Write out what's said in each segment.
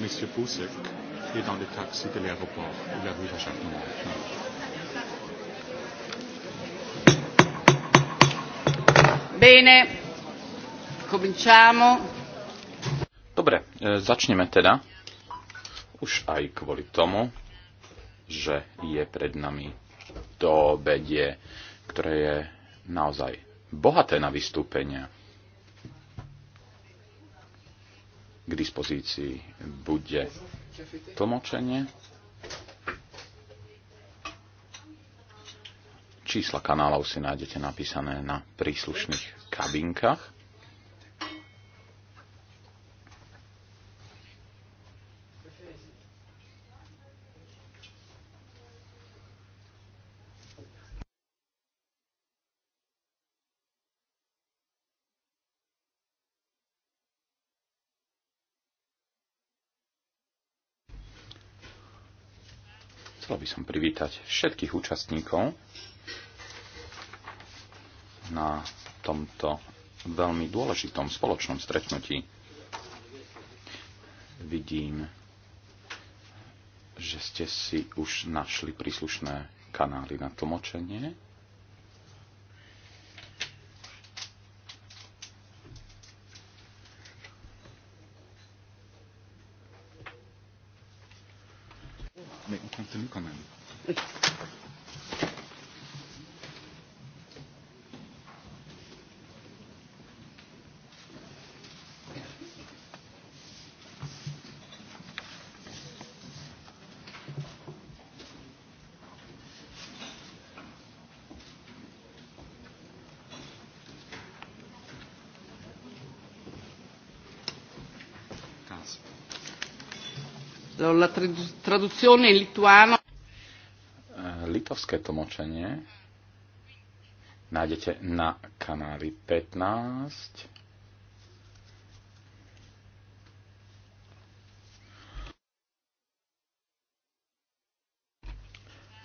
Monsieur Poussek est dans le taxi de l'aéroport. de la rue chaque moment. Bene, cominciamo. Dobre, e, začneme teda. Už aj kvôli tomu, že je pred nami to obedie, ktoré je naozaj bohaté na vystúpenia. K dispozícii bude tlmočenie, čísla kanálov si nájdete napísané na príslušných kabinkách. by som privítať všetkých účastníkov na tomto veľmi dôležitom spoločnom stretnutí. Vidím, že ste si už našli príslušné kanály na tlmočenie. traduzione in lituano. Eh, litovské tlmočenie nájdete na kanáli 15.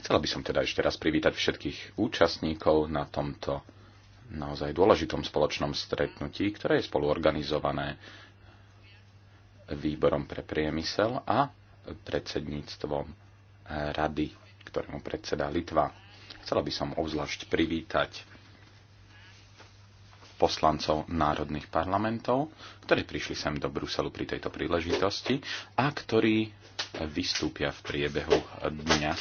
Chcela by som teda ešte raz privítať všetkých účastníkov na tomto naozaj dôležitom spoločnom stretnutí, ktoré je spoluorganizované výborom pre priemysel a predsedníctvom eh, rady, ktorému predseda Litva. Chcela by som obzvlášť privítať poslancov národných parlamentov, ktorí prišli sem do Bruselu pri tejto príležitosti a ktorí vystúpia v priebehu dňa,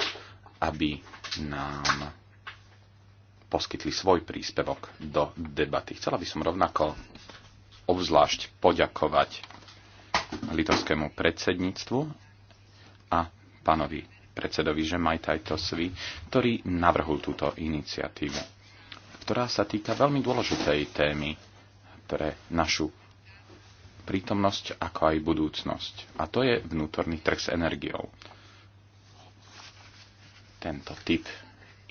aby nám poskytli svoj príspevok do debaty. Chcela by som rovnako obzvlášť poďakovať litovskému predsedníctvu a pánovi predsedovi že Tosvi, ktorý navrhol túto iniciatívu, ktorá sa týka veľmi dôležitej témy pre našu prítomnosť ako aj budúcnosť. A to je vnútorný trh s energiou. Tento typ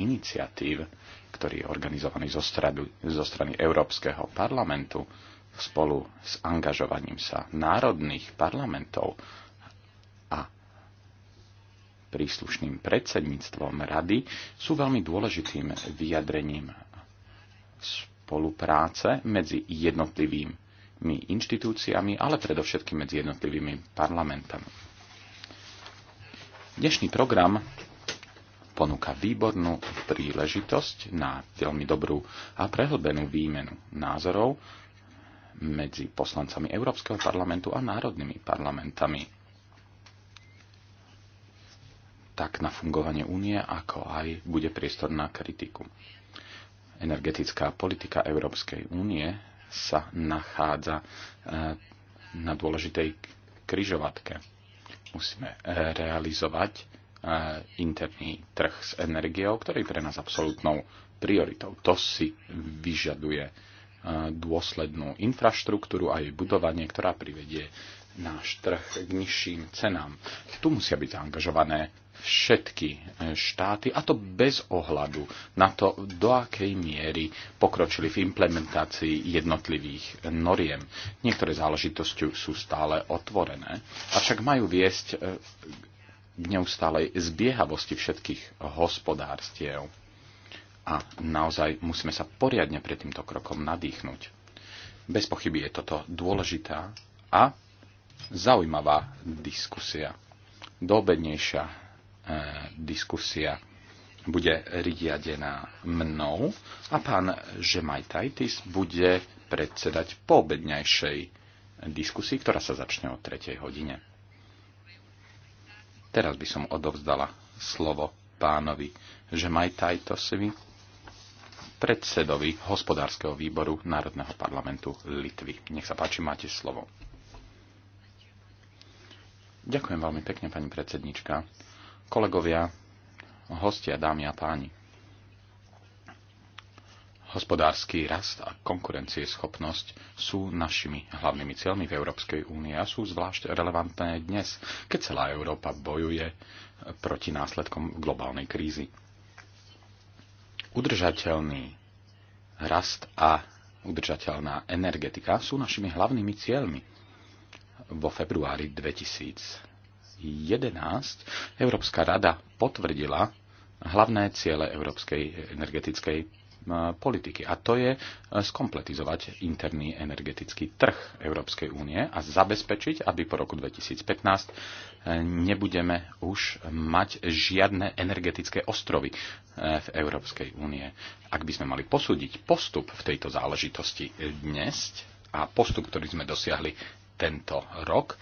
iniciatív, ktorý je organizovaný zo, stradu, zo strany Európskeho parlamentu spolu s angažovaním sa národných parlamentov, príslušným predsedníctvom rady sú veľmi dôležitým vyjadrením spolupráce medzi jednotlivými inštitúciami, ale predovšetkým medzi jednotlivými parlamentami. Dnešný program ponúka výbornú príležitosť na veľmi dobrú a prehlbenú výmenu názorov medzi poslancami Európskeho parlamentu a národnými parlamentami tak na fungovanie únie, ako aj bude priestor na kritiku. Energetická politika Európskej únie sa nachádza e, na dôležitej kryžovatke. Musíme e, realizovať e, interný trh s energiou, ktorý je pre nás absolútnou prioritou. To si vyžaduje dôslednú infraštruktúru a jej budovanie, ktorá privedie náš trh k nižším cenám. Tu musia byť zaangažované všetky e, štáty, a to bez ohľadu na to, do akej miery pokročili v implementácii jednotlivých noriem. Niektoré záležitosti sú stále otvorené, avšak majú viesť e, k neustálej zbiehavosti všetkých hospodárstiev. A naozaj musíme sa poriadne pred týmto krokom nadýchnuť. Bez pochyby je toto dôležitá a zaujímavá diskusia. Dobednejšia E, diskusia bude riadená mnou a pán Žemajtajtis bude predsedať po obedňajšej diskusii, ktorá sa začne o 3. hodine. Teraz by som odovzdala slovo pánovi Žemajtajtosovi, predsedovi hospodárskeho výboru Národného parlamentu Litvy. Nech sa páči, máte slovo. Ďakujem veľmi pekne, pani predsednička. Kolegovia, hostia, dámy a páni, hospodársky rast a konkurencieschopnosť sú našimi hlavnými cieľmi v Európskej únie a sú zvlášť relevantné dnes, keď celá Európa bojuje proti následkom globálnej krízy. Udržateľný rast a udržateľná energetika sú našimi hlavnými cieľmi vo februári 2000 2011 Európska rada potvrdila hlavné ciele európskej energetickej politiky. A to je e, skompletizovať interný energetický trh Európskej únie a zabezpečiť, aby po roku 2015 e, nebudeme už mať žiadne energetické ostrovy e, v Európskej únie. Ak by sme mali posúdiť postup v tejto záležitosti dnes a postup, ktorý sme dosiahli tento rok,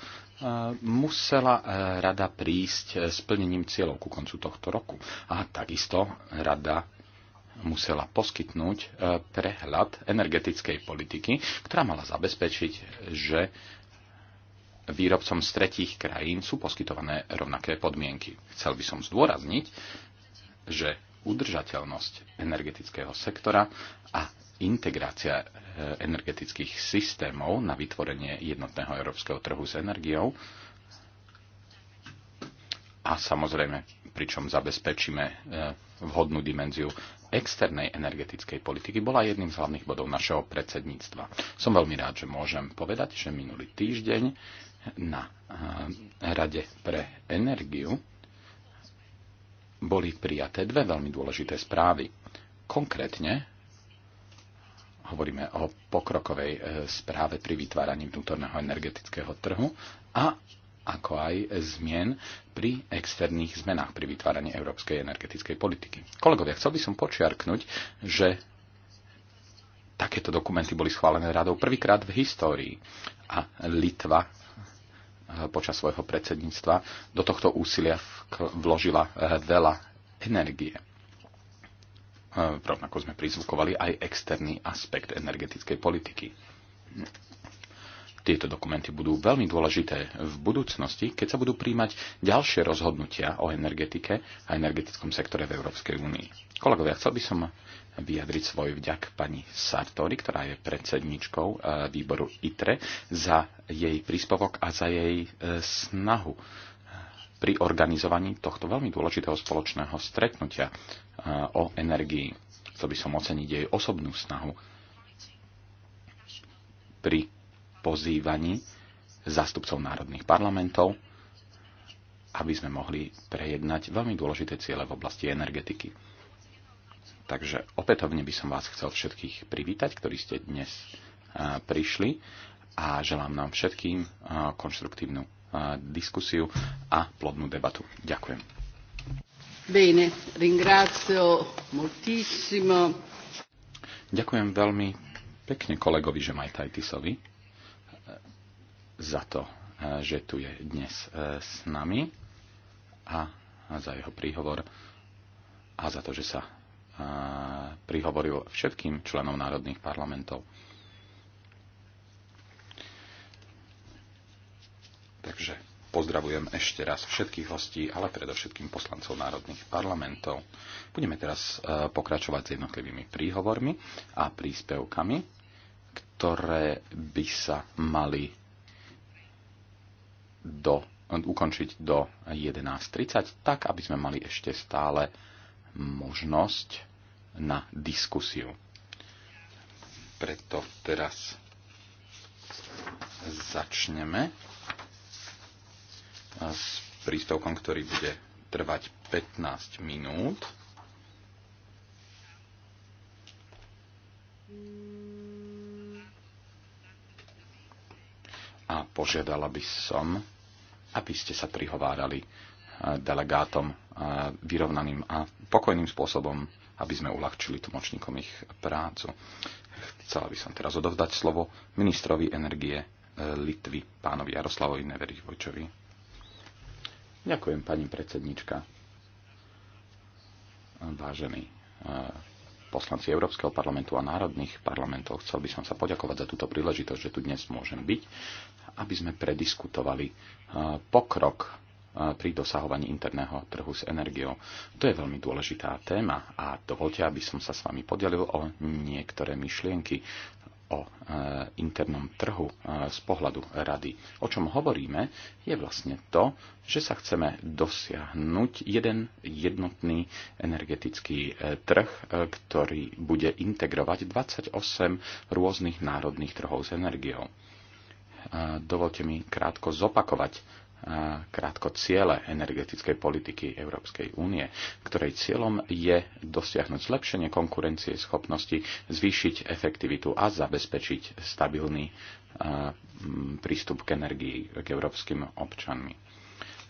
musela e, rada prísť e, s plnením cieľov ku koncu tohto roku. A takisto rada musela poskytnúť e, prehľad energetickej politiky, ktorá mala zabezpečiť, že výrobcom z tretích krajín sú poskytované rovnaké podmienky. Chcel by som zdôrazniť, že udržateľnosť energetického sektora a integrácia e, energetických systémov na vytvorenie jednotného európskeho trhu s energiou a samozrejme, pričom zabezpečíme e, vhodnú dimenziu externej energetickej politiky, bola jedným z hlavných bodov našeho predsedníctva. Som veľmi rád, že môžem povedať, že minulý týždeň na e, Rade pre energiu boli prijaté dve veľmi dôležité správy. Konkrétne hovoríme o pokrokovej e, správe pri vytváraní vnútorného energetického trhu a ako aj zmien pri externých zmenách pri vytváraní európskej energetickej politiky. Kolegovia, chcel by som počiarknúť, že takéto dokumenty boli schválené radou prvýkrát v histórii a Litva e, počas svojho predsedníctva do tohto úsilia vložila e, veľa energie rovnako sme prizvukovali aj externý aspekt energetickej politiky. Tieto dokumenty budú veľmi dôležité v budúcnosti, keď sa budú príjmať ďalšie rozhodnutia o energetike a energetickom sektore v Európskej únii. Kolegovia, chcel by som vyjadriť svoj vďak pani Sartori, ktorá je predsedničkou eh, výboru ITRE, za jej príspevok a za jej eh, snahu pri organizovaní tohto veľmi dôležitého spoločného stretnutia eh, o energii. Chcel by som oceniť jej osobnú snahu pri pozývaní zástupcov národných parlamentov, aby sme mohli prejednať veľmi dôležité ciele v oblasti energetiky. Takže opätovne by som vás chcel všetkých privítať, ktorí ste dnes eh, prišli a želám nám všetkým eh, konštruktívnu diskusiu a plodnú debatu. Ďakujem. Bene, ringrazio moltissimo. Ďakujem veľmi pekne kolegovi Tajtisovi eh, za to, eh, že tu je dnes eh, s nami a za jeho príhovor a za to, že sa prihovoril všetkým členom národných parlamentov. Takže pozdravujem ešte raz všetkých hostí, ale predovšetkým poslancov národných parlamentov. Budeme teraz e, pokračovať s jednotlivými príhovormi a príspevkami, ktoré by sa mali do, ukončiť do 11.30, tak aby sme mali ešte stále možnosť na diskusiu. Preto teraz začneme s príspevkom, ktorý bude trvať 15 minút. A požiadala by som, aby ste sa prihovárali eh, delegátom eh, vyrovnaným a pokojným spôsobom, aby sme uľahčili tlmočníkom ich prácu. Chcela by som teraz odovzdať slovo ministrovi energie eh, Litvy, pánovi Jaroslavovi Vojčovi. Ďakujem, pani predsednička. Vážení eh, poslanci Európskeho parlamentu a národných parlamentov, chcel by som sa poďakovať za túto príležitosť, že tu dnes môžem byť, aby sme prediskutovali eh, pokrok eh, pri dosahovaní interného trhu s energiou. To je veľmi dôležitá téma a dovolte, aby som sa s vami podelil o niektoré myšlienky, o e, internom trhu e, z pohľadu rady. O čom hovoríme, je vlastne to, že sa chceme dosiahnuť jeden jednotný energetický e, trh, ktorý bude integrovať 28 rôznych národných trhov s energiou. Dovolte mi krátko zopakovať krátko ciele energetickej politiky Európskej únie, ktorej cieľom je dosiahnuť zlepšenie konkurencie schopnosti, zvýšiť efektivitu a zabezpečiť stabilný e, prístup k energii k európskym občanmi.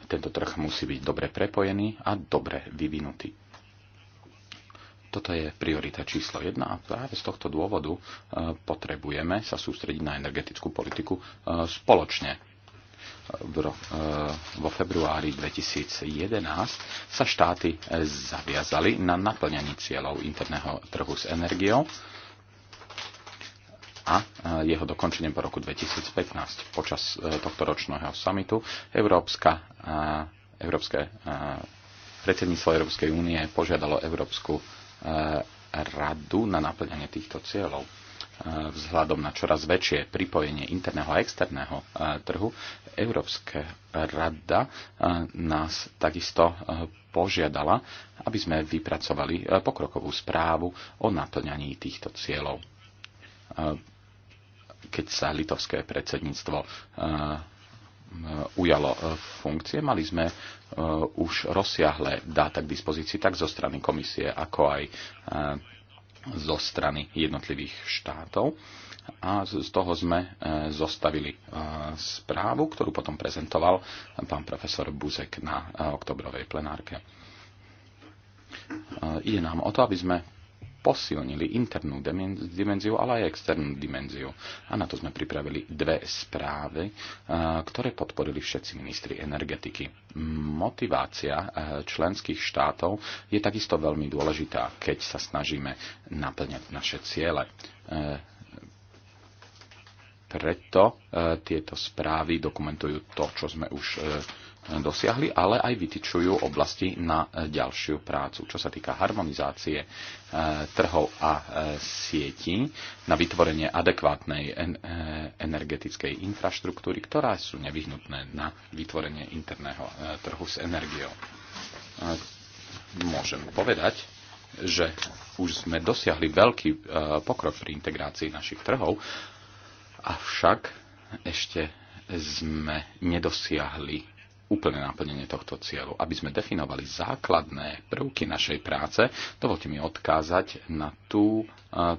Tento trh musí byť dobre prepojený a dobre vyvinutý. Toto je priorita číslo 1 a práve z tohto dôvodu e, potrebujeme sa sústrediť na energetickú politiku e, spoločne v, e, vo februári 2011 sa štáty e, zaviazali na naplňanie cieľov interného trhu s energiou a e, jeho dokončením po roku 2015. Počas tohto ročného samitu Európska, Európske, predsedníctvo Európskej únie požiadalo Európsku radu na naplňanie týchto cieľov vzhľadom na čoraz väčšie pripojenie interného a externého trhu, Európska rada nás takisto požiadala, aby sme vypracovali pokrokovú správu o naplňaní týchto cieľov. Keď sa litovské predsedníctvo ujalo funkcie. Mali sme už rozsiahle dáta k dispozícii tak zo strany komisie, ako aj zo strany jednotlivých štátov a z toho sme e, zostavili e, správu, ktorú potom prezentoval pán profesor Buzek na e, oktobrovej plenárke. Ide nám o to, aby sme posilnili internú dimenziu, ale aj externú dimenziu. A na to sme pripravili dve správy, eh, ktoré podporili všetci ministri energetiky. Motivácia eh, členských štátov je takisto veľmi dôležitá, keď sa snažíme naplňať naše ciele eh, preto tieto správy dokumentujú to, čo sme už dosiahli, ale aj vytičujú oblasti na e, ďalšiu prácu. Čo sa týka harmonizácie e, trhov a e, sietí na vytvorenie adekvátnej energetickej infraštruktúry, ktorá sú nevyhnutné na vytvorenie interného trhu s energiou. Môžem povedať, že už sme dosiahli veľký pokrok pri integrácii našich trhov, avšak ešte sme nedosiahli úplné naplnenie tohto cieľu. Aby sme definovali základné prvky našej práce, dovolte mi odkázať na tú e,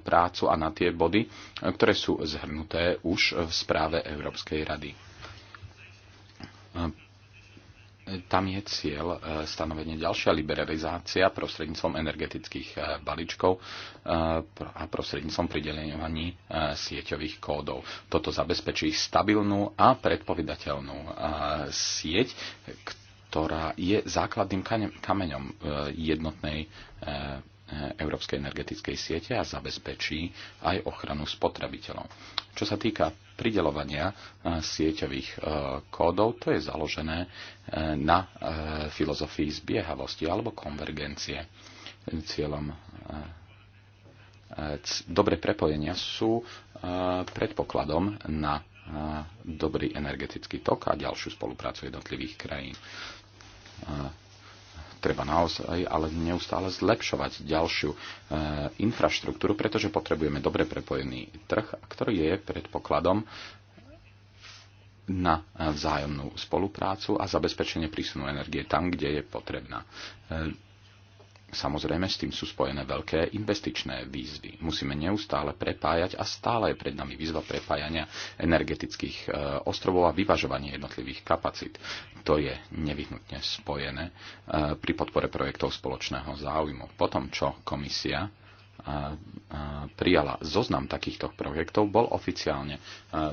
prácu a na tie body, e, ktoré sú zhrnuté už v správe Európskej rady e, tam je cieľ e, stanovenie ďalšia liberalizácia prostredníctvom energetických e, balíčkov e, a prostredníctvom pridelovaní sieťových kódov. Toto zabezpečí stabilnú a predpovedateľnú sieť, ktorá je základným kameňom jednotnej európskej energetickej siete a zabezpečí aj ochranu spotrebiteľov. Čo sa týka pridelovania e, sieťových e, kódov, to je založené e, na filozofii zbiehavosti alebo konvergencie. Cieľom dobre prepojenia sú predpokladom na dobrý energetický tok a ďalšiu spoluprácu jednotlivých krajín treba naozaj ale neustále zlepšovať ďalšiu e, infraštruktúru, pretože potrebujeme dobre prepojený trh, ktorý je predpokladom na eh, vzájomnú spoluprácu a zabezpečenie prísunu energie tam, kde je potrebná. E, Samozrejme, s tým sú spojené veľké investičné výzvy. Musíme neustále prepájať a stále je pred nami výzva prepájania energetických e, ostrovov a vyvažovanie jednotlivých kapacít. To je nevyhnutne spojené e, pri podpore projektov spoločného záujmu. Potom, čo komisia prijala zoznam takýchto projektov, bol oficiálne e,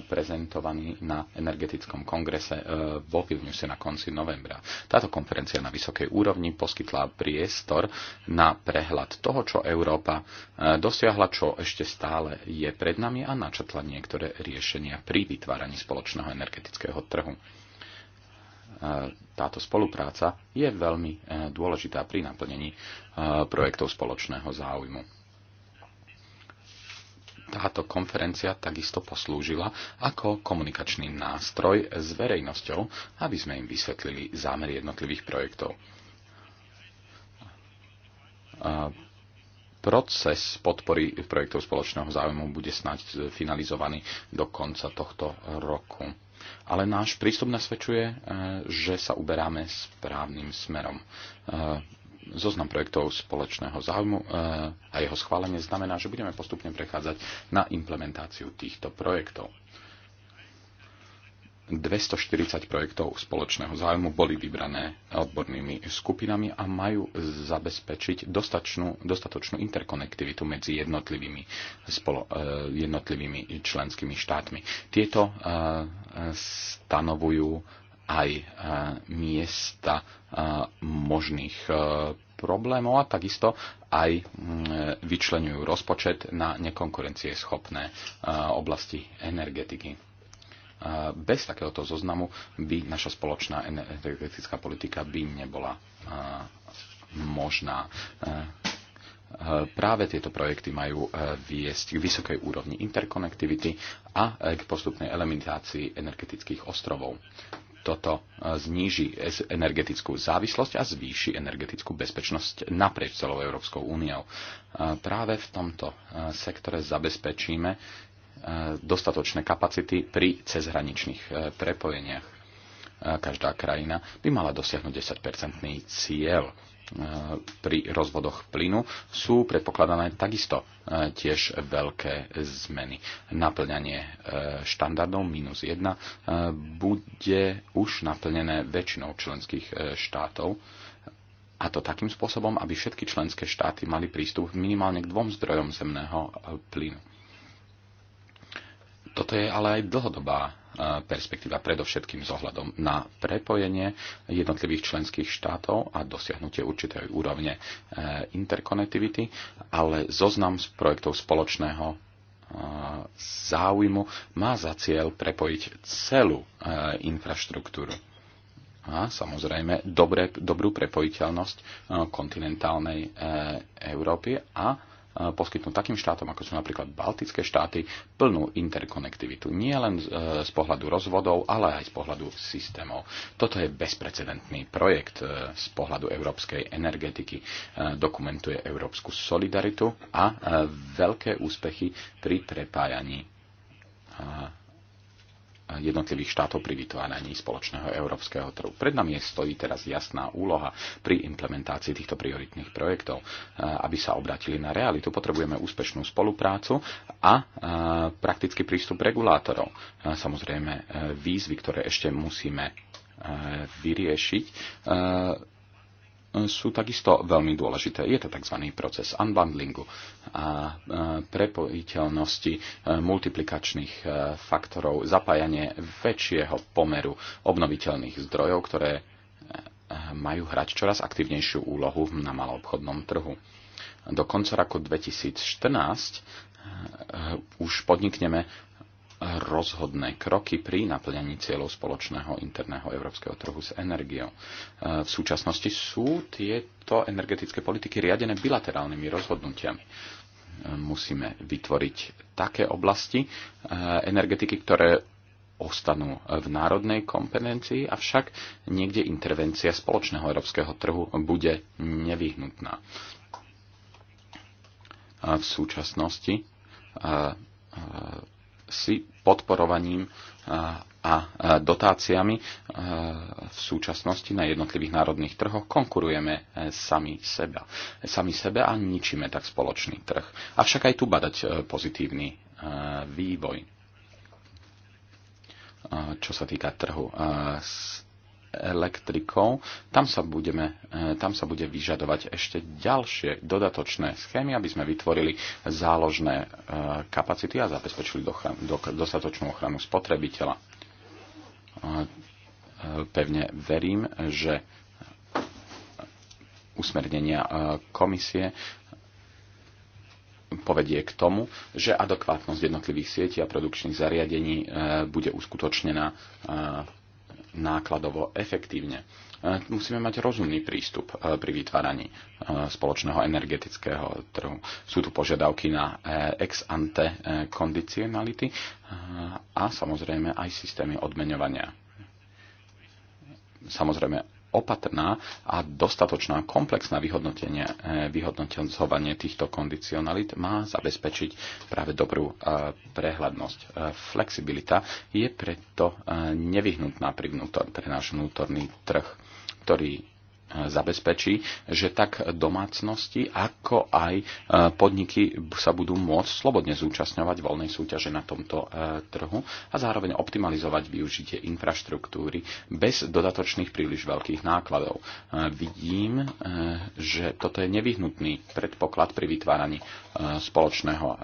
prezentovaný na energetickom kongrese e, vo Vilniuse na konci novembra. Táto konferencia na vysokej úrovni poskytla priestor na prehľad toho, čo Európa e, dosiahla, čo ešte stále je pred nami a načatla niektoré riešenia pri vytváraní spoločného energetického trhu táto spolupráca je veľmi dôležitá pri naplnení projektov spoločného záujmu táto konferencia takisto poslúžila ako komunikačný nástroj s verejnosťou, aby sme im vysvetlili zámery jednotlivých projektov. Proces podpory projektov spoločného záujmu bude snáď e, finalizovaný do konca tohto roku. Ale náš prístup nasvedčuje, e, že sa uberáme správnym smerom e, zoznam projektov spoločného záujmu e, a jeho schválenie znamená, že budeme postupne prechádzať na implementáciu týchto projektov. 240 projektov spoločného zájmu boli vybrané odbornými skupinami a majú zabezpečiť dostačnú, dostatočnú interkonektivitu medzi jednotlivými, spolo, e, jednotlivými členskými štátmi. Tieto e, stanovujú aj e, miesta e, možných e, problémov a takisto aj vyčlenujú rozpočet na schopné oblasti energetiky. Bez takéhoto zoznamu by naša spoločná energetická politika by nebola možná. Práve tieto projekty majú viesť k vysokej úrovni interkonektivity a k postupnej eliminácii energetických ostrovov. Toto e, zníži energetickú závislosť a zvýši energetickú bezpečnosť naprieč celou Európskou úniou. E, práve v tomto e, sektore zabezpečíme dostatočné kapacity pri cezhraničných prepojeniach. Každá krajina by mala dosiahnuť 10-percentný cieľ Eh, pri rozvodoch plynu sú predpokladané takisto eh, tiež veľké zmeny. Naplňanie eh, štandardov minus 1 bude už naplnené väčšinou členských štátov a to takým spôsobom, aby všetky členské štáty mali prístup minimálne k dvom zdrojom zemného plynu. Toto je ale aj dlhodobá perspektíva predovšetkým zohľadom na prepojenie jednotlivých členských štátov a dosiahnutie určitej úrovne e, interkonektivity, ale zoznam z projektov spoločného e, záujmu má za cieľ prepojiť celú e, infraštruktúru a samozrejme dobré, dobrú prepojiteľnosť kontinentálnej Európy a Eh, poskytnúť takým štátom, ako sú napríklad Baltické štáty, plnú interkonektivitu. Nie len z eh, pohľadu rozvodov, ale aj z pohľadu systémov. Toto je bezprecedentný projekt eh, z pohľadu európskej energetiky. Dokumentuje európsku solidaritu a veľké úspechy pri prepájaní jednotlivých štátov pri vytváraní spoločného európskeho trhu. Pred nami je stojí teraz jasná úloha pri implementácii týchto prioritných projektov. E, aby sa obratili na realitu, potrebujeme úspešnú spoluprácu a e, praktický prístup regulátorov. E, samozrejme, výzvy, ktoré ešte musíme vyriešiť, sú takisto veľmi dôležité. Je to tzv. proces unbundlingu a prepojiteľnosti e, multiplikačných e, faktorov, zapájanie väčšieho pomeru obnoviteľných zdrojov, ktoré e, majú hrať čoraz aktívnejšiu úlohu na maloobchodnom trhu. Do konca roku 2014 už podnikneme rozhodné kroky pri naplňaní cieľov spoločného interného európskeho trhu s energiou. E, v súčasnosti sú tieto energetické politiky riadené bilaterálnymi rozhodnutiami. E, musíme vytvoriť také oblasti e, energetiky, ktoré ostanú v národnej kompetencii, avšak niekde intervencia spoločného európskeho trhu bude nevyhnutná. V súčasnosti si podporovaním a dotáciami v súčasnosti na jednotlivých národných trhoch konkurujeme e, sami, sebe, sami sebe a ničíme tak spoločný trh. Avšak aj tu badať e, pozitívny e, vývoj, čo sa týka trhu s elektrikou, tam sa, budeme, eh, tam sa bude vyžadovať ešte ďalšie dodatočné schémy, aby sme vytvorili záložné eh, kapacity a zabezpečili dostatočnú ochranu spotrebiteľa. Eh, pevne verím, že usmernenia komisie povedie k tomu, že adekvátnosť jednotlivých sietí a produkčných zariadení bude uskutočnená nákladovo efektívne. E, musíme mať rozumný prístup e, pri vytváraní e, spoločného energetického trhu. Sú tu požiadavky na ex ante kondicionality a samozrejme aj systémy odmeňovania. Samozrejme opatrná a dostatočná komplexná vyhodnotenie, eh, vyhodnotenie týchto kondicionalit má zabezpečiť práve dobrú eh, prehľadnosť. Eh, flexibilita je preto nevyhnutná pre, náš vnútorný trh, ktorý zabezpečí, že tak domácnosti, ako aj e, podniky sa budú môcť slobodne zúčastňovať voľnej súťaže na tomto e, trhu a zároveň optimalizovať využitie infraštruktúry bez dodatočných príliš veľkých nákladov. E, vidím, že toto je nevyhnutný predpoklad pri vytváraní spoločného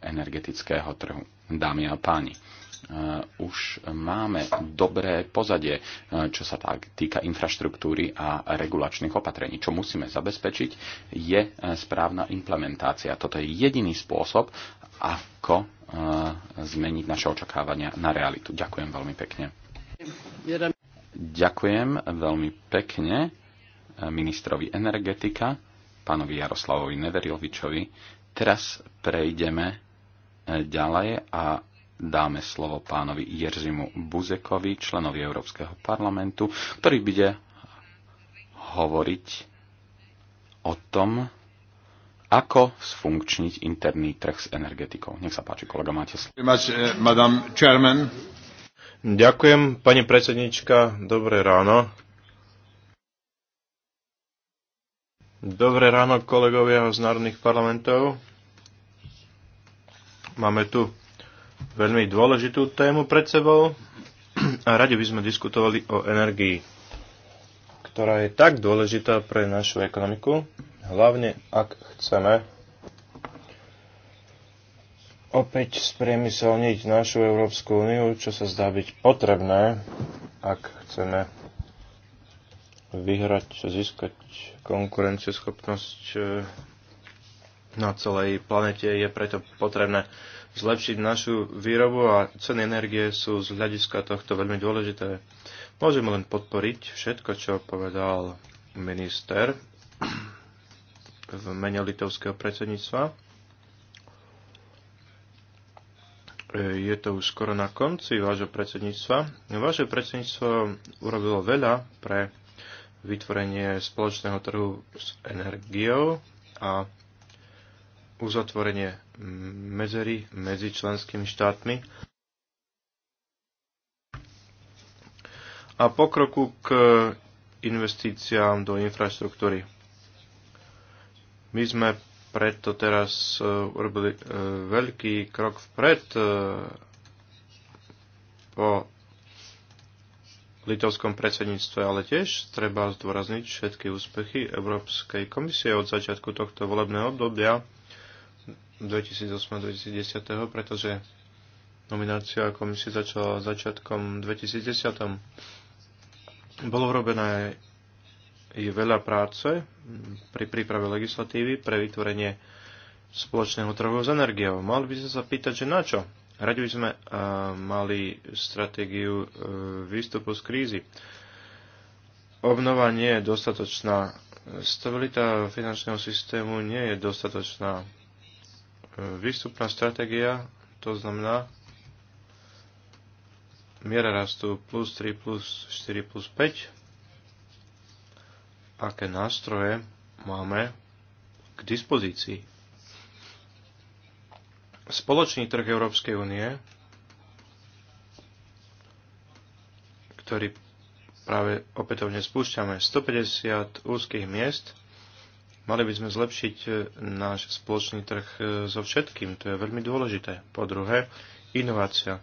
energetického trhu. Dámy a páni Eh, už máme dobré pozadie, eh, čo sa tak týka infraštruktúry a regulačných opatrení. Čo musíme zabezpečiť, je eh, správna implementácia. Toto je jediný spôsob, ako zmeniť naše očakávania na realitu. Ďakujem veľmi pekne. Ďakujem veľmi pekne ministrovi energetika, pánovi Jaroslavovi Neverilvičovi. Teraz prejdeme ďalej a dáme slovo pánovi Jerzimu Buzekovi, členovi Európskeho parlamentu, ktorý bude hovoriť o tom, ako sfunkčniť interný trh s energetikou. Nech sa páči, kolega, máte slovo. Uh, Ďakujem, pani predsednička. Dobré ráno. Dobré ráno, kolegovia z národných parlamentov. Máme tu veľmi dôležitú tému pred sebou a radi by sme diskutovali o energii, ktorá je tak dôležitá pre našu ekonomiku, hlavne ak chceme opäť spriemyselniť našu Európsku úniu, čo sa zdá byť potrebné, ak chceme vyhrať, získať konkurencieschopnosť eh, na celej planete, je preto potrebné zlepšiť našu výrobu a ceny energie sú z hľadiska tohto veľmi dôležité. Môžeme len podporiť všetko, čo povedal minister v mene litovského predsedníctva. Je to už skoro na konci vášho predsedníctva. Vaše predsedníctvo urobilo veľa pre vytvorenie spoločného trhu s energiou a uzatvorenie medzery medzi členskými štátmi a pokroku k investíciám do infraštruktúry. My sme preto teraz e, urobili e, veľký krok vpred e, po litovskom predsedníctve, ale tiež treba zdôrazniť všetky úspechy Európskej komisie od začiatku tohto volebného obdobia 2008-2010, pretože nominácia komisie začala začiatkom 2010. Bolo urobené je veľa práce pri príprave legislatívy pre vytvorenie spoločného trhu s energiou. Mali by sme sa pýtať, že na čo? Radi by sme uh, mali stratégiu uh, výstupu z krízy. Obnova nie je dostatočná. Stabilita finančného systému nie je dostatočná. Výstupná stratégia, to znamená miera rastu plus 3, plus 4, plus 5. Aké nástroje máme k dispozícii? Spoločný trh Európskej únie, ktorý práve opätovne spúšťame, 150 úzkých miest – Mali by sme zlepšiť e, náš spoločný trh e, so všetkým, to je veľmi dôležité. Po druhé, inovácia.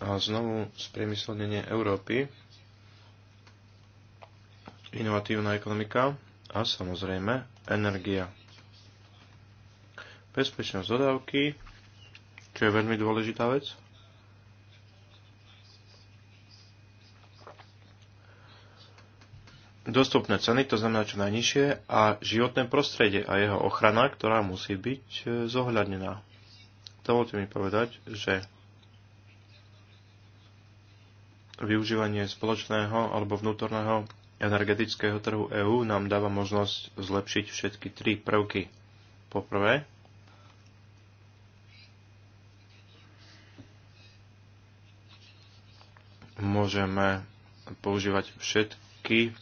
A znovu spriemyslenie Európy, inovatívna ekonomika a samozrejme energia. Bezpečnosť dodávky, čo je veľmi dôležitá vec. dostupné ceny, to znamená čo najnižšie, a životné prostredie a jeho ochrana, ktorá musí byť e, zohľadnená. Dovolte mi povedať, že využívanie spoločného alebo vnútorného energetického trhu EÚ nám dáva možnosť zlepšiť všetky tri prvky. Poprvé, môžeme používať všetky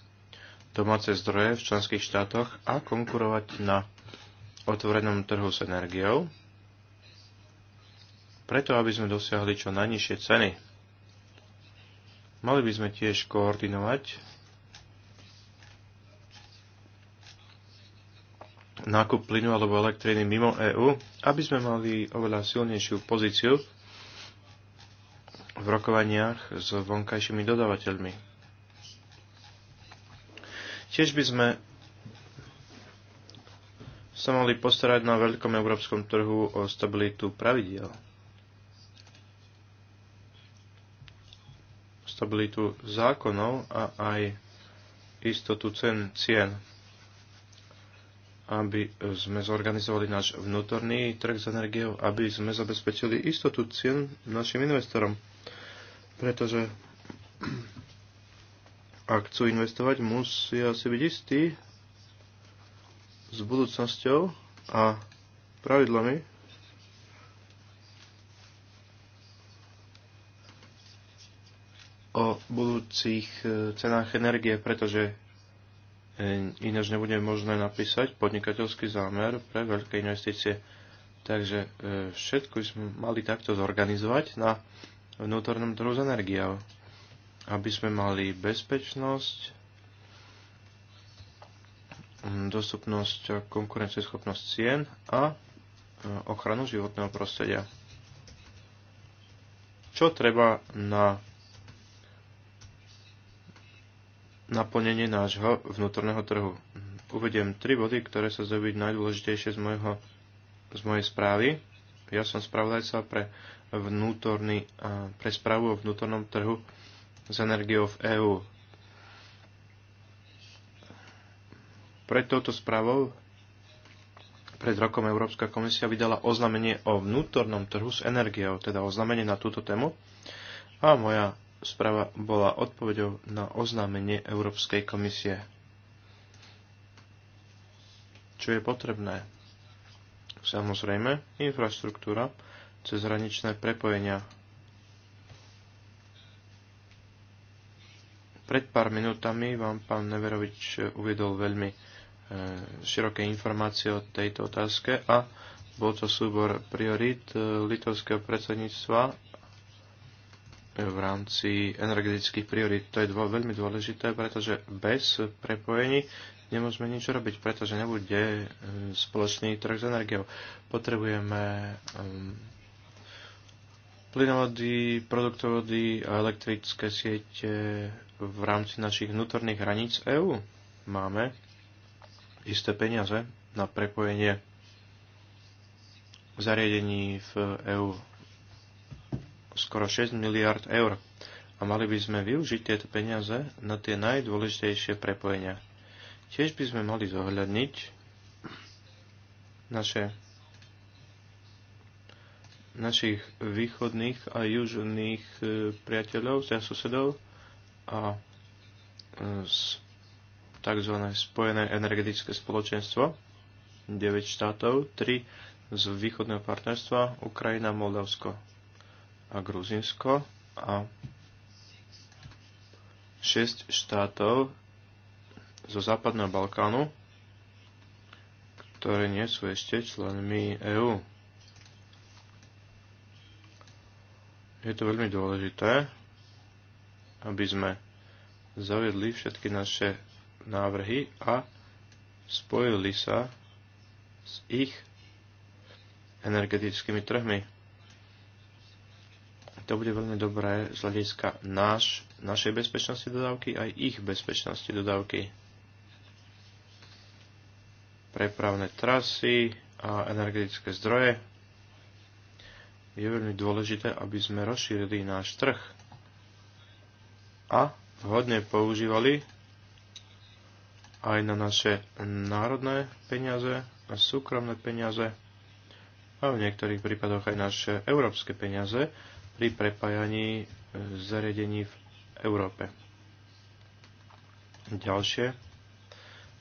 domáce zdroje v členských štátoch a konkurovať na otvorenom trhu s energiou, preto aby sme dosiahli čo najnižšie ceny. Mali by sme tiež koordinovať nákup plynu alebo elektriny mimo EÚ, aby sme mali oveľa silnejšiu pozíciu v rokovaniach s vonkajšími dodávateľmi. Tiež by sme sa mali postarať na veľkom európskom trhu o stabilitu pravidiel. Stabilitu zákonov a aj istotu cen cien aby sme zorganizovali náš vnútorný trh s energiou, aby sme zabezpečili istotu cien našim investorom. Pretože ak chcú investovať, musia si byť istí s budúcnosťou a pravidlami, o budúcich e, cenách energie, pretože e, ináč nebude možné napísať podnikateľský zámer pre veľké investície. Takže e, všetko sme mali takto zorganizovať na vnútornom trhu s energiou aby sme mali bezpečnosť, dostupnosť a konkurencieschopnosť cien a e, ochranu životného prostredia. Čo treba na naplnenie nášho vnútorného trhu? Uvediem tri body, ktoré sa zdajú byť najdôležitejšie z, mojho, z mojej správy. Ja som spravodajca pre vnútorný, pre správu o vnútornom trhu s energiou v EÚ. Pred touto správou pred rokom Európska komisia vydala oznámenie o vnútornom trhu s energiou, teda oznámenie na túto tému. A moja správa bola odpovedou na oznámenie Európskej komisie. Čo je potrebné? Samozrejme, infraštruktúra, cez hraničné prepojenia, Pred pár minútami vám pán Neverovič uviedol veľmi e, široké informácie o tejto otázke a bol to súbor priorít e, litovského predsedníctva e, v rámci energetických priorít. To je dvo- veľmi dôležité, pretože bez prepojení nemôžeme nič robiť, pretože nebude spoločný trh s energiou. Potrebujeme um, plynovody, produktovody a elektrické siete v rámci našich vnútorných hraníc EÚ máme isté peniaze na prepojenie zariadení v EÚ skoro 6 miliard eur. A mali by sme využiť tieto peniaze na tie najdôležitejšie prepojenia. Tiež by sme mali zohľadniť naše, našich východných a južných e, priateľov a susedov, a e, tzv. spojené energetické spoločenstvo 9 štátov, 3 z východného partnerstva Ukrajina, Moldavsko a Gruzinsko a 6 štátov zo západného Balkánu, ktoré nie sú ešte členmi EÚ. Je to veľmi dôležité, aby sme zaviedli všetky naše návrhy a spojili sa s ich energetickými trhmi. To bude veľmi dobré z hľadiska náš, našej bezpečnosti dodávky aj ich bezpečnosti dodávky. Prepravné trasy a energetické zdroje. Je veľmi dôležité, aby sme rozšírili náš trh a vhodne používali aj na naše národné peniaze, na súkromné peniaze a v niektorých prípadoch aj naše európske peniaze pri prepájaní e, zariadení v Európe. Ďalšie.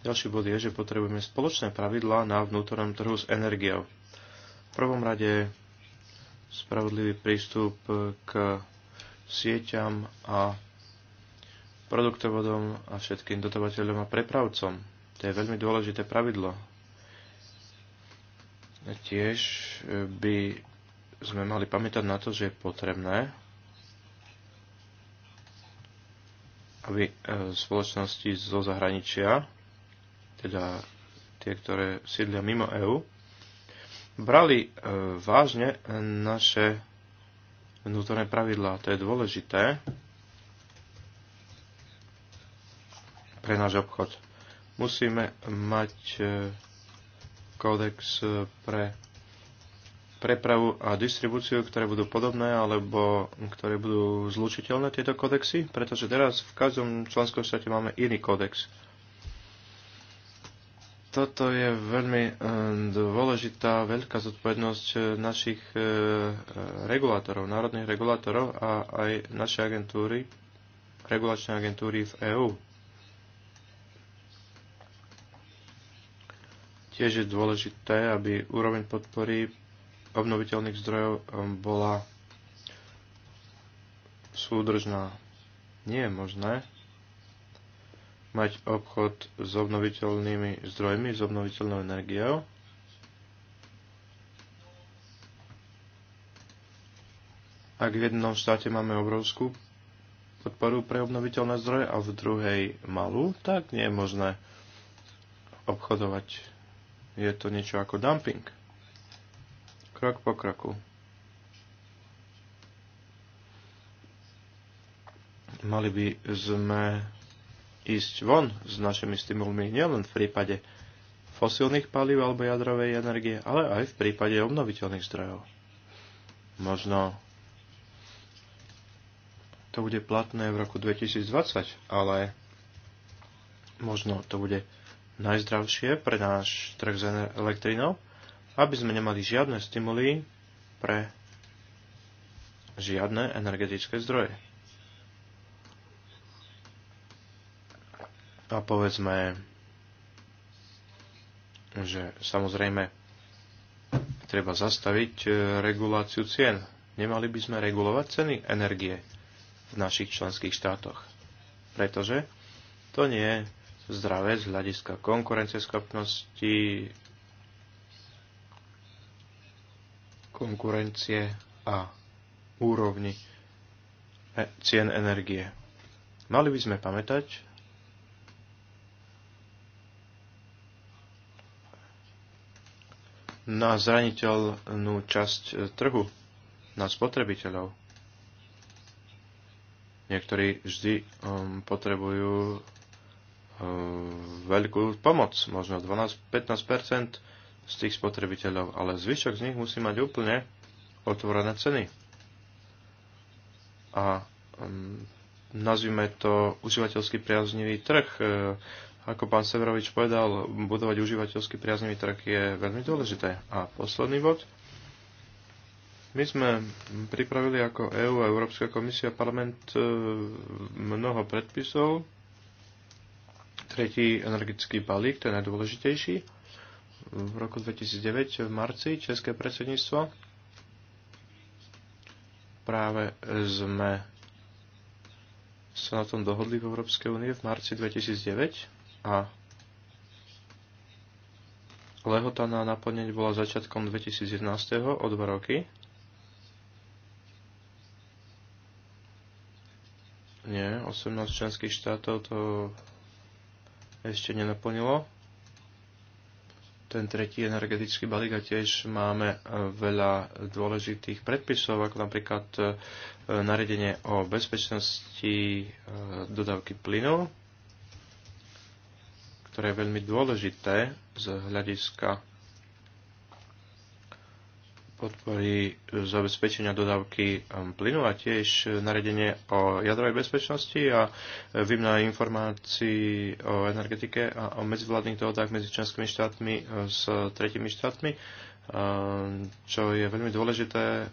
Ďalší bod je, že potrebujeme spoločné pravidlá na vnútornom trhu s energiou. V prvom rade spravodlivý prístup k sieťam a produktovodom a všetkým dotovateľom a prepravcom. To je veľmi dôležité pravidlo. Tiež e, by sme mali pamätať na to, že je potrebné, aby e, spoločnosti zo zahraničia, teda tie, ktoré sídlia mimo EÚ, brali e, vážne naše vnútorné pravidlá. To je dôležité, pre náš obchod. Musíme mať e, kódex e, pre prepravu a distribúciu, ktoré budú podobné alebo ktoré budú zlučiteľné tieto kodexy, pretože teraz v každom členskom štáte máme iný kodex. Toto je veľmi e, dôležitá veľká zodpovednosť našich regulátorov, národných regulátorov a aj našej agentúry, regulačnej agentúry v EÚ. Tiež je dôležité, aby úroveň podpory obnoviteľných zdrojov um, bola súdržná. Nie je možné mať obchod s obnoviteľnými zdrojmi, s obnoviteľnou energiou, ak v jednom štáte máme obrovskú podporu pre obnoviteľné zdroje a v druhej malú, tak nie je možné obchodovať je to niečo ako dumping. Krok po kroku. Mali by sme ísť von s našimi stimulmi nielen v prípade fosílnych palív alebo jadrovej energie, ale aj v prípade obnoviteľných zdrojov. Možno to bude platné v roku 2020, ale možno to bude najzdravšie pre náš trh s elektrinou, aby sme nemali žiadne stimuly pre žiadne energetické zdroje. A povedzme, že samozrejme treba zastaviť e, reguláciu cien. Nemali by sme regulovať ceny energie v našich členských štátoch, pretože to nie je zdravé z hľadiska konkurencieschopnosti, konkurencie a úrovni e, cien energie. Mali by sme pamätať, na zraniteľnú časť trhu, na spotrebiteľov. Niektorí vždy um, potrebujú veľkú pomoc, možno 12-15% z tých spotrebiteľov, ale zvyšok z nich musí mať úplne otvorené ceny. A um, nazvime to užívateľsky priaznivý trh. E, ako pán Severovič povedal, budovať užívateľsky priaznivý trh je veľmi dôležité. A posledný bod. My sme pripravili ako EÚ a Európska komisia parlament e, mnoho predpisov, tretí energetický balík, to je najdôležitejší. V roku 2009 v marci České predsedníctvo práve sme sa na tom dohodli v Európskej únie v marci 2009 a lehota na naplnenie bola začiatkom 2011 o dva roky. Nie, 18 členských štátov to ešte nenaplnilo. Ten tretí energetický balík a tiež máme e, veľa dôležitých predpisov, ako napríklad e, naredenie o bezpečnosti e, dodávky plynu, ktoré je veľmi dôležité z hľadiska podpory e, zabezpečenia dodávky e, plynu a tiež naredenie o jadrovej bezpečnosti a e, výmna informácií o energetike a o medzivládnych dohodách medzi členskými štátmi s tretími štátmi, čo je veľmi dôležité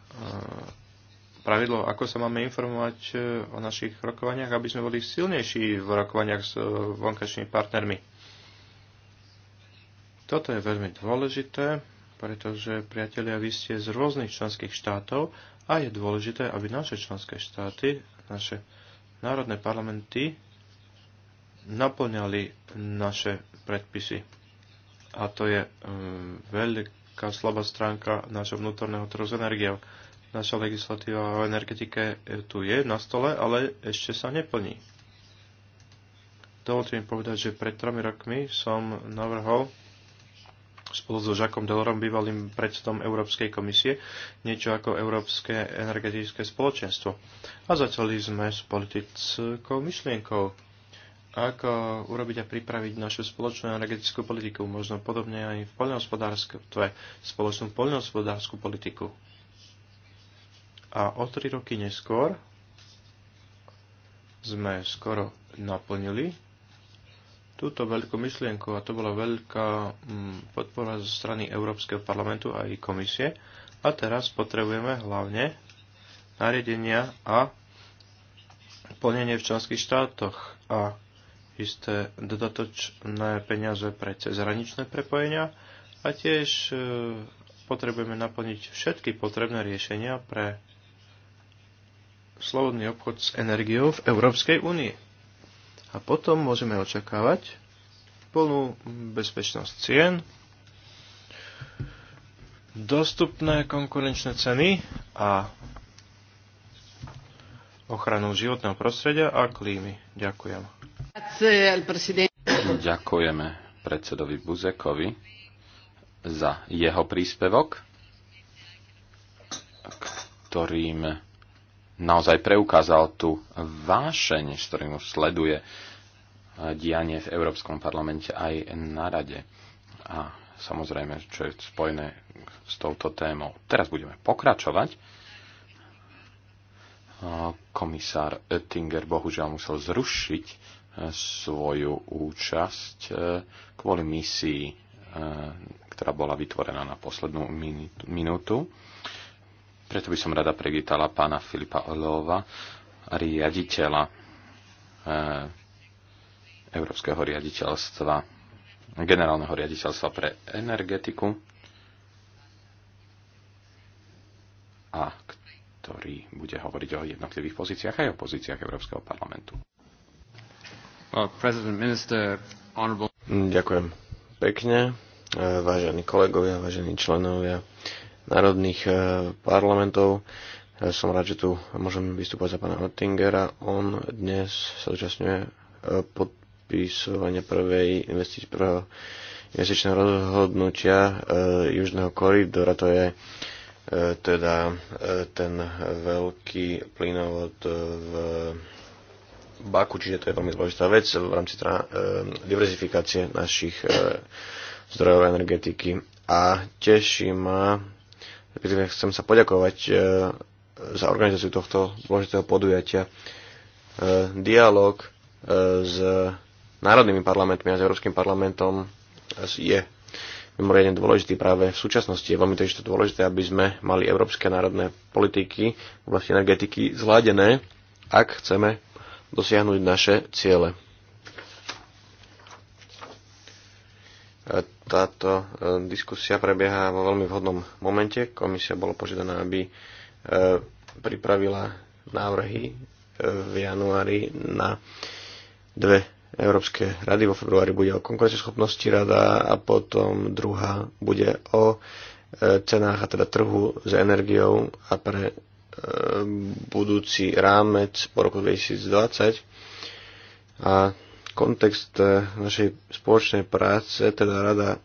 pravidlo, ako sa máme informovať o našich rokovaniach, aby sme boli silnejší v rokovaniach s vonkačnými partnermi. Toto je veľmi dôležité pretože, priatelia, vy ste z rôznych členských štátov a je dôležité, aby naše členské štáty, naše národné parlamenty naplňali naše predpisy. A to je um, veľká slabá stránka našho vnútorného trhu s energiou. Naša legislatíva o energetike e, tu je na stole, ale ešte sa neplní. Dovolte mi povedať, že pred tromi rokmi som navrhol spolu so Žakom Delorom, bývalým predsedom Európskej komisie, niečo ako Európske energetické spoločenstvo. A začali sme s politickou myšlienkou, ako urobiť a pripraviť našu spoločnú energetickú politiku, možno podobne aj v poľnohospodárstve, spoločnú poľnohospodárskú politiku. A o tri roky neskôr sme skoro naplnili túto veľkú myšlienku a to bola veľká mm, podpora zo strany Európskeho parlamentu a aj komisie. A teraz potrebujeme hlavne nariadenia a plnenie v členských štátoch a isté dodatočné peniaze pre cezhraničné prepojenia a tiež e, potrebujeme naplniť všetky potrebné riešenia pre slobodný obchod s energiou v Európskej únii. A potom môžeme očakávať plnú bezpečnosť cien, dostupné konkurenčné ceny a ochranu životného prostredia a klímy. Ďakujem. Ďakujeme predsedovi Buzekovi za jeho príspevok, ktorým naozaj preukázal tú vášeň, s ktorým už sleduje eh, dianie v Európskom parlamente aj na rade. A samozrejme, čo je spojené s touto témou. Teraz budeme pokračovať. Eh, komisár Oettinger bohužiaľ musel zrušiť eh, svoju účasť kvôli misii, ktorá bola vytvorená na poslednú minútu. Preto by som rada privítala pána Filipa Olova, riaditeľa eh, Európskeho riaditeľstva, generálneho riaditeľstva pre energetiku, a ktorý bude hovoriť o jednotlivých pozíciách aj o pozíciách Európskeho parlamentu. Well, Minister, honorable... Ďakujem pekne, eh, vážení kolegovia, vážení členovia národných e, parlamentov. Som rád, že tu môžem vystúpať za pána Oettingera. On dnes sa zúčastňuje e, podpisovania prvej investície, prvého investičného rozhodnutia e, južného koridora. To je teda ten veľký plynovod v Baku, čiže to je veľmi zložitá vec v rámci teda, diverzifikácie našich zdrojov energetiky. A teší ma respektíve chcem sa poďakovať e, za organizáciu tohto dôležitého podujatia. E, Dialóg e, s národnými parlamentmi a s Európskym parlamentom je mimoriadne dôležitý práve v súčasnosti. Je veľmi to dôležité, aby sme mali európske národné politiky v oblasti energetiky zvládené, ak chceme dosiahnuť naše ciele. Táto e, diskusia prebieha vo veľmi vhodnom momente. Komisia bola požiadaná, aby e, pripravila návrhy e, v januári na dve Európske rady. Vo februári bude o konkurenceschopnosti rada a potom druhá bude o cenách a teda trhu s energiou a pre budúci rámec po roku 2020. A Kontext eh, našej spoločnej práce, teda Rada,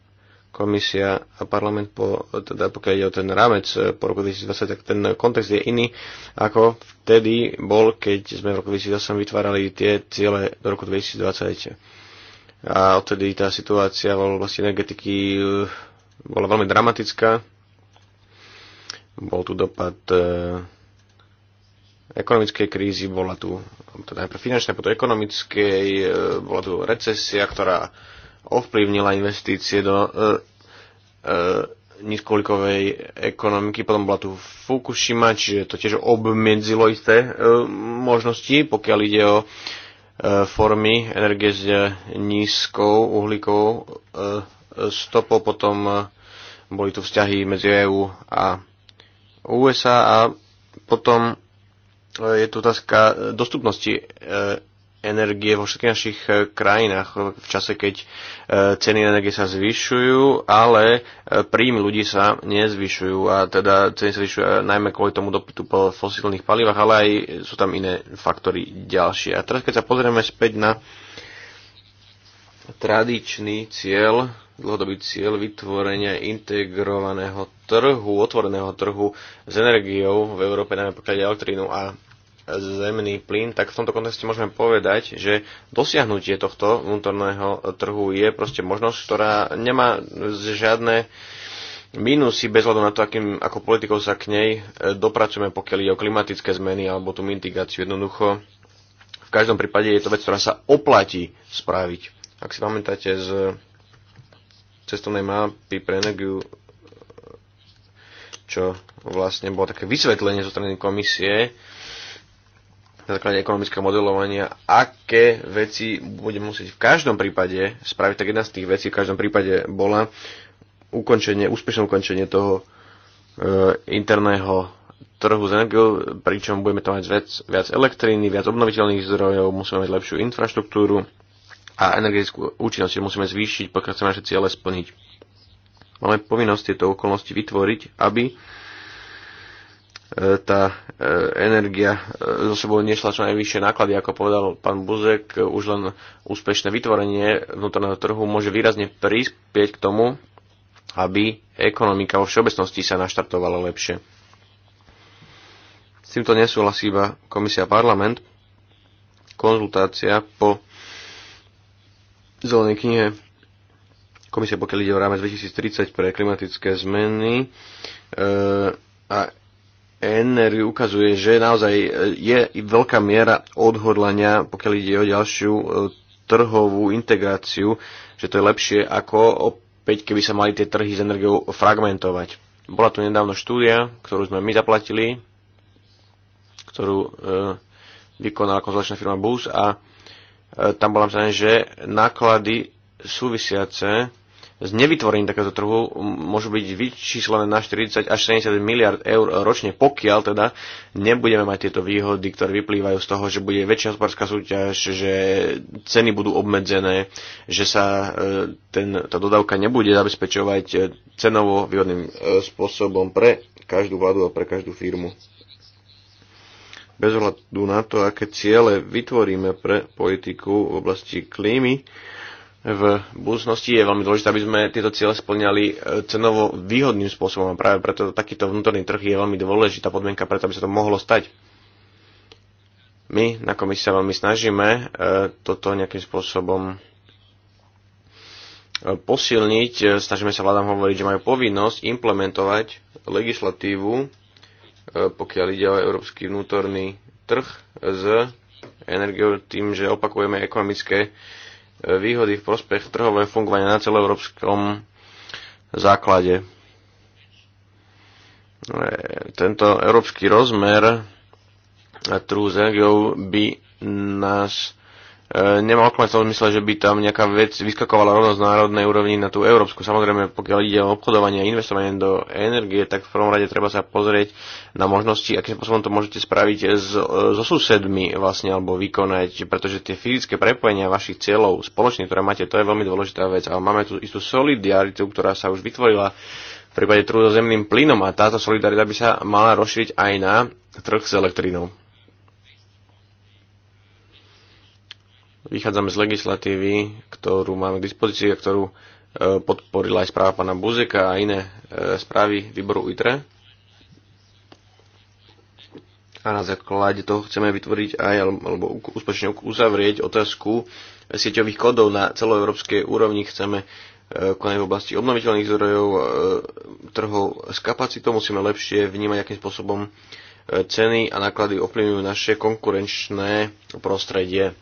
Komisia a parlament, po, teda pokiaľ ide o ten rámec eh, po roku 2020, tak ten kontext je iný, ako vtedy bol, keď sme v roku 2008 vytvárali tie ciele do roku 2020. A odtedy tá situácia v oblasti energetiky eh, bola veľmi dramatická. Bol tu dopad e, ekonomickej krízy, bola tu teda najprv finančnej, potom ekonomickej, e, bola tu recesia, ktorá ovplyvnila investície do e, e, nízkouhlíkovej ekonomiky, potom bola tu Fukushima, čiže to tiež obmedzilo isté e, možnosti, pokiaľ ide o e, formy energie s nízkou uhlíkovou e, stopou, potom e, boli tu vzťahy medzi EÚ a USA a potom je tu otázka e, dostupnosti e, energie vo všetkých našich e, krajinách v čase, keď ceny energie sa zvyšujú, ale príjmy ľudí sa nezvyšujú a teda ceny sa zvyšujú najmä kvôli tomu dopytu po fosílnych palivách, ale aj sú tam iné faktory ďalšie. A teraz keď sa pozrieme späť na tradičný cieľ, dlhodobý cieľ vytvorenia integrovaného trhu, otvoreného trhu s energiou v Európe, najmä pokiaľ elektrínu a zemný plyn, tak v tomto kontexte môžeme povedať, že dosiahnutie tohto vnútorného trhu je proste možnosť, ktorá nemá žiadne mínusy bez hľadu na to, akým, ako politikou sa k nej e, dopracujeme, pokiaľ ide o klimatické zmeny alebo tú mitigáciu. Jednoducho, v každom prípade je to vec, ktorá sa oplatí spraviť. Ak si pamätáte z cestovnej mapy pre energiu, e, čo vlastne bolo také vysvetlenie zo strany komisie, na základe ekonomického modelovania, aké veci budeme musieť v každom prípade spraviť, tak jedna z tých vecí v každom prípade bola ukončenie, úspešné ukončenie toho e, interného trhu s energiou, pričom budeme to mať viac, viac elektriny, viac obnoviteľných zdrojov, musíme mať lepšiu infraštruktúru a energetickú účinnosť musíme zvýšiť, pokiaľ chceme naše ciele splniť. Máme povinnosť tieto okolnosti vytvoriť, aby tá e, energia e, zo sebou nešla čo najvyššie náklady, ako povedal pán Buzek, e, už len úspešné vytvorenie vnútorného trhu môže výrazne prispieť k tomu, aby ekonomika vo všeobecnosti sa naštartovala lepšie. S týmto nesúhlasí iba komisia parlament. Konzultácia po zelenej knihe Komisia, pokiaľ ide o rámec 2030 pre klimatické zmeny, e, a NR ukazuje, že naozaj e, je veľká miera odhodlania, pokiaľ ide o ďalšiu e, trhovú integráciu, že to je lepšie ako opäť, keby sa mali tie trhy s energiou fragmentovať. Bola tu nedávno štúdia, ktorú sme my zaplatili, ktorú e, vykonala konzulačná firma BUS a e, tam bola napísané, že náklady súvisiace s nevytvorením takéhoto trhu môžu byť vyčíslené na 40 až 70 miliard eur ročne, pokiaľ teda nebudeme mať tieto výhody, ktoré vyplývajú z toho, že bude väčšia hospodárska súťaž, že ceny budú obmedzené, že sa e, ten, tá dodávka nebude zabezpečovať e, cenovo výhodným e, spôsobom pre každú vládu a pre každú firmu. Bez hľadu na to, aké ciele vytvoríme pre politiku v oblasti klímy, v budúcnosti je veľmi dôležité, aby sme tieto ciele splňali e, cenovo výhodným spôsobom a práve preto takýto vnútorný trh je veľmi dôležitá podmienka preto, aby sa to mohlo stať. My na komisii sa veľmi snažíme e, toto nejakým spôsobom e, posilniť. Snažíme sa vládam hovoriť, že majú povinnosť implementovať legislatívu, pokiaľ ide o európsky vnútorný trh s energiou tým, že opakujeme ekonomické výhody v prospech trhového fungovania na celoeurópskom základe. Tento európsky rozmer trhu s energiou by nás E, nemá oklesť v zmysle, že by tam nejaká vec vyskakovala rovno z národnej úrovni na tú európsku. Samozrejme, pokiaľ ide o obchodovanie a investovanie do energie, tak v prvom rade treba sa pozrieť na možnosti, akým spôsobom to môžete spraviť s, e, so susedmi vlastne, alebo vykonať, pretože tie fyzické prepojenia vašich cieľov spoločne, ktoré máte, to je veľmi dôležitá vec. Ale máme tu istú solidaritu, ktorá sa už vytvorila v prípade trhu so zemným plynom a táto solidarita by sa mala rozšíriť aj na trh s elektrínou. Vychádzame z legislatívy, ktorú máme k dispozícii a ktorú e, podporila aj správa pána Buzeka a iné e, správy výboru ITRE. A na základe toho chceme vytvoriť aj, alebo úspešne uzavrieť otázku sieťových kódov na celoeurópskej úrovni. Chceme e, konať v oblasti obnoviteľných zdrojov, trhov s kapacitou. Musíme lepšie vnímať, akým spôsobom ceny a náklady ovplyvňujú naše konkurenčné prostredie.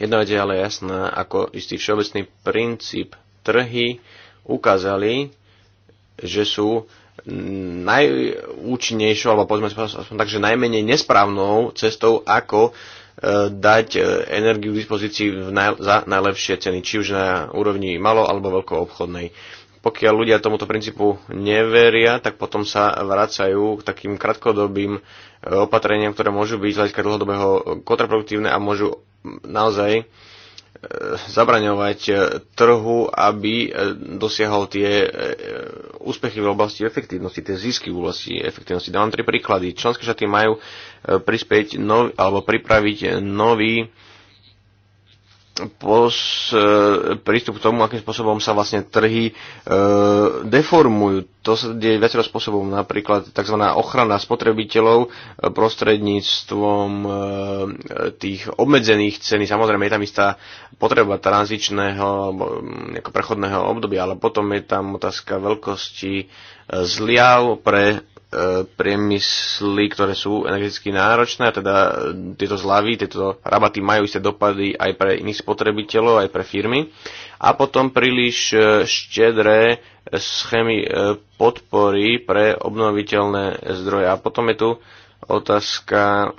Jedna vec je ale jasná, ako istý všeobecný princíp trhy ukázali, že sú najúčinnejšou, alebo povedzme aspoň tak, že najmenej nesprávnou cestou, ako e, dať e, energiu k dispozícii v naj, za najlepšie ceny, či už na úrovni malo alebo veľkoobchodnej. Pokiaľ ľudia tomuto princípu neveria, tak potom sa vracajú k takým krátkodobým e, opatreniam, ktoré môžu byť z hľadiska dlhodobého kontraproduktívne a môžu naozaj e, zabraňovať e, trhu, aby e, dosiahol tie úspechy v oblasti efektívnosti, tie zisky v oblasti efektívnosti. Dám tri príklady. Členské štáty majú prispieť nov, alebo pripraviť nový pos, e, prístup k tomu, akým spôsobom sa vlastne trhy e, deformujú. To sa deje viacero spôsobom, napríklad tzv. ochrana spotrebiteľov e, prostredníctvom e, tých obmedzených ceny. Samozrejme, je tam istá potreba tranzičného alebo mm, prechodného obdobia, ale potom je tam otázka veľkosti e, zliav pre priemysly, ktoré sú energeticky náročné a teda e, tieto zľavy, tieto rabaty majú isté dopady aj pre iných spotrebiteľov, aj pre firmy. A potom príliš e, štedré schémy e, podpory pre obnoviteľné zdroje. A potom je tu otázka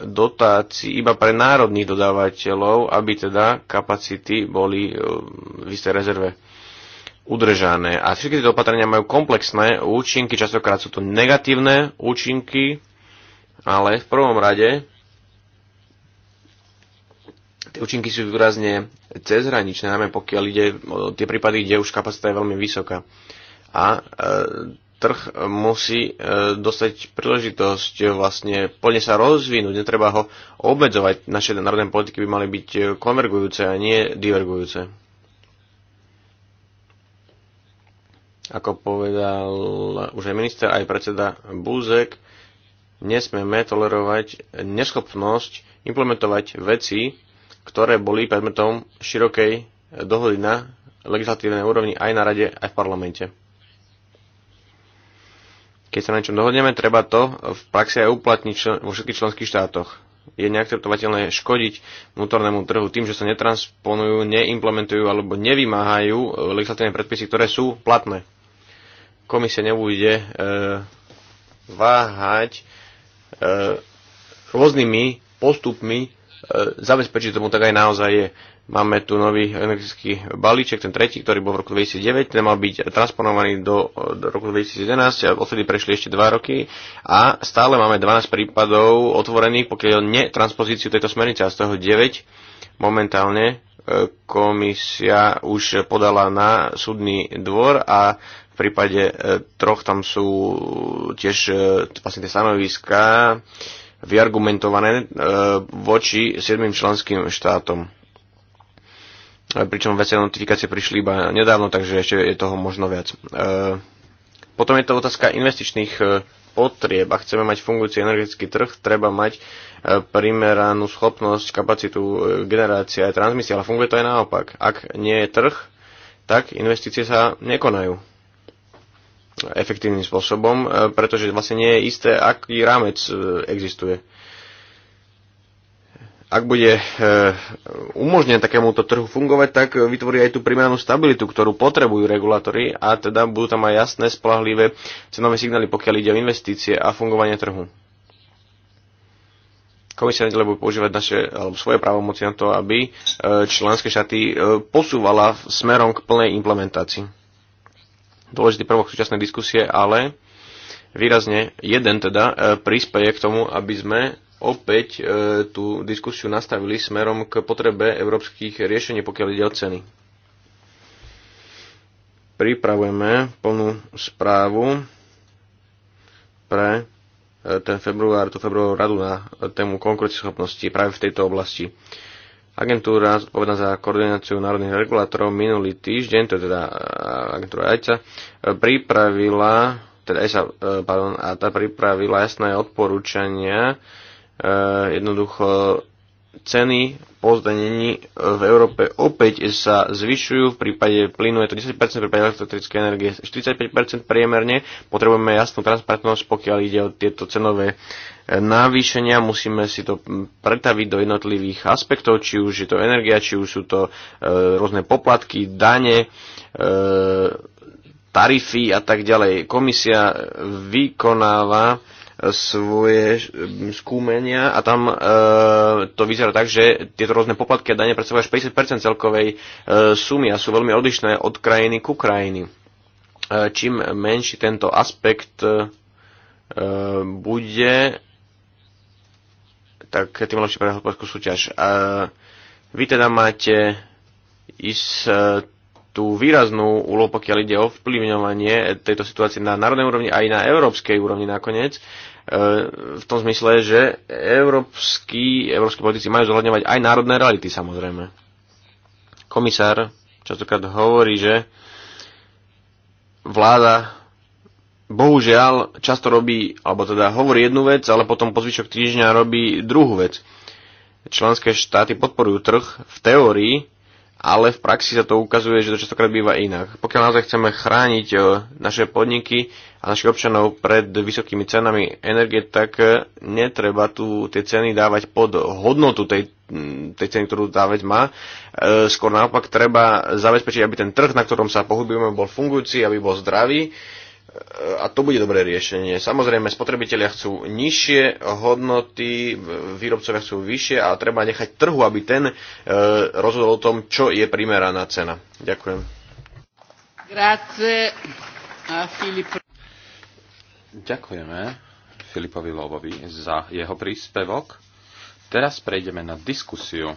dotácií iba pre národných dodávateľov, aby teda kapacity boli v istej rezerve udržané. A všetky tieto opatrenia majú komplexné účinky, častokrát sú to negatívne účinky, ale v prvom rade tie účinky sú výrazne cezhraničné, najmä pokiaľ ide o tie prípady, kde už kapacita je veľmi vysoká. A e, trh musí e, dostať príležitosť e, vlastne plne sa rozvinúť, netreba ho obmedzovať. Naše národné politiky by mali byť e, konvergujúce a nie divergujúce. Ako povedal už aj minister, aj predseda Búzek, nesmeme tolerovať neschopnosť implementovať veci, ktoré boli predmetom širokej dohody na legislatívnej úrovni aj na rade, aj v parlamente. Keď sa na niečom dohodneme, treba to v praxi aj uplatniť vo všetkých členských štátoch. Je neakceptovateľné škodiť vnútornému trhu tým, že sa netransponujú, neimplementujú alebo nevymáhajú legislatívne predpisy, ktoré sú platné komisia nebude e, váhať e, rôznymi postupmi e, zabezpečiť tomu tak aj naozaj je. Máme tu nový energetický balíček, ten tretí, ktorý bol v roku 2009, ten mal byť transponovaný do, do roku 2011, a odtedy prešli ešte 2 roky a stále máme 12 prípadov otvorených, pokiaľ netranspozíciu tejto smernice a z toho 9 momentálne e, komisia už podala na súdny dvor a prípade e, troch tam sú e, tiež e, vlastne tie stanoviská vyargumentované voči siedmým členským štátom. Pričom veci notifikácie prišli iba nedávno, takže ešte je toho možno viac. Potom je to otázka investičných potrieb. Ak chceme mať fungujúci energetický trh, treba mať primeranú schopnosť, kapacitu generácie a transmisie, ale funguje to aj naopak. Ak nie je trh, tak investície sa nekonajú efektívnym spôsobom, e, pretože vlastne nie je isté, aký rámec e, existuje. Ak bude e, umožnené takémuto trhu fungovať, tak vytvorí aj tú primárnu stabilitu, ktorú potrebujú regulátory a teda budú tam aj jasné, spolahlivé cenové signály, pokiaľ ide o investície a fungovanie trhu. Komisia nedele bude používať naše, alebo svoje právomoci na to, aby členské štáty posúvala smerom k plnej implementácii dôležitý prvok súčasnej diskusie, ale výrazne jeden teda e, príspeje k tomu, aby sme opäť e, tú diskusiu nastavili smerom k potrebe európskych riešení, pokiaľ ide o ceny. Pripravujeme plnú správu pre e, ten február, tú februárovú radu na tému konkurencieschopnosti práve v tejto oblasti. Agentúra zodpovedná za koordináciu národných regulátorov minulý týždeň, to je teda e, agentúra ECA, e, pripravila, teda ESA, e, pardon, a tá pripravila jasné odporúčania, jednoducho ceny po zdanení v Európe opäť sa zvyšujú. V prípade plynu je to 10%, v prípade elektrické energie 45% priemerne. Potrebujeme jasnú transparentnosť, pokiaľ ide o tieto cenové e, navýšenia. Musíme si to pretaviť do jednotlivých aspektov, či už je to energia, či už sú to e, rôzne poplatky, dane, e, tarify a tak ďalej. Komisia vykonáva svoje mm, skúmenia a tam e, to vyzerá tak, že tieto rôzne poplatky a dane predstavujú až 50% celkovej e, sumy a sú veľmi odlišné od krajiny ku krajiny. E, čím menší tento aspekt e, e bude, tak tým lepšie pre hospodárskú súťaž. E, vy teda máte ísť e, tú výraznú úlohu, pokiaľ ide o vplyvňovanie tejto situácie na národnej úrovni aj na európskej úrovni nakoniec v tom zmysle, že európsky, európsky politici majú zohľadňovať aj národné reality samozrejme. Komisár častokrát hovorí, že vláda bohužiaľ často robí, alebo teda hovorí jednu vec, ale potom po zvyšok týždňa robí druhú vec. Členské štáty podporujú trh v teórii, ale v praxi sa to ukazuje, že to častokrát býva inak. Pokiaľ naozaj chceme chrániť e, naše podniky, a našich občanov pred vysokými cenami energie, tak e, netreba tu tie ceny dávať pod hodnotu tej, tej ceny, ktorú dávať má. E, skôr naopak treba zabezpečiť, aby ten trh, na ktorom sa pohybujeme, bol fungujúci, aby bol zdravý e, a to bude dobré riešenie. Samozrejme, spotrebitelia chcú nižšie hodnoty, výrobcovia chcú vyššie a treba nechať trhu, aby ten rozhodol o tom, čo je primeraná cena. Ďakujem. Grazie. Filip. Ďakujeme Filipovi Lovovi za jeho príspevok. Teraz prejdeme na diskusiu.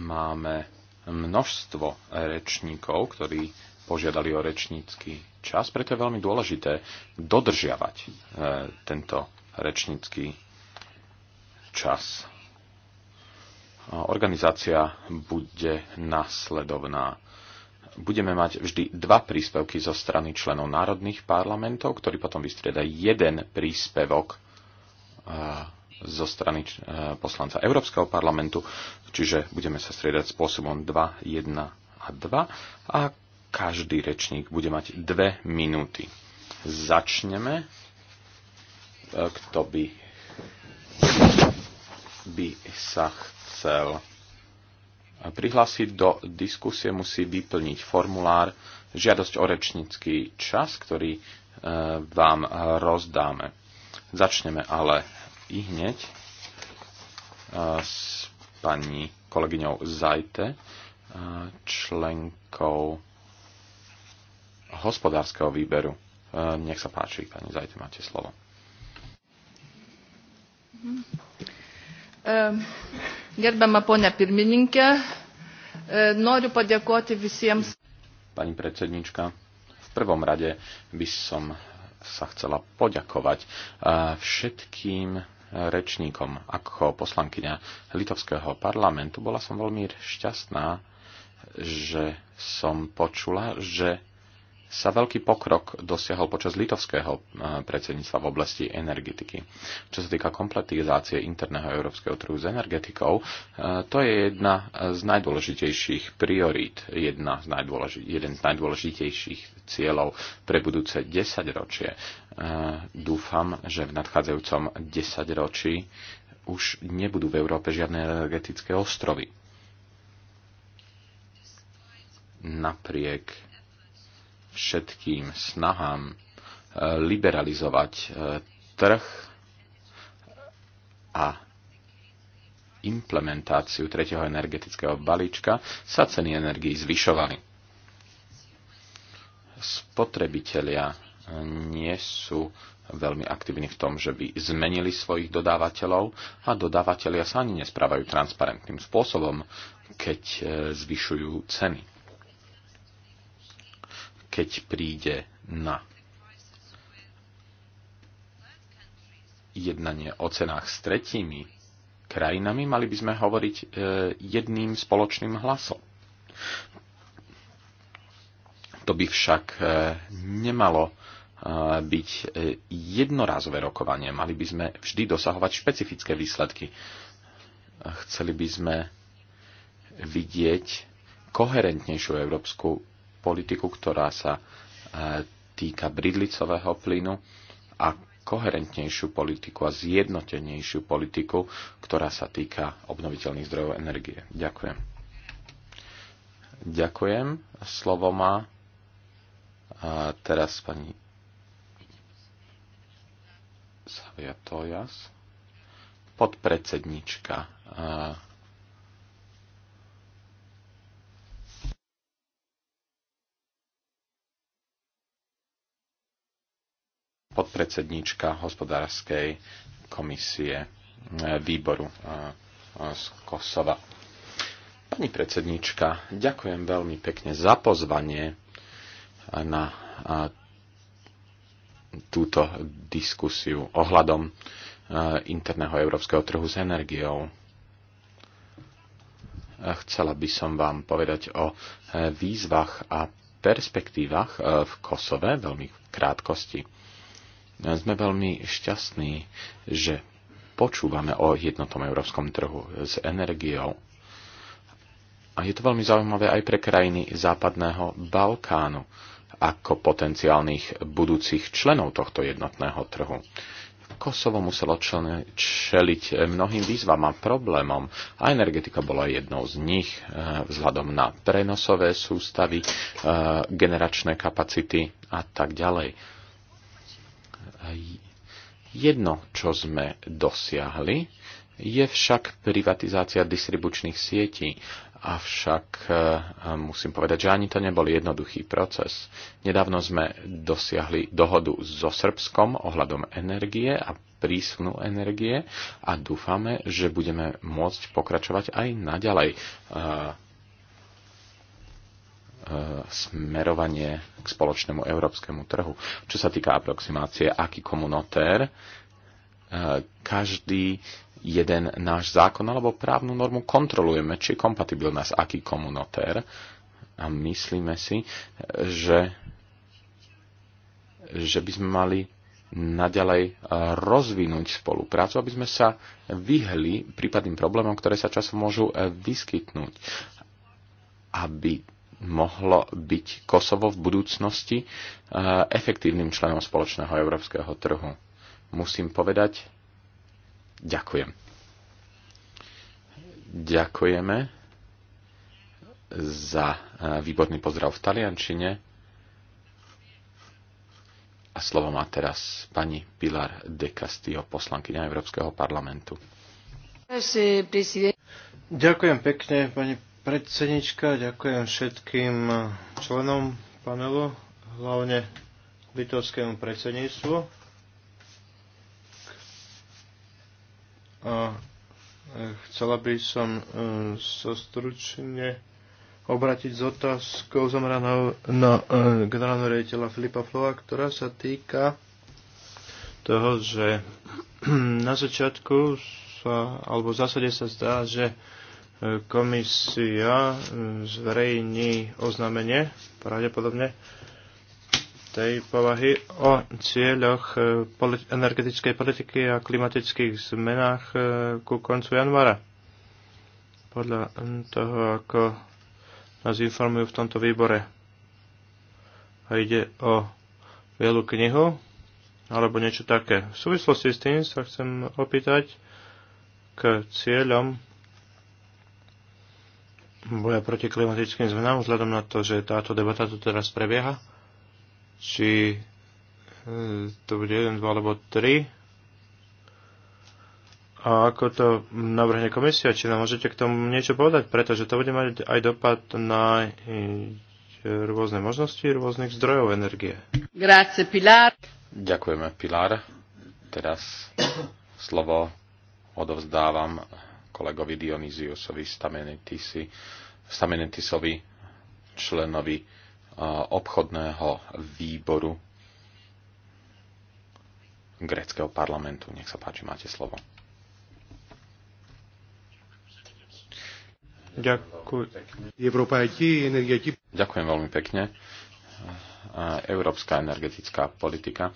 Máme množstvo rečníkov, ktorí požiadali o rečnícky čas, preto je veľmi dôležité dodržiavať e, tento rečnícky čas. Organizácia bude nasledovná budeme mať vždy dva príspevky zo strany členov národných parlamentov, ktorý potom vystrieda jeden príspevok e, zo strany e, poslanca Európskeho parlamentu, čiže budeme sa striedať spôsobom 2, 1 a 2 a každý rečník bude mať dve minúty. Začneme. E, kto by, by sa chcel prihlásiť do diskusie, musí vyplniť formulár žiadosť o rečnícky čas, ktorý e, vám rozdáme. Začneme ale i hneď e, s pani kolegyňou Zajte, e, členkou hospodárskeho výberu. Nech sa páči, pani Zajte, máte slovo. Um. Gerbiama ponia pirmininkė, e, noriu padėkoti visiems. Pani predsednička, v prvom rade by som sa chcela poďakovať e, všetkým rečníkom. Ako poslankyňa Litovského parlamentu bola som veľmi šťastná, že som počula, že sa veľký pokrok dosiahol počas litovského e, predsedníctva v oblasti energetiky. Čo sa týka kompletizácie interného európskeho trhu s energetikou, e, to je jedna z najdôležitejších priorít, jedna z najdôležit- jeden z najdôležitejších cieľov pre budúce 10 ročie. E, dúfam, že v nadchádzajúcom 10 ročí už nebudú v Európe žiadne energetické ostrovy. Napriek všetkým snahám e, liberalizovať e, trh a implementáciu tretieho energetického balíčka sa ceny energií zvyšovali. Spotrebitelia e, nie sú veľmi aktívni v tom, že by zmenili svojich dodávateľov a dodávateľia sa ani nesprávajú transparentným spôsobom, keď zvyšujú ceny keď príde na jednanie o cenách s tretími krajinami, mali by sme hovoriť e, jedným spoločným hlasom. To by však e, nemalo e, byť jednorázové rokovanie. Mali by sme vždy dosahovať špecifické výsledky. Chceli by sme vidieť koherentnejšiu európsku politiku, ktorá sa e, týka bridlicového plynu a koherentnejšiu politiku a zjednotenejšiu politiku, ktorá sa týka obnoviteľných zdrojov energie. Ďakujem. Ďakujem. Slovo má a e, teraz pani Savia Tojas, podpredsednička e, podpredsedníčka hospodárskej komisie e, výboru e, e, z Kosova. Pani predsednička, ďakujem veľmi pekne za pozvanie na túto diskusiu ohľadom interného európskeho trhu s energiou. Chcela by som vám povedať o výzvach a perspektívach v Kosove veľmi v krátkosti sme veľmi šťastní, že počúvame o jednotnom európskom trhu s energiou. A je to veľmi zaujímavé aj pre krajiny západného Balkánu ako potenciálnych budúcich členov tohto jednotného trhu. Kosovo muselo čeliť mnohým výzvam a problémom a energetika bola jednou z nich eh, vzhľadom na prenosové sústavy, eh, generačné kapacity a tak ďalej. Jedno, čo sme dosiahli, je však privatizácia distribučných sietí. Avšak e, musím povedať, že ani to nebol jednoduchý proces. Nedávno sme dosiahli dohodu so Srbskom ohľadom energie a prísunu energie a dúfame, že budeme môcť pokračovať aj naďalej e, Eh, smerovanie k spoločnému európskemu trhu. Čo sa týka aproximácie aký komunotér, eh, každý jeden náš zákon alebo právnu normu kontrolujeme, či je kompatibilná s aký komunotér a myslíme si, že, že by sme mali naďalej eh, rozvinúť spoluprácu, aby sme sa vyhli prípadným problémom, ktoré sa časom môžu vyskytnúť, aby mohlo byť Kosovo v budúcnosti eh, efektívnym členom spoločného európskeho trhu. Musím povedať, ďakujem. Ďakujeme za eh, výborný pozdrav v taliančine. A slovo má teraz pani Pilar de Castillo, poslankyňa Európskeho parlamentu. Ďakujem pekne, pani predsednička, ďakujem všetkým členom panelu, hlavne litovskému predsedníctvu. A e, chcela by som e, sa stručne obratiť s otázkou zameranou na e, generálneho rejiteľa Filipa Flova, ktorá sa týka toho, že na začiatku sa, alebo v zásade sa zdá, že komisia zverejní oznámenie, pravdepodobne, tej povahy o cieľoch eh, energetickej politiky a klimatických zmenách eh, ku koncu januára. Podľa toho, ako nás informujú v tomto výbore. A ide o bielu knihu, alebo niečo také. V súvislosti s tým sa chcem opýtať k cieľom boja proti klimatickým zmenám, vzhľadom na to, že táto debata tu teraz prebieha, či e, to bude 1, 2 alebo 3. A ako to navrhne komisia, či nám môžete k tomu niečo povedať, pretože to bude mať aj dopad na e, rôzne možnosti rôznych zdrojov energie. Grazie, Pilar. Ďakujeme, Pilar. Teraz slovo odovzdávam kolegovi Dionýziusovi Stamenetisovi, členovi obchodného výboru greckého parlamentu. Nech sa páči, máte slovo. Ďakujem veľmi pekne. Európska energetická politika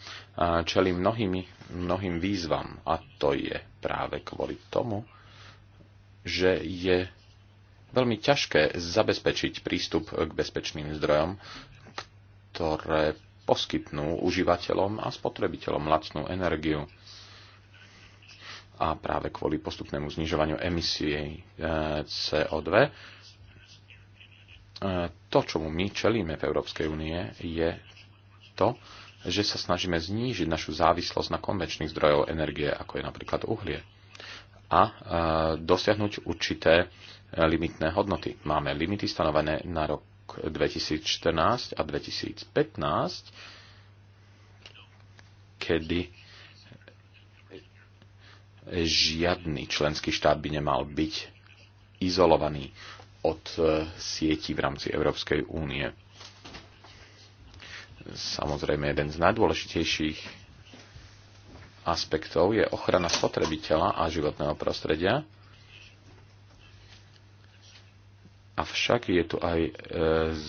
čeli mnohými, mnohým výzvam a to je práve kvôli tomu, že je veľmi ťažké zabezpečiť prístup k bezpečným zdrojom, ktoré poskytnú užívateľom a spotrebiteľom lacnú energiu. A práve kvôli postupnému znižovaniu emisie eh, CO2 eh, to, čomu my čelíme v Európskej únie, je to, že sa snažíme znížiť našu závislosť na konvenčných zdrojov energie, ako je napríklad uhlie a e, dosiahnuť určité e, limitné hodnoty. Máme limity stanovené na rok 2014 a 2015, kedy žiadny členský štát by nemal byť izolovaný od e, sietí v rámci Európskej únie. Samozrejme, jeden z najdôležitejších aspektov je ochrana spotrebiteľa a životného prostredia. Avšak je tu aj e,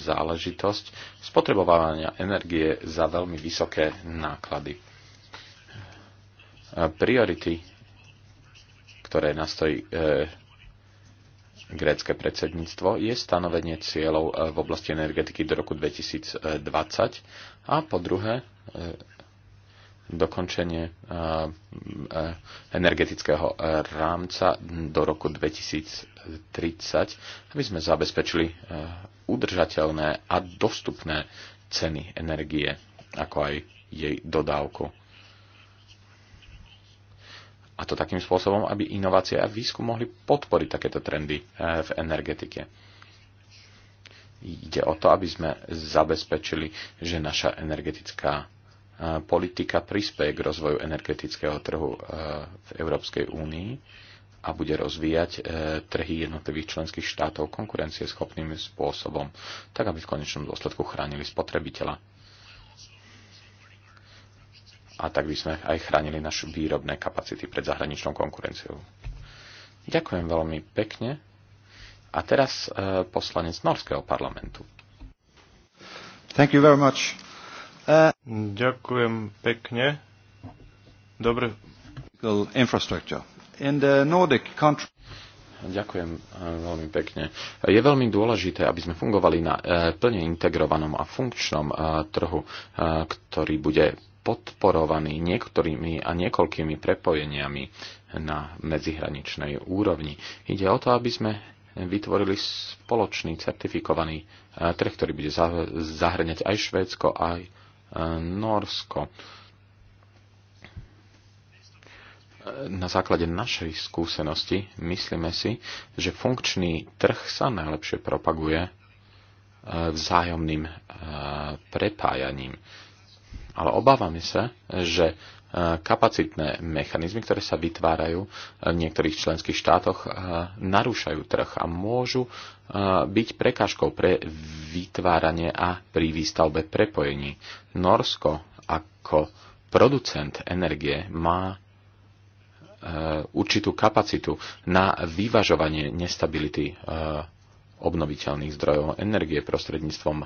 záležitosť spotrebovania energie za veľmi vysoké náklady. E, priority, ktoré nastojí e, grécke predsedníctvo, je stanovenie cieľov e, v oblasti energetiky do roku 2020 a po druhé e, dokončenie energetického rámca do roku 2030, aby sme zabezpečili e, udržateľné a dostupné ceny energie, ako aj jej dodávku. A to takým spôsobom, aby inovácie a výskum mohli podporiť takéto trendy e, v energetike. Ide o to, aby sme zabezpečili, že naša energetická politika prispieje k rozvoju energetického trhu e, v Európskej únii a bude rozvíjať e, trhy jednotlivých členských štátov konkurencieschopným spôsobom, tak aby v konečnom dôsledku chránili spotrebiteľa. A tak by sme aj chránili naše výrobné kapacity pred zahraničnou konkurenciou. Ďakujem veľmi pekne. A teraz e, poslanec Norského parlamentu. Thank you very much. Uh, Ďakujem pekne. Dobre. Infrastructure. In the Nordic country... Ďakujem e, veľmi pekne. Je veľmi dôležité, aby sme fungovali na e, plne integrovanom a funkčnom trhu, ktorý bude podporovaný niektorými a niekoľkými prepojeniami na medzihraničnej úrovni. Ide o to, aby sme vytvorili spoločný certifikovaný trh, ktorý bude zahrňať aj Švédsko, aj E, Norsko. E, na základe našej skúsenosti myslíme si, že funkčný trh sa najlepšie propaguje e, vzájomným prepájaním. Ale obávame sa, že kapacitné mechanizmy, ktoré sa vytvárajú v niektorých členských štátoch, narúšajú trh a môžu byť prekážkou pre vytváranie a pri výstavbe prepojení. Norsko ako producent energie má určitú kapacitu na vyvažovanie nestability obnoviteľných zdrojov energie prostredníctvom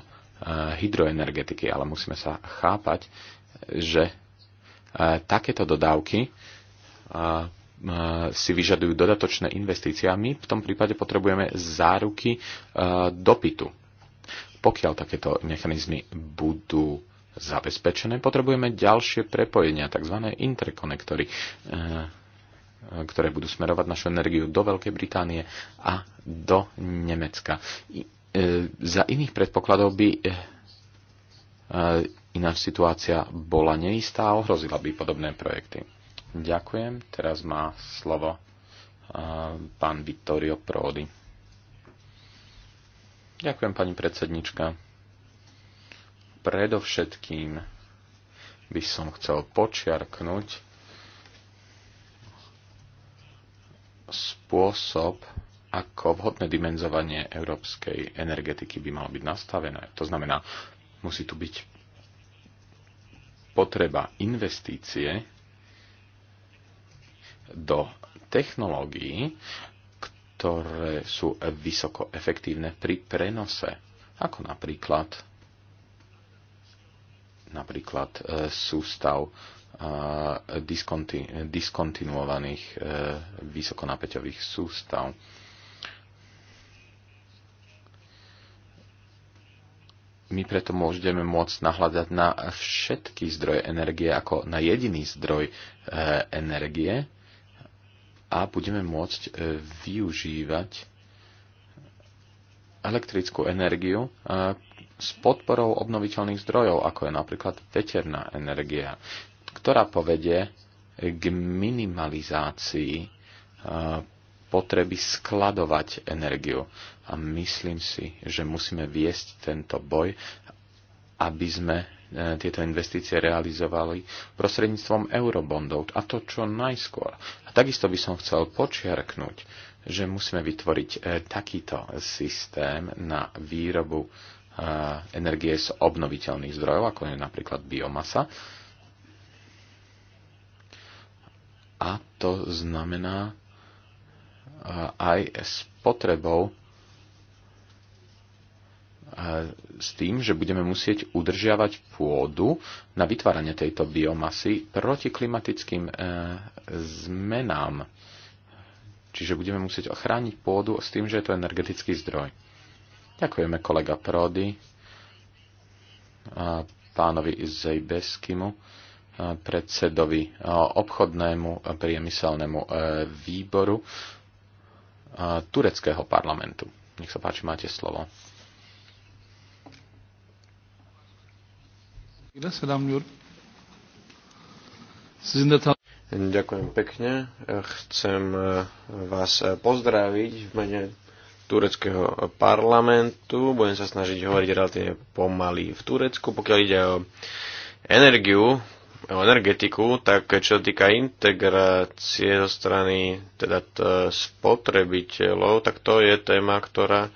hydroenergetiky, ale musíme sa chápať, že E, takéto dodávky e, e, si vyžadujú dodatočné investície a my v tom prípade potrebujeme záruky dopytu. Pokiaľ takéto mechanizmy budú zabezpečené, potrebujeme ďalšie prepojenia, tzv. interkonektory, ktoré budú smerovať našu energiu do Veľkej Británie a do Nemecka. Za iných predpokladov by Ináč situácia bola neistá a ohrozila by podobné projekty. Ďakujem. Teraz má slovo uh, pán Vittorio Prodi. Ďakujem, pani predsednička. Predovšetkým by som chcel počiarknúť spôsob, ako vhodné dimenzovanie európskej energetiky by malo byť nastavené. To znamená, musí tu byť potreba investície do technológií, ktoré sú vysoko efektívne pri prenose, ako napríklad napríklad e, sústav e, diskontinuovaných e, vysokonapeťových sústav my preto môžeme môcť nahľadať na všetky zdroje energie ako na jediný zdroj e, energie a budeme môcť e, využívať elektrickú energiu e, s podporou obnoviteľných zdrojov, ako je napríklad veterná energia, ktorá povedie k minimalizácii e, potreby skladovať energiu. A myslím si, že musíme viesť tento boj, aby sme e, tieto investície realizovali prostredníctvom eurobondov a to čo najskôr. A takisto by som chcel počiarknúť, že musíme vytvoriť e, takýto systém na výrobu e, energie z obnoviteľných zdrojov, ako je napríklad biomasa. A to znamená aj s potrebou s tým, že budeme musieť udržiavať pôdu na vytváranie tejto biomasy proti klimatickým e, zmenám. Čiže budeme musieť ochrániť pôdu s tým, že je to energetický zdroj. Ďakujeme kolega Prody, pánovi Zejbeskimu, e, predsedovi e, obchodnému priemyselnému výboru tureckého parlamentu. Nech sa páči, máte slovo. Ďakujem pekne. Chcem eh, vás eh, pozdraviť v mene tureckého parlamentu. Budem sa snažiť hovoriť relatívne pomaly v Turecku. Pokiaľ ide o energiu, energetiku, tak čo týka integrácie zo strany teda spotrebiteľov, tak to je téma, ktorá e,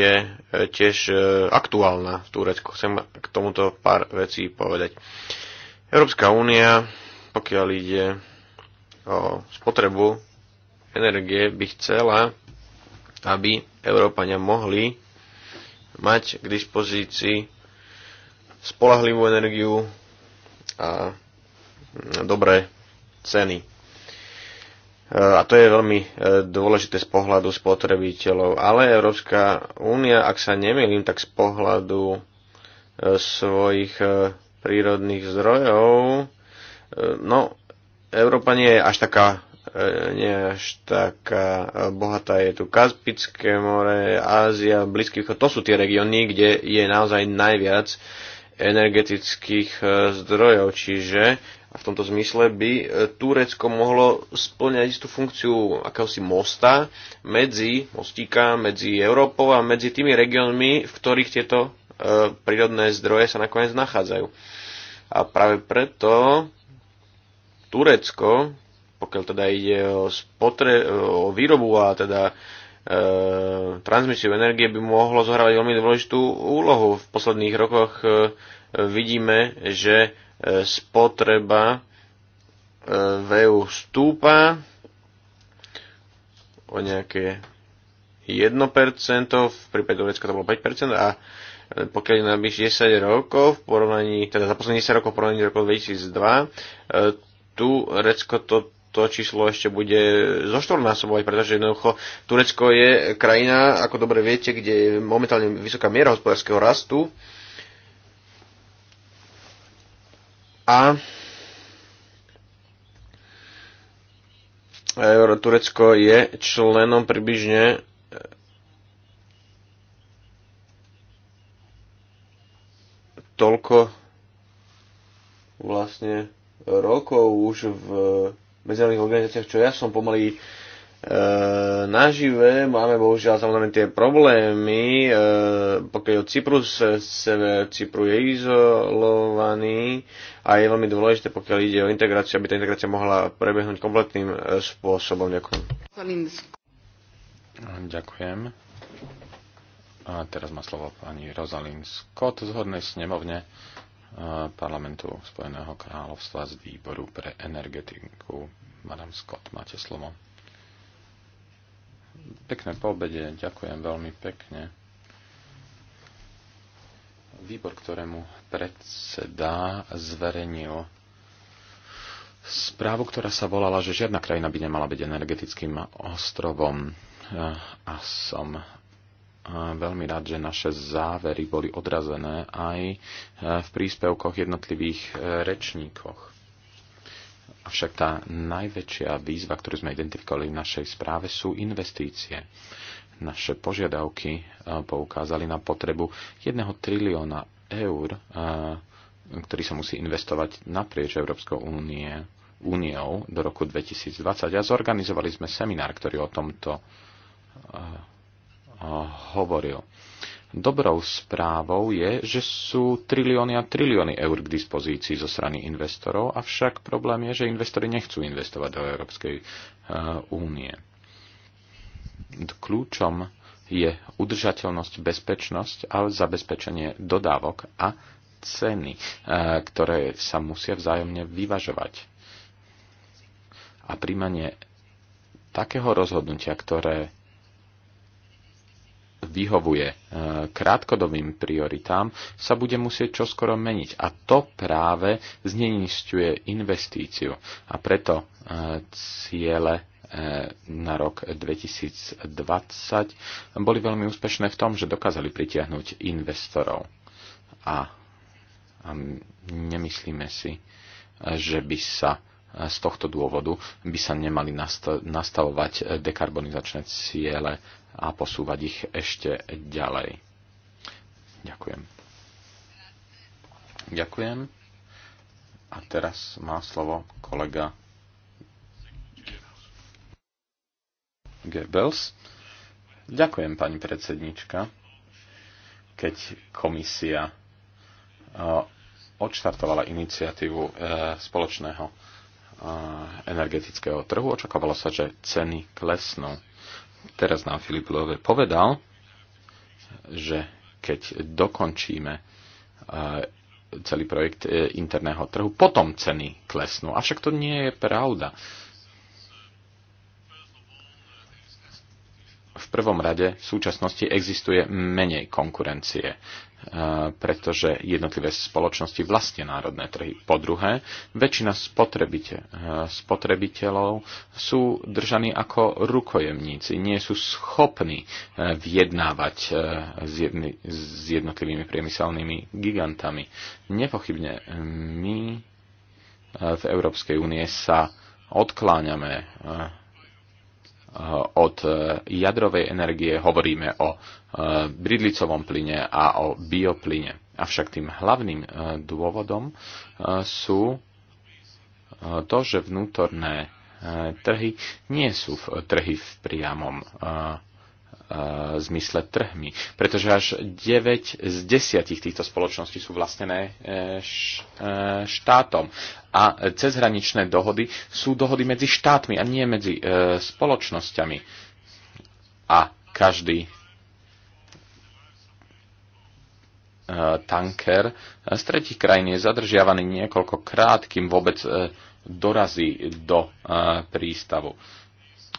je e, tiež e, aktuálna v Turecku. Chcem k tomuto pár vecí povedať. Európska únia, pokiaľ ide o spotrebu energie, by chcela, aby Európania mohli mať k dispozícii spolahlivú energiu a mm, dobré ceny. E, a to je veľmi e, dôležité z pohľadu spotrebiteľov. Ale Európska únia, ak sa nemýlim, tak z pohľadu e, svojich prírodných zdrojov, no, Európa nie je až taká nie až taká bohatá. Je tu Kaspické more, Ázia, Blízky východ. To sú tie regióny, kde je naozaj najviac energetických e, zdrojov. Čiže v tomto zmysle by e, Turecko mohlo splňať istú funkciu akéhosi mosta medzi, mostíka, medzi Európou a medzi tými regiónmi, v ktorých tieto e, prírodné zdroje sa nakoniec nachádzajú. A práve preto Turecko, pokiaľ teda ide o, spotre, o výrobu a teda transmisiu energie by mohlo zohrávať veľmi dôležitú úlohu. V posledných rokoch vidíme, že e, spotreba e, v EU stúpa o nejaké 1%, v prípade Turecka to bolo 5% a e, pokiaľ je nabíš 10 rokov v porovnaní, teda za posledných 10 rokov v porovnaní rokov 2002, tu Recko to, to číslo ešte bude zoštvornásobovať, pretože jednoducho Turecko je krajina, ako dobre viete, kde je momentálne vysoká miera hospodárskeho rastu, a Turecko je členom približne eh, toľko vlastne rokov už v medzinárodných organizáciách, čo ja som pomaly E, nažive. Máme bohužiaľ samozrejme tie problémy, e, pokiaľ je Cyprus, e, sever Cypru je izolovaný a je veľmi dôležité, pokiaľ ide o integráciu, aby tá integrácia mohla prebehnúť kompletným spôsobom. Ďakujem. Hm, ďakujem. A teraz má slovo pani Rosalind Scott z Hornej snemovne parlamentu Spojeného kráľovstva z výboru pre energetiku. Madam Scott, máte slovo. Pekné poobede, ďakujem veľmi pekne. Výbor, ktorému predseda zverejnil správu, ktorá sa volala, že žiadna krajina by nemala byť energetickým ostrovom. A som veľmi rád, že naše závery boli odrazené aj v príspevkoch jednotlivých e, rečníkoch. Avšak tá najväčšia výzva, ktorú sme identifikovali v našej správe, sú investície. Naše požiadavky e, poukázali na potrebu 1 trilióna eur, e, ktorý sa musí investovať naprieč Európskou únie, úniou do roku 2020. A zorganizovali sme seminár, ktorý o tomto e, hovoril Dobrou správou je, že sú trilióny a trilióny eur k dispozícii zo strany investorov, avšak problém je, že investori nechcú investovať do Európskej eh, únie. Kľúčom je udržateľnosť, bezpečnosť a zabezpečenie dodávok a ceny, eh, ktoré sa musia vzájomne vyvažovať. A príjmanie takého rozhodnutia, ktoré vyhovuje e, krátkodobým prioritám, sa bude musieť čoskoro meniť. A to práve znenistuje investíciu. A preto e, ciele e, na rok 2020 boli veľmi úspešné v tom, že dokázali pritiahnuť investorov. A, a nemyslíme si, že by sa z tohto dôvodu by sa nemali nastavovať dekarbonizačné ciele a posúvať ich ešte ďalej. Ďakujem. Ďakujem. A teraz má slovo kolega Goebbels. Ďakujem, pani predsednička. Keď komisia eh, odštartovala iniciatívu eh, spoločného energetického trhu. Očakávalo sa, že ceny klesnú. Teraz nám Filip Love povedal, že keď dokončíme eh, celý projekt eh, interného trhu, potom ceny klesnú. Avšak to nie je pravda. v prvom rade v súčasnosti existuje menej konkurencie, e, pretože jednotlivé spoločnosti vlastne národné trhy. Po druhé, väčšina spotrebite, e, spotrebiteľov sú držaní ako rukojemníci, nie sú schopní e, vyjednávať s jednotlivými priemyselnými gigantami. Nepochybne my v Európskej únie sa odkláňame od eh, jadrovej energie, hovoríme o eh, bridlicovom plyne a o bioplyne. Avšak tým hlavným eh, dôvodom sú to, že vnútorné trhy nie sú trhy v priamom zmysle trhmi. Pretože až 9 z 10 týchto spoločností sú vlastnené e, e, štátom. A cezhraničné dohody sú dohody medzi štátmi a nie medzi e, spoločnosťami. A každý tanker z tretich krajín je zadržiavaný niekoľkokrát, kým vôbec dorazí do prístavu.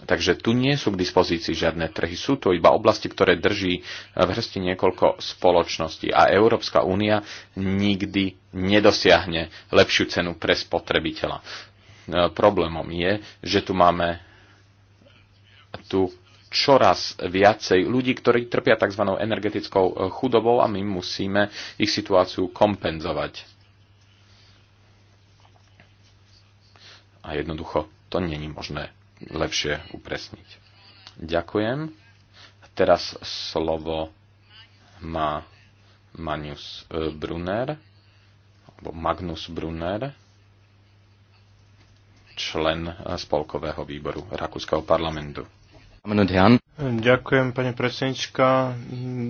Takže tu nie sú k dispozícii žiadne trhy. Sú to iba oblasti, ktoré drží v hrsti niekoľko spoločností. A Európska únia nikdy nedosiahne lepšiu cenu pre spotrebiteľa. E, problémom je, že tu máme tu čoraz viacej ľudí, ktorí trpia tzv. energetickou chudobou a my musíme ich situáciu kompenzovať. A jednoducho to není možné lepšie upresniť. Ďakujem. Teraz slovo má Magnus e, Brunner, alebo Magnus Brunner, člen e, spolkového výboru Rakúskeho parlamentu. Ďakujem, pani predsednička.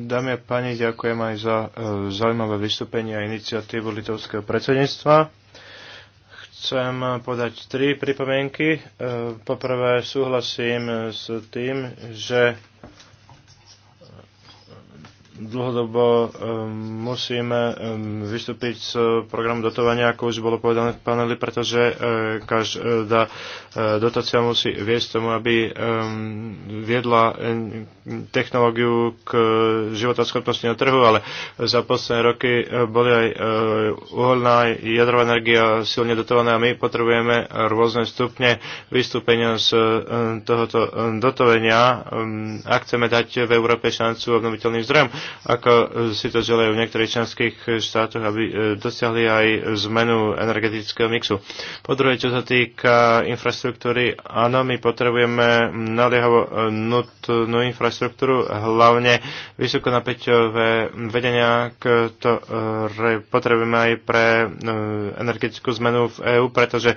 Dámy a páni, ďakujem aj za e, zaujímavé vystúpenie a iniciatívu litovského predsedníctva chcem podať tri pripomienky. E, poprvé súhlasím s tým, že dlhodobo ehm, musíme ehm, vystúpiť z programu dotovania, ako už bolo povedané v paneli, pretože e, každá e, dotácia musí viesť tomu, aby ehm, viedla technológiu k životoschopnosti na trhu, ale za posledné roky e, boli aj uholná, jadrová energia silne dotovaná a my potrebujeme rôzne stupne vystúpenia z tohoto dotovania, ak chceme dať v Európe šancu obnoviteľným zdrojom ako e, si to želajú v niektorých členských štátoch, aby e, dosiahli aj zmenu energetického mixu. Po druhé, čo sa týka infraštruktúry, áno, my potrebujeme naliehavo e, nutnú infraštruktúru, hlavne vysokonapäťové vedenia, ktoré potrebujeme aj pre energetickú zmenu v EÚ, pretože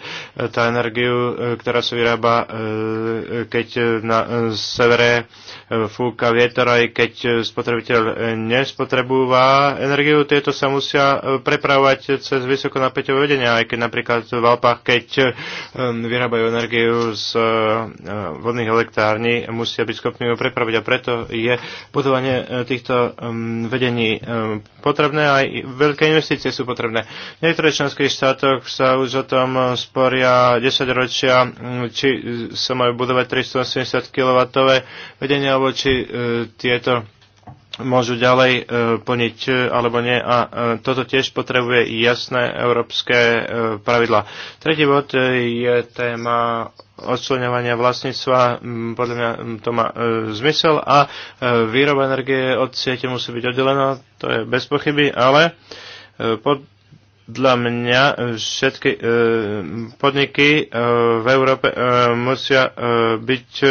tá energiu, ktorá sa vyrába, keď na severe fúka vietor, aj keď spotrebiteľ nespotrebúva energiu, tieto sa musia e, prepravovať cez vysokonapäťové vedenia, aj keď napríklad v Alpách, keď e, vyrábajú energiu z e, vodných elektrární, musia byť schopní ju prepraviť a preto je budovanie týchto vedení potrebné a aj veľké investície sú potrebné. V niektorých členských štátoch sa už o tom sporia 10 ročia, či sa majú budovať 380 kW vedenia, alebo či tieto môžu ďalej e, plniť e, alebo nie. A e, toto tiež potrebuje jasné európske pravidla. Tretí bod je téma odčlenovania vlastníctva. Podľa mňa to má zmysel a výroba energie od siete musí byť oddelená, to je bez pochyby, ale pod podľa mňa všetky e, podniky e, v Európe e, musia e, byť e,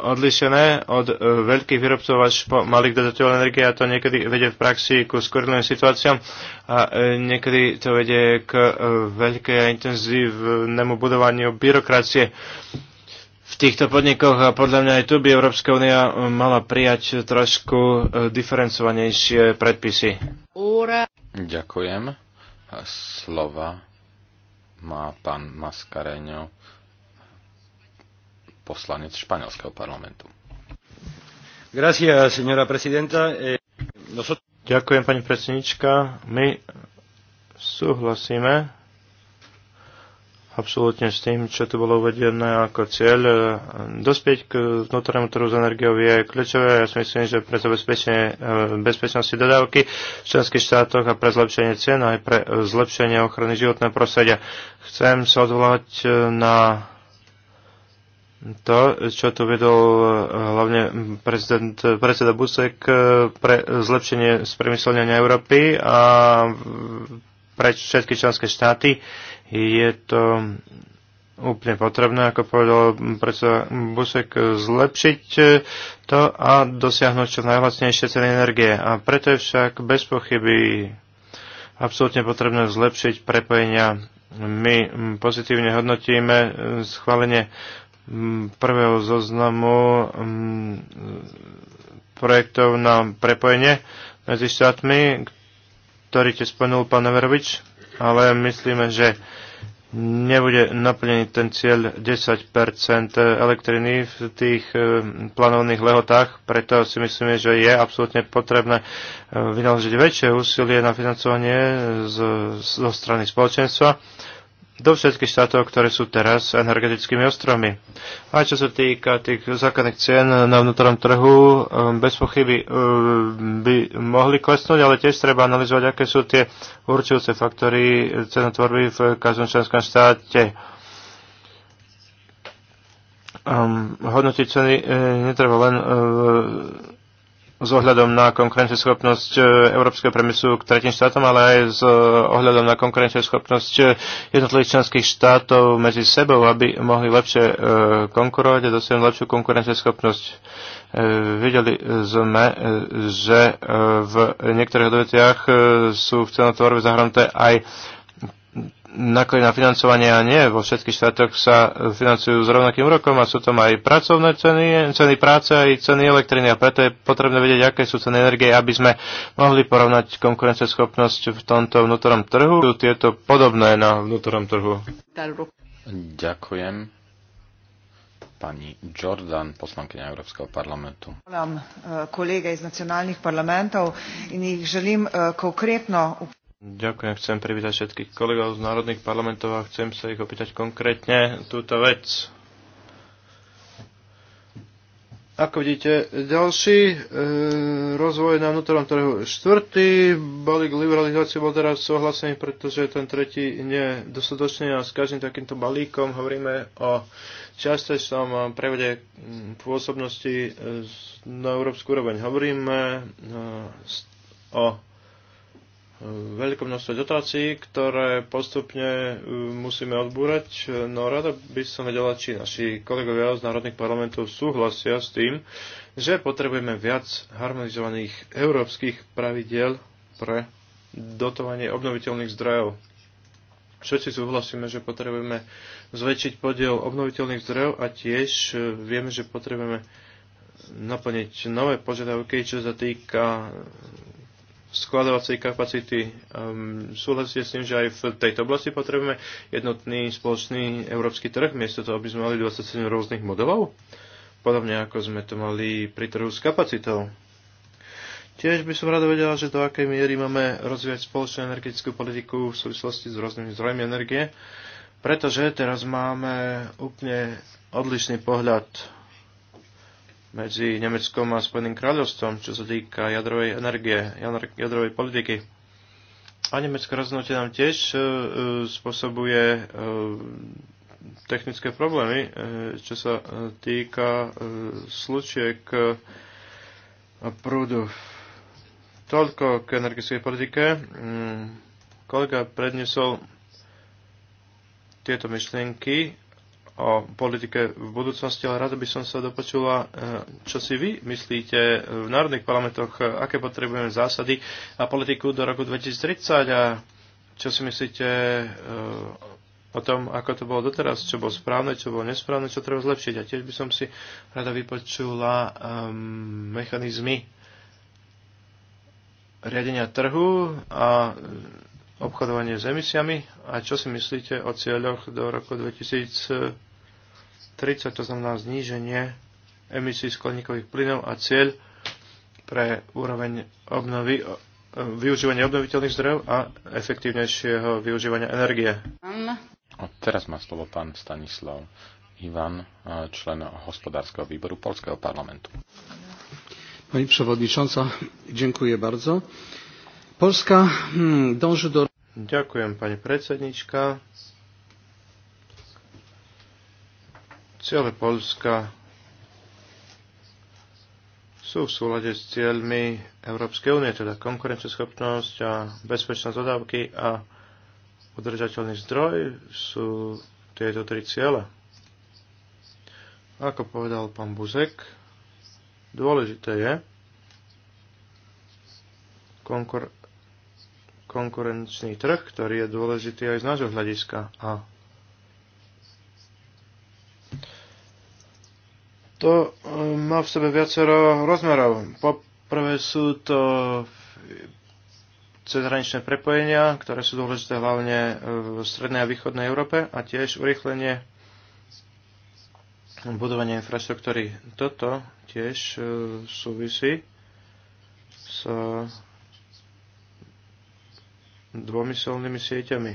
odlišené od e, veľkých výrobcov až po malých dodateľov energie a to niekedy vedie v praxi ku skorilným situáciám a e, niekedy to vedie k e, veľkej a intenzívnemu budovaniu byrokracie v týchto podnikoch a podľa mňa aj tu by Európska únia mala prijať trošku diferencovanejšie predpisy. Ďakujem. Slova má pán Maskareňo poslanec španielského parlamentu. Eh, Ďakujem, pani predsednička. My súhlasíme absolútne s tým, čo tu bolo uvedené ako cieľ. Eh, dospieť k vnútornému trhu s energiou je kľúčové. Ja si myslím, že pre zabezpečenie eh, bezpečnosti dodávky v členských štátoch a pre zlepšenie cien aj pre zlepšenie ochrany životného prostredia. Chcem sa odvolať na to, čo tu vedol eh, hlavne prezident, predseda Busek eh, pre zlepšenie spremyslenia Európy a pre všetky členské štáty je to úplne potrebné, ako povedal predseda Busek, zlepšiť eh, to a dosiahnuť čo najhlasnejšie ceny energie. A preto je však bez pochyby absolútne potrebné zlepšiť prepojenia my hm, pozitívne hodnotíme schválenie prvého zoznamu projektov na prepojenie medzi štátmi, ktorý te spomenul pán Neverovič, ale myslíme, že nebude naplnený ten cieľ 10 elektriny v tých e, plánovných lehotách, preto si myslíme, že je absolútne potrebné e, vynaložiť väčšie úsilie na financovanie zo strany spoločenstva do všetkých štátov, ktoré sú teraz energetickými ostrovmi. A čo sa týka tých základných cien na vnútornom trhu, um, bez pochyby um, by mohli klesnúť, ale tiež treba analyzovať, aké sú tie určujúce faktory cenotvorby v každom členskom štáte. Um, hodnotiť ceny e, netreba len e, s ohľadom na konkurenčnosť e, európskeho premyslu k tretím štátom, ale aj s e, ohľadom na konkurenčnosť e, jednotlivých členských štátov medzi sebou, aby mohli lepšie konkurovať a dosiahnuť lepšiu konkurenčnosť. Videli sme, že v niektorých odvetiach sú v cenotvorbe zahrnuté aj náklady na financovanie a nie vo všetkých štátoch sa financujú s rovnakým úrokom a sú tam aj pracovné ceny, ceny práce aj ceny elektriny a preto je potrebné vedieť, aké sú ceny energie, aby sme mohli porovnať konkurenceschopnosť v tomto vnútornom trhu. Sú tieto podobné na vnútornom trhu. Ďakujem. Pani Jordan, poslankyňa Európskeho parlamentu. Hvala eh, kolega iz nacionálnych parlamentov in jih želim eh, konkretno Ďakujem, chcem privítať všetkých kolegov z národných parlamentov a chcem sa ich opýtať konkrétne túto vec. Ako vidíte, ďalší e, rozvoj na vnútornom trhu. Štvrtý balík liberalizácie bol teraz súhlasený, pretože ten tretí nie dostatočný a s každým takýmto balíkom hovoríme o častejšom prevode pôsobnosti e, na európsku úroveň. Hovoríme e, o veľké množstvo dotácií, ktoré postupne e, musíme odbúrať. No rada by som vedela, či naši kolegovia z národných parlamentov súhlasia s tým, že potrebujeme viac harmonizovaných európskych pravidiel pre dotovanie obnoviteľných zdrojov. Všetci súhlasíme, že potrebujeme zväčšiť podiel obnoviteľných zdrojov a tiež e, vieme, že potrebujeme naplniť nové požiadavky, čo sa týka skladovacej kapacity. Um, súhlasíte s tým, že aj v tejto oblasti potrebujeme jednotný spoločný európsky trh, miesto toho, aby sme mali 27 rôznych modelov? Podobne ako sme to mali pri trhu s kapacitou. Tiež by som rada vedela, že do akej miery máme rozvíjať spoločnú energetickú politiku v súvislosti s rôznymi zdrojmi energie, pretože teraz máme úplne odlišný pohľad medzi Nemeckom a Spojeným kráľovstvom, čo sa týka jadrovej energie, jadrovej politiky. A nemecké rozhodnutie nám tiež e, e, spôsobuje e, technické problémy, čo sa týka slučiek prúdu. Toľko k energetickej politike. Mm, kolega predniesol tieto myšlienky o politike v budúcnosti, ale rada by som sa dopočula, e, čo si vy myslíte v národných parlamentoch, e, aké potrebujeme zásady a politiku do roku 2030 a čo si myslíte e, o tom, ako to bolo doteraz, čo bolo správne, čo bolo nesprávne, čo treba zlepšiť. A tiež by som si rada vypočula um, mechanizmy riadenia trhu a obchodovanie s emisiami a čo si myslíte o cieľoch do roku 2030, to znamená zníženie emisí skleníkových plynov a cieľ pre úroveň obnovy, využívania obnoviteľných zdrojov a efektívnejšieho využívania energie. A teraz má slovo pán Stanislav Ivan, člen hospodárskeho výboru Polského parlamentu. Pani przewodnicząca, dziękuję bardzo. Polska hmm, dąży do Ďakujem, pani predsednička. Ciele Polska sú v súlade s cieľmi Európskej únie, teda konkurenceschopnosť a bezpečnosť dodávky a udržateľný zdroj sú tieto tri ciele. Ako povedal pán Buzek, dôležité je konkur- konkurenčný trh, ktorý je dôležitý aj z nášho hľadiska. A to e, má v sebe viacero rozmerov. Poprvé sú to cezhraničné prepojenia, ktoré sú dôležité hlavne e, v strednej a východnej Európe a tiež urýchlenie budovania infraštruktúry. Toto tiež e, súvisí s dvomyselnými sieťami.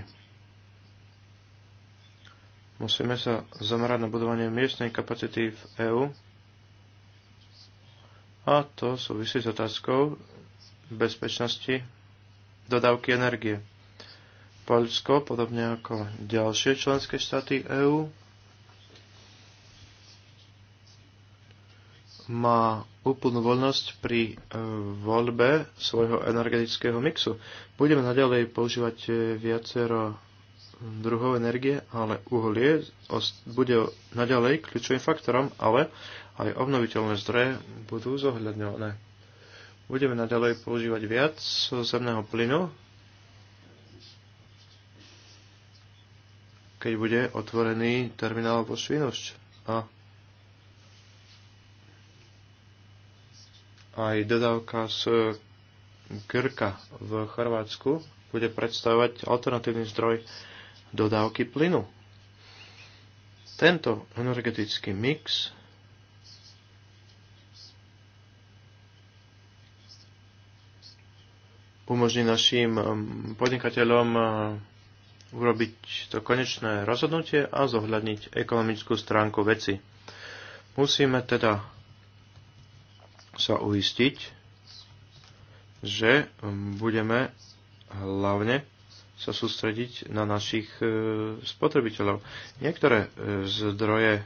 Musíme sa zamerať na budovanie miestnej kapacity v EÚ a to súvisí s otázkou bezpečnosti dodávky energie. Poľsko, podobne ako ďalšie členské štáty EÚ, má úplnú voľnosť pri e, voľbe svojho energetického mixu. Budeme naďalej používať e, viacero druhov energie, ale uholie bude naďalej kľúčovým faktorom, ale aj obnoviteľné zdroje budú zohľadňované. Budeme naďalej používať viac zemného plynu, keď bude otvorený terminál vo Švinošť. A aj dodávka z Krka e, v Chorvátsku bude predstavovať alternatívny zdroj dodávky plynu. Tento energetický mix umožní našim e, podnikateľom e, urobiť to konečné rozhodnutie a zohľadniť ekonomickú stránku veci. Musíme teda sa uistiť, že budeme hlavne sa sústrediť na našich e, spotrebiteľov. Niektoré e, zdroje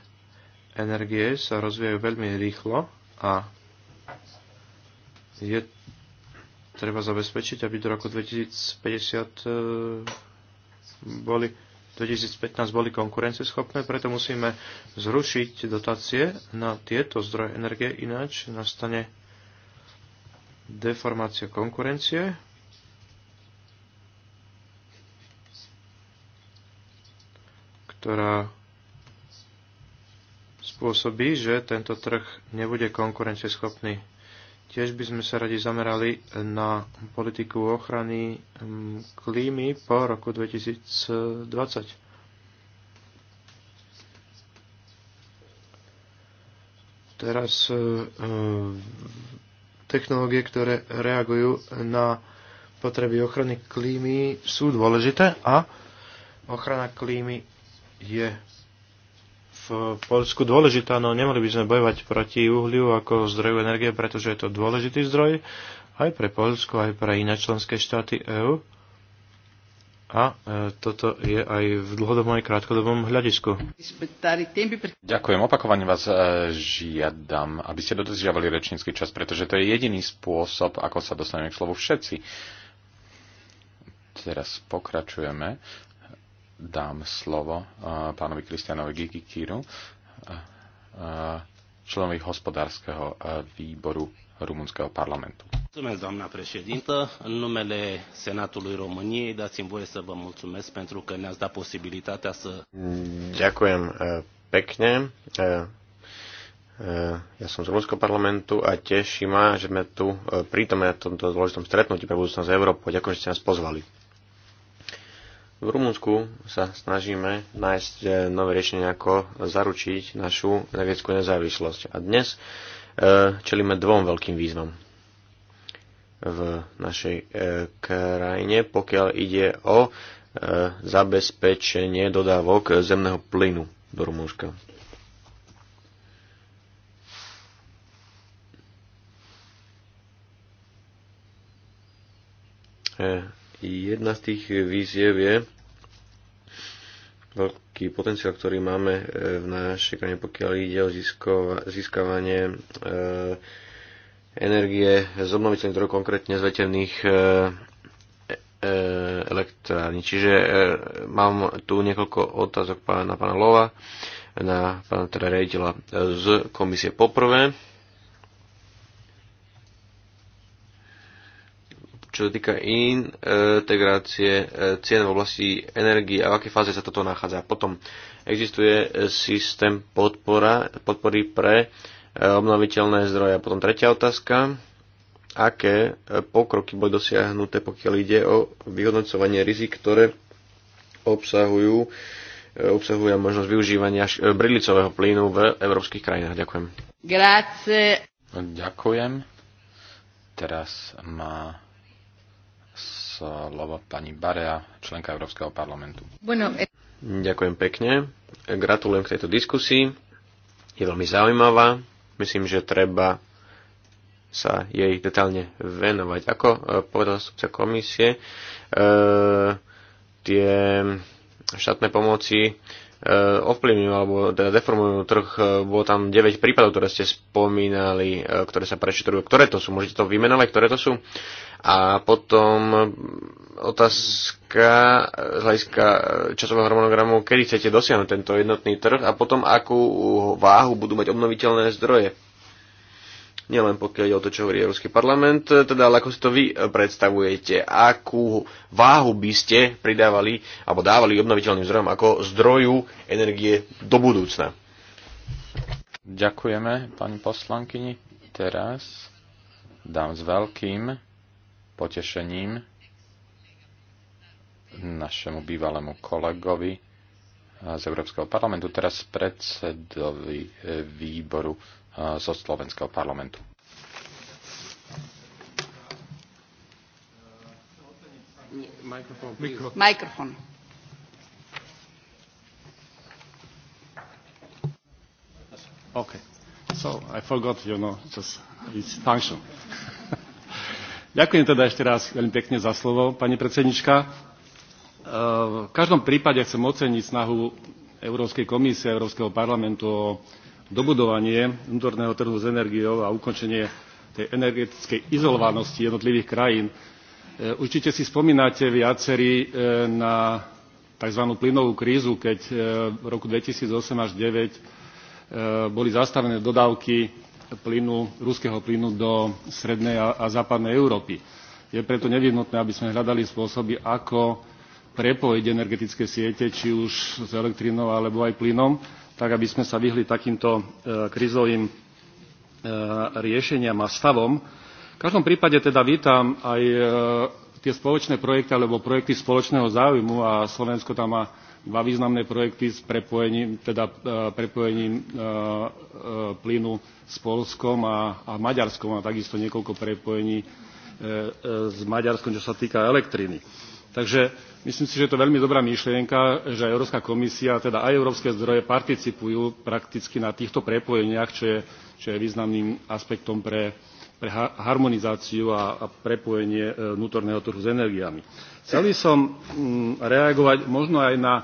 energie sa rozvíjajú veľmi rýchlo a je treba zabezpečiť, aby do roku 2050 e, boli 2015 boli konkurencieschopné, preto musíme zrušiť dotácie na tieto zdroje energie, ináč nastane deformácia konkurencie. ktorá spôsobí, že tento trh nebude konkurencieschopný. Tiež by sme sa radi zamerali na politiku ochrany mm, klímy po roku 2020. Teraz e, e, technológie, ktoré reagujú na potreby ochrany klímy sú dôležité a ochrana klímy je v Polsku dôležitá, no nemali by sme bojovať proti uhliu ako zdroju energie, pretože je to dôležitý zdroj aj pre Polsko, aj pre iné členské štáty EÚ. A e, toto je aj v dlhodobom aj krátkodobom hľadisku. Ďakujem. Opakovane vás e, žiadam, aby ste dodržiavali rečnícky čas, pretože to je jediný spôsob, ako sa dostaneme k slovu všetci. Teraz pokračujeme dám slovo eh, pánovi Kristianovi Gigikíru, eh, eh, členovi hospodárskeho výboru rumunského parlamentu. Mulțumesc, doamna președintă. În numele Senatului României dați-mi voie să vă mulțumesc pentru că ne-ați dat posibilitatea să... Ďakujem pekne. Ja som z Rumunského parlamentu a teší ma, že sme tu prítomne na tomto dôležitom stretnutí pre budúcnosť Európu. Ďakujem, že ste nás pozvali. V Rumunsku sa snažíme nájsť e, nové riešenie, ako zaručiť našu energetickú nezávislosť. A dnes e, čelíme dvom veľkým výzvam v našej e, krajine, pokiaľ ide o zabezpečenie dodávok zemného plynu do Rumúnska. Yeah. Jedna z tých víziev je veľký potenciál, ktorý máme e, v našej krajine, pokiaľ ide o získavanie e, energie z obnoviteľných zdrojov, konkrétne z veterných e, e elektrární. Čiže e, mám tu niekoľko otázok pána, na pána Lova, na pána teda riaditeľa z komisie. Poprvé, čo sa týka integrácie eh, cien v oblasti energii a v akej fáze sa toto nachádza. Potom existuje systém podpora, podpory pre eh, obnoviteľné zdroje. Potom tretia otázka, aké eh, pokroky boli dosiahnuté, pokiaľ ide o vyhodnocovanie rizik, ktoré obsahujú obsahuje možnosť využívania brilicového plynu v európskych krajinách. Ďakujem. Grazie. Ďakujem. Teraz má slovo pani Barea, členka Európskeho parlamentu. Bueno. Eh, Ďakujem pekne. Gratulujem k tejto diskusii. Je veľmi zaujímavá. Myslím, že treba sa jej detálne venovať. Ako eh, povedal stupca komisie, e, tie štátne pomoci Eh, ovplyvňujú alebo teda deformujú trh. Eh, bolo tam 9 prípadov, ktoré ste spomínali, eh, ktoré sa prečítajú. Ktoré to sú? Môžete to vymenovať, ktoré to sú? A potom mm, otázka z hľadiska časového harmonogramu, kedy chcete dosiahnuť tento jednotný trh a potom akú váhu budú mať obnoviteľné zdroje nielen pokiaľ ide o to, čo hovorí Európsky parlament, e, teda ale ako si to vy e, predstavujete, akú váhu by ste pridávali alebo dávali obnoviteľným zdrojom ako zdroju energie do budúcna. Ďakujeme pani poslankyni. Teraz dám s veľkým potešením našemu bývalému kolegovi e, z Európskeho parlamentu, teraz predsedovi výboru zo slovenského parlamentu. Mikrofón. OK. So I forgot, you know, just its function. Ďakujem teda ešte raz veľmi pekne za slovo, pani predsednička. E, v každom prípade chcem oceniť snahu Európskej komisie Európskeho parlamentu o dobudovanie vnútorného trhu s energiou a ukončenie tej energetickej izolovanosti jednotlivých krajín. E, určite si spomínate viacerí e, na tzv. plynovú krízu, keď e, v roku 2008 až 2009 boli zastavené dodávky plynu, ruského plynu do strednej a západnej Európy. Je preto nevyhnutné, aby sme hľadali spôsoby, ako prepojiť energetické siete, či už s elektrinou alebo aj plynom tak aby sme sa vyhli takýmto e, krizovým e, riešeniam a stavom. V každom prípade teda vítam aj e, tie spoločné projekty alebo projekty spoločného záujmu a Slovensko tam má dva významné projekty s prepojením, teda, prepojením plynu s Polskom a, a Maďarskom a takisto niekoľko prepojení s Maďarskom, čo sa týka elektriny takže myslím si že je to veľmi dobrá myšlienka že európska komisia teda aj európske zdroje participujú prakticky na týchto prepojeniach čo je, čo je významným aspektom pre, pre harmonizáciu a, a prepojenie e, vnútorného trhu s energiami. chcel by som mm, reagovať možno aj na e,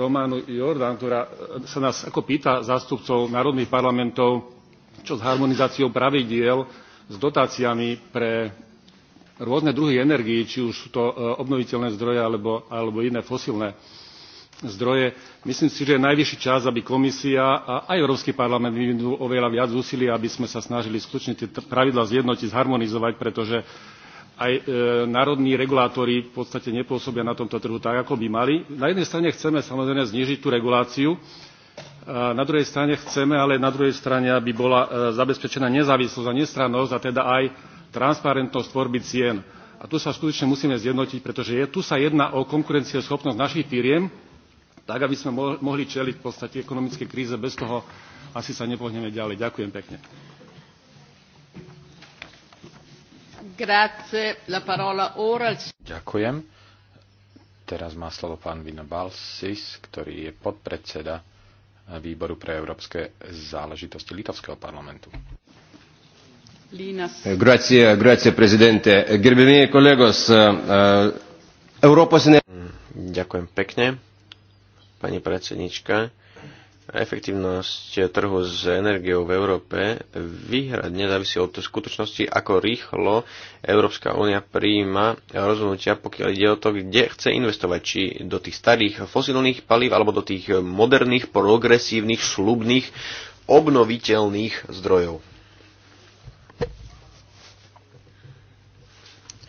románu jordan ktorá e, sa nás ako pýta zástupcov národných parlamentov čo s harmonizáciou pravidiel s dotáciami pre rôzne druhy energií, či už sú to e, obnoviteľné zdroje alebo, alebo iné fosílne zdroje. Myslím si, že je najvyšší čas, aby komisia a aj Európsky parlament vyvinul oveľa viac úsilia, aby sme sa snažili skutočne tie pravidla zjednotiť, zharmonizovať, pretože aj e, národní regulátori v podstate nepôsobia na tomto trhu tak, ako by mali. Na jednej strane chceme samozrejme znižiť tú reguláciu, a e, na druhej strane chceme, ale na druhej strane, aby bola e, zabezpečená nezávislosť a nestrannosť a teda aj transparentnosť tvorby cien. A tu sa skutočne musíme zjednotiť, pretože je, tu sa jedná o konkurencieschopnosť našich firiem, tak aby sme mohli čeliť v podstate ekonomické kríze. Bez toho asi sa nepohneme ďalej. Ďakujem pekne. Ďakujem. Teraz má slovo pán Vino Balsis, ktorý je podpredseda Výboru pre európske záležitosti Litovského parlamentu. Eh, eh, eh, Ďakujem pekne, pani predsednička. Efektívnosť trhu s energiou v Európe výhradne závisí od skutočnosti, ako rýchlo Európska únia príjma rozhodnutia, pokiaľ ide o to, kde chce investovať, či do tých starých fosilných palív alebo do tých moderných, progresívnych, šľubných obnoviteľných zdrojov.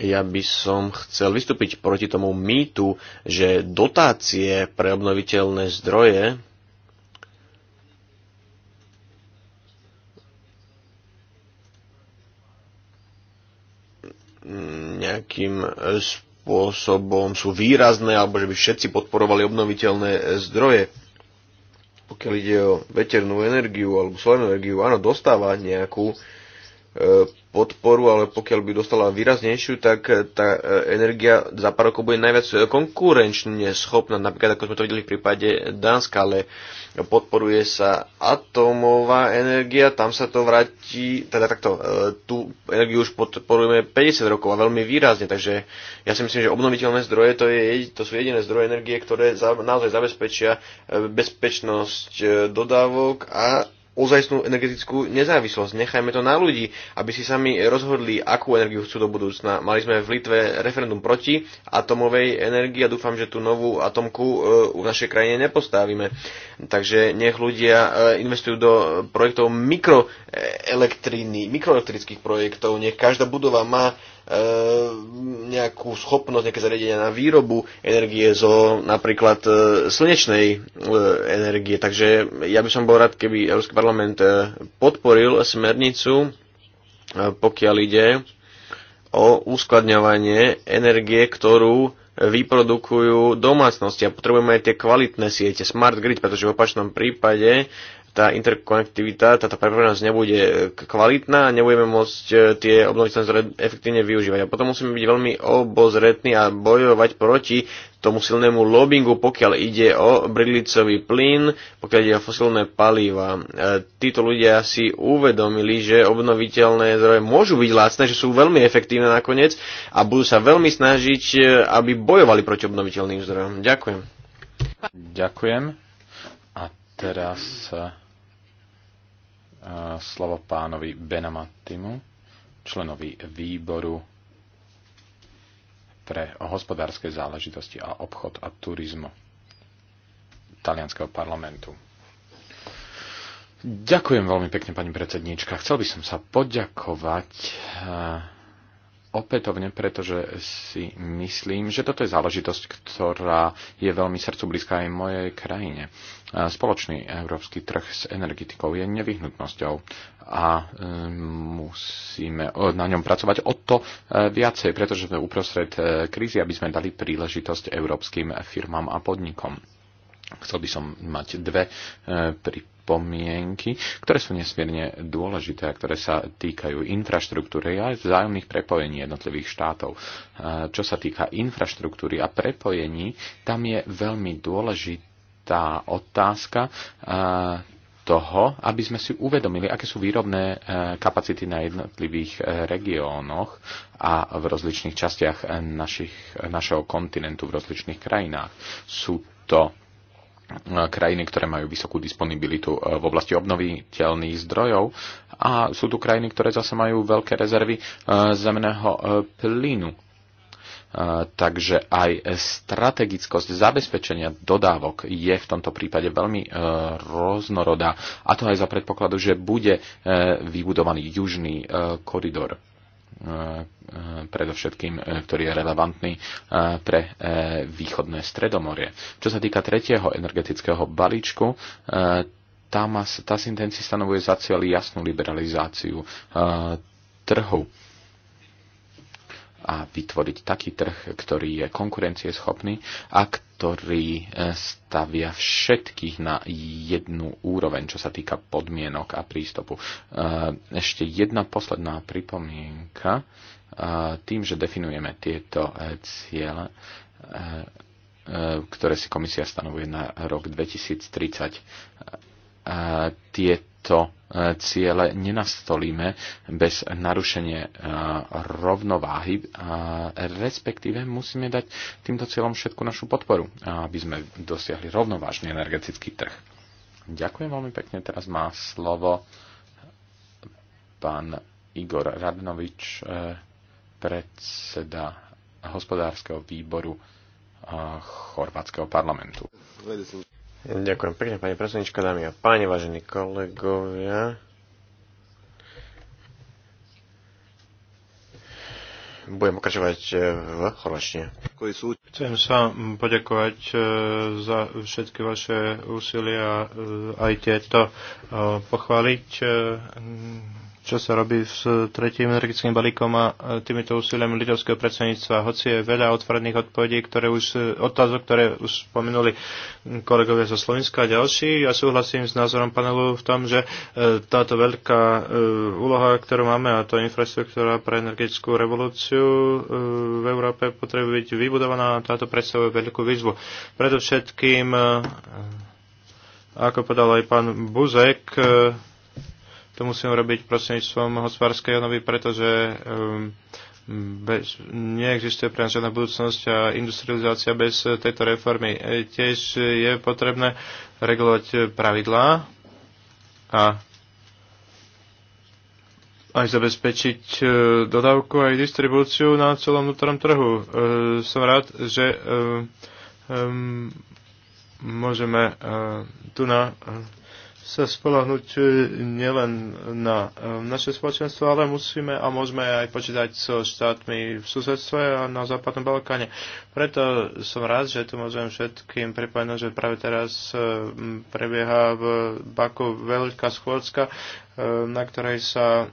Ja by som chcel vystúpiť proti tomu mýtu, že dotácie pre obnoviteľné zdroje nejakým spôsobom sú výrazné, alebo že by všetci podporovali obnoviteľné zdroje. Pokiaľ ide o veternú energiu alebo solárnu energiu, áno, dostáva nejakú podporu, ale pokiaľ by dostala výraznejšiu, tak tá e, energia za pár rokov bude najviac e, konkurenčne schopná, napríklad ako sme to videli v prípade Dánska, ale podporuje sa atómová energia, tam sa to vráti, teda takto, e, tú energiu už podporujeme 50 rokov a veľmi výrazne, takže ja si myslím, že obnoviteľné zdroje to, je, to sú jediné zdroje energie, ktoré naozaj zabezpečia bezpečnosť dodávok a ozajstnú energetickú nezávislosť. Nechajme to na ľudí, aby si sami rozhodli, akú energiu chcú do budúcna. Mali sme v Litve referendum proti atomovej energii a dúfam, že tú novú atomku v e, našej krajine nepostavíme. Takže nech ľudia e, investujú do projektov mikroelektriny, mikroelektrických projektov, nech každá budova má E, nejakú schopnosť, nejaké zariadenia na výrobu energie zo napríklad e, slnečnej e, energie. Takže ja by som bol rád, keby Európsky parlament podporil smernicu, pokiaľ ide o uskladňovanie energie, ktorú vyprodukujú domácnosti a potrebujeme aj tie kvalitné siete, smart grid, pretože v opačnom prípade tá interkonektivita, táto prepojenosť nebude kvalitná a nebudeme môcť e, tie obnoviteľné zdroje efektívne využívať. A potom musíme byť veľmi obozretní a bojovať proti tomu silnému lobbingu, pokiaľ ide o bridlicový plyn, pokiaľ ide o fosilné paliva. E, títo ľudia si uvedomili, že obnoviteľné zdroje môžu byť lacné, že sú veľmi efektívne nakoniec a budú sa veľmi snažiť, e, aby bojovali proti obnoviteľným zdrojom. Ďakujem. Ďakujem. A teraz slovo pánovi Benamatimu, členovi výboru pre hospodárske záležitosti a obchod a turizmu talianského parlamentu. Ďakujem veľmi pekne, pani predsedníčka. Chcel by som sa poďakovať eh, opätovne, pretože si myslím, že toto je záležitosť, ktorá je veľmi srdcu blízka aj mojej krajine. Spoločný európsky trh s energetikou je nevyhnutnosťou a e, musíme e, na ňom pracovať o to e, viacej, pretože sme uprostred krízy, aby sme dali príležitosť európskym firmám a podnikom. Chcel by som mať dve e, pripomienky, ktoré sú nesmierne dôležité a ktoré sa týkajú infraštruktúry a vzájomných prepojení jednotlivých štátov. E, čo sa týka infraštruktúry a prepojení, tam je veľmi dôležitá otázka e, toho, aby sme si uvedomili, aké sú výrobné kapacity na jednotlivých regiónoch a v rozličných častiach našich, našeho kontinentu, v rozličných krajinách. Sú to No krajiny, ktoré majú vysokú disponibilitu e, v oblasti obnoviteľných zdrojov a sú tu krajiny, ktoré zase majú veľké rezervy e, zemného e, plynu. Takže aj strategickosť zabezpečenia dodávok je v tomto prípade veľmi rôznorodá. A to aj za predpokladu, že bude vybudovaný južný koridor E, predovšetkým, e, ktorý je relevantný e, pre východné stredomorie. Čo sa týka tretieho energetického balíčku, tá, tá si stanovuje za cieľ jasnú liberalizáciu trhu a vytvoriť taký trh, ktorý je konkurencieschopný a ktorý e, stavia všetkých na jednu úroveň, čo sa týka podmienok a prístupu. E, ešte jedna posledná pripomienka. E, tým, že definujeme tieto ciele, ktoré si komisia stanovuje na rok 2030, tieto tieto e, ciele nenastolíme bez narušenia e, rovnováhy, respektíve musíme dať týmto cieľom všetku našu podporu, aby sme dosiahli rovnovážny energetický trh. Ďakujem veľmi pekne. Teraz má slovo pán Igor Radnovič, e, predseda hospodárskeho výboru Chorvátskeho parlamentu. Ďakujem pekne, pani predsednička, dámy a páni, vážení kolegovia. budem pokračovať e, v chorvačne. Chcem sa poďakovať e, za všetky vaše úsilia a e, aj tieto pochváliť čo sa robí s tretím energetickým balíkom a týmito úsiliami litovského predsedníctva. Hoci je veľa otvorených odpovedí, ktoré už, otázok, ktoré už spomenuli kolegovia zo Slovenska a ďalší. Ja súhlasím s názorom panelu v tom, že e, táto veľká e, úloha, ktorú máme, a to infrastruktúra infraštruktúra pre energetickú revolúciu e, v Európe, potrebuje byť vybudovaná. a Táto predstavuje veľkú výzvu. Predovšetkým, ako povedal aj pán Buzek, to musíme robiť prostredníctvom hospodárskej obnovy, pretože um, bez, neexistuje pre nás žiadna budúcnosť a industrializácia bez tejto reformy. E, tiež je potrebné regulovať pravidlá a aj zabezpečiť e, dodávku aj distribúciu na celom vnútornom trhu. E, som rád, že môžeme tu na sa spolahnuť e, nielen na e, naše spoločenstvo, ale musíme a môžeme aj počítať so štátmi v susedstve a na západnom Balkáne. Preto som rád, že tu môžem všetkým pripomenúť, že práve teraz e, prebieha v Baku veľká schôdzka, na ktorej sa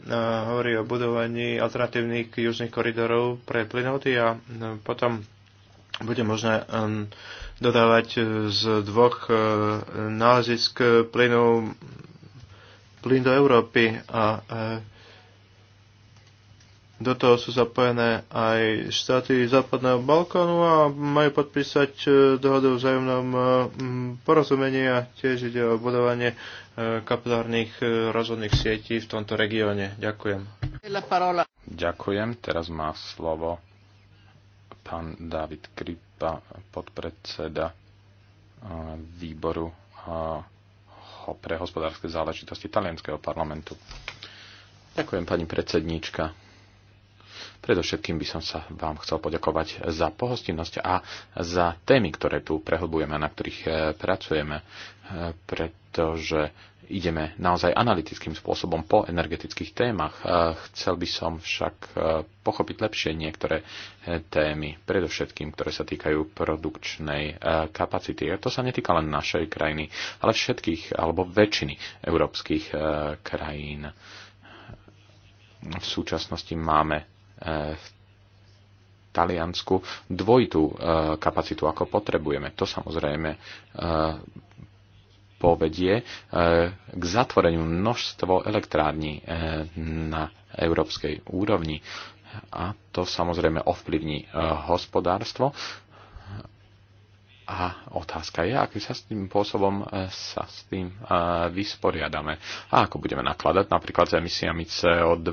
hovorí o budovaní alternatívnych južných koridorov pre plynoty a potom bude možné dodávať e, z dvoch e, nálezisk plynov plyn do Európy a e, do toho sú zapojené aj štáty západného Balkánu a majú podpísať dohodu o vzájomnom porozumení a tiež ide o budovanie kapitárnych rozhodných sietí v tomto regióne. Ďakujem. Ďakujem. Teraz má slovo pán David Krip Pa podpredseda e, výboru e, pre hospodárske záležitosti talianského parlamentu. Ďakujem, pani predsedníčka. Predovšetkým by som sa vám chcel poďakovať za pohostinnosť a za témy, ktoré tu prehlbujeme a na ktorých eh, pracujeme, eh, pretože ideme naozaj analytickým spôsobom po energetických témach. Eh, chcel by som však pochopiť lepšie niektoré témy, predovšetkým, ktoré sa týkajú produkčnej kapacity. A to sa netýka len našej krajiny, ale všetkých alebo väčšiny európskych krajín. V súčasnosti máme Eh, v Taliansku dvojitú eh, kapacitu, ako potrebujeme. To samozrejme eh, povedie k zatvoreniu množstvo elektrární na európskej úrovni. A to samozrejme ovplyvní hospodárstvo. A otázka je, akým sa s tým spôsobom sa s tým vysporiadame. A ako budeme nakladať napríklad s emisiami CO2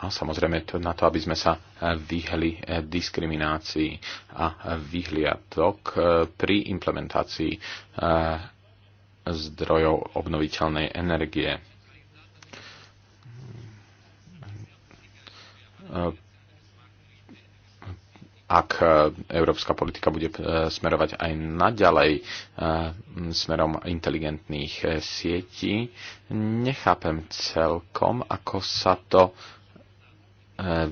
a samozrejme to na to, aby sme sa e, vyhli e, diskriminácii a vyhliadok e, pri implementácii zdrojov obnoviteľnej energie. ak európska politika bude smerovať aj naďalej smerom inteligentných sietí, nechápem celkom, ako sa to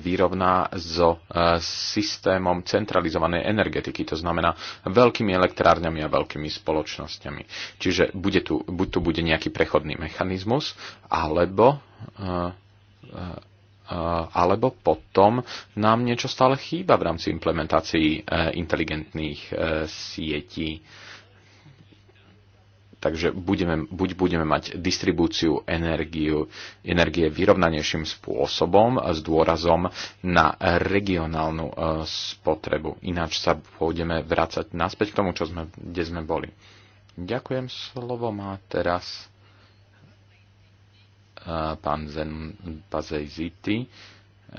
vyrovná so e, systémom centralizovanej energetiky, to znamená veľkými elektrárňami a veľkými spoločnosťami. Čiže bude tu, buď tu bude nejaký prechodný mechanizmus, alebo e, e, alebo potom nám niečo stále chýba v rámci implementácií inteligentných sietí. Takže budeme, buď budeme mať distribúciu energiu, energie vyrovnanejším spôsobom s dôrazom na regionálnu e, spotrebu. Ináč sa pôjdeme vrácať naspäť k tomu, čo sme, kde sme boli. Ďakujem, slovo má teraz e, pán Zen Bazejziti,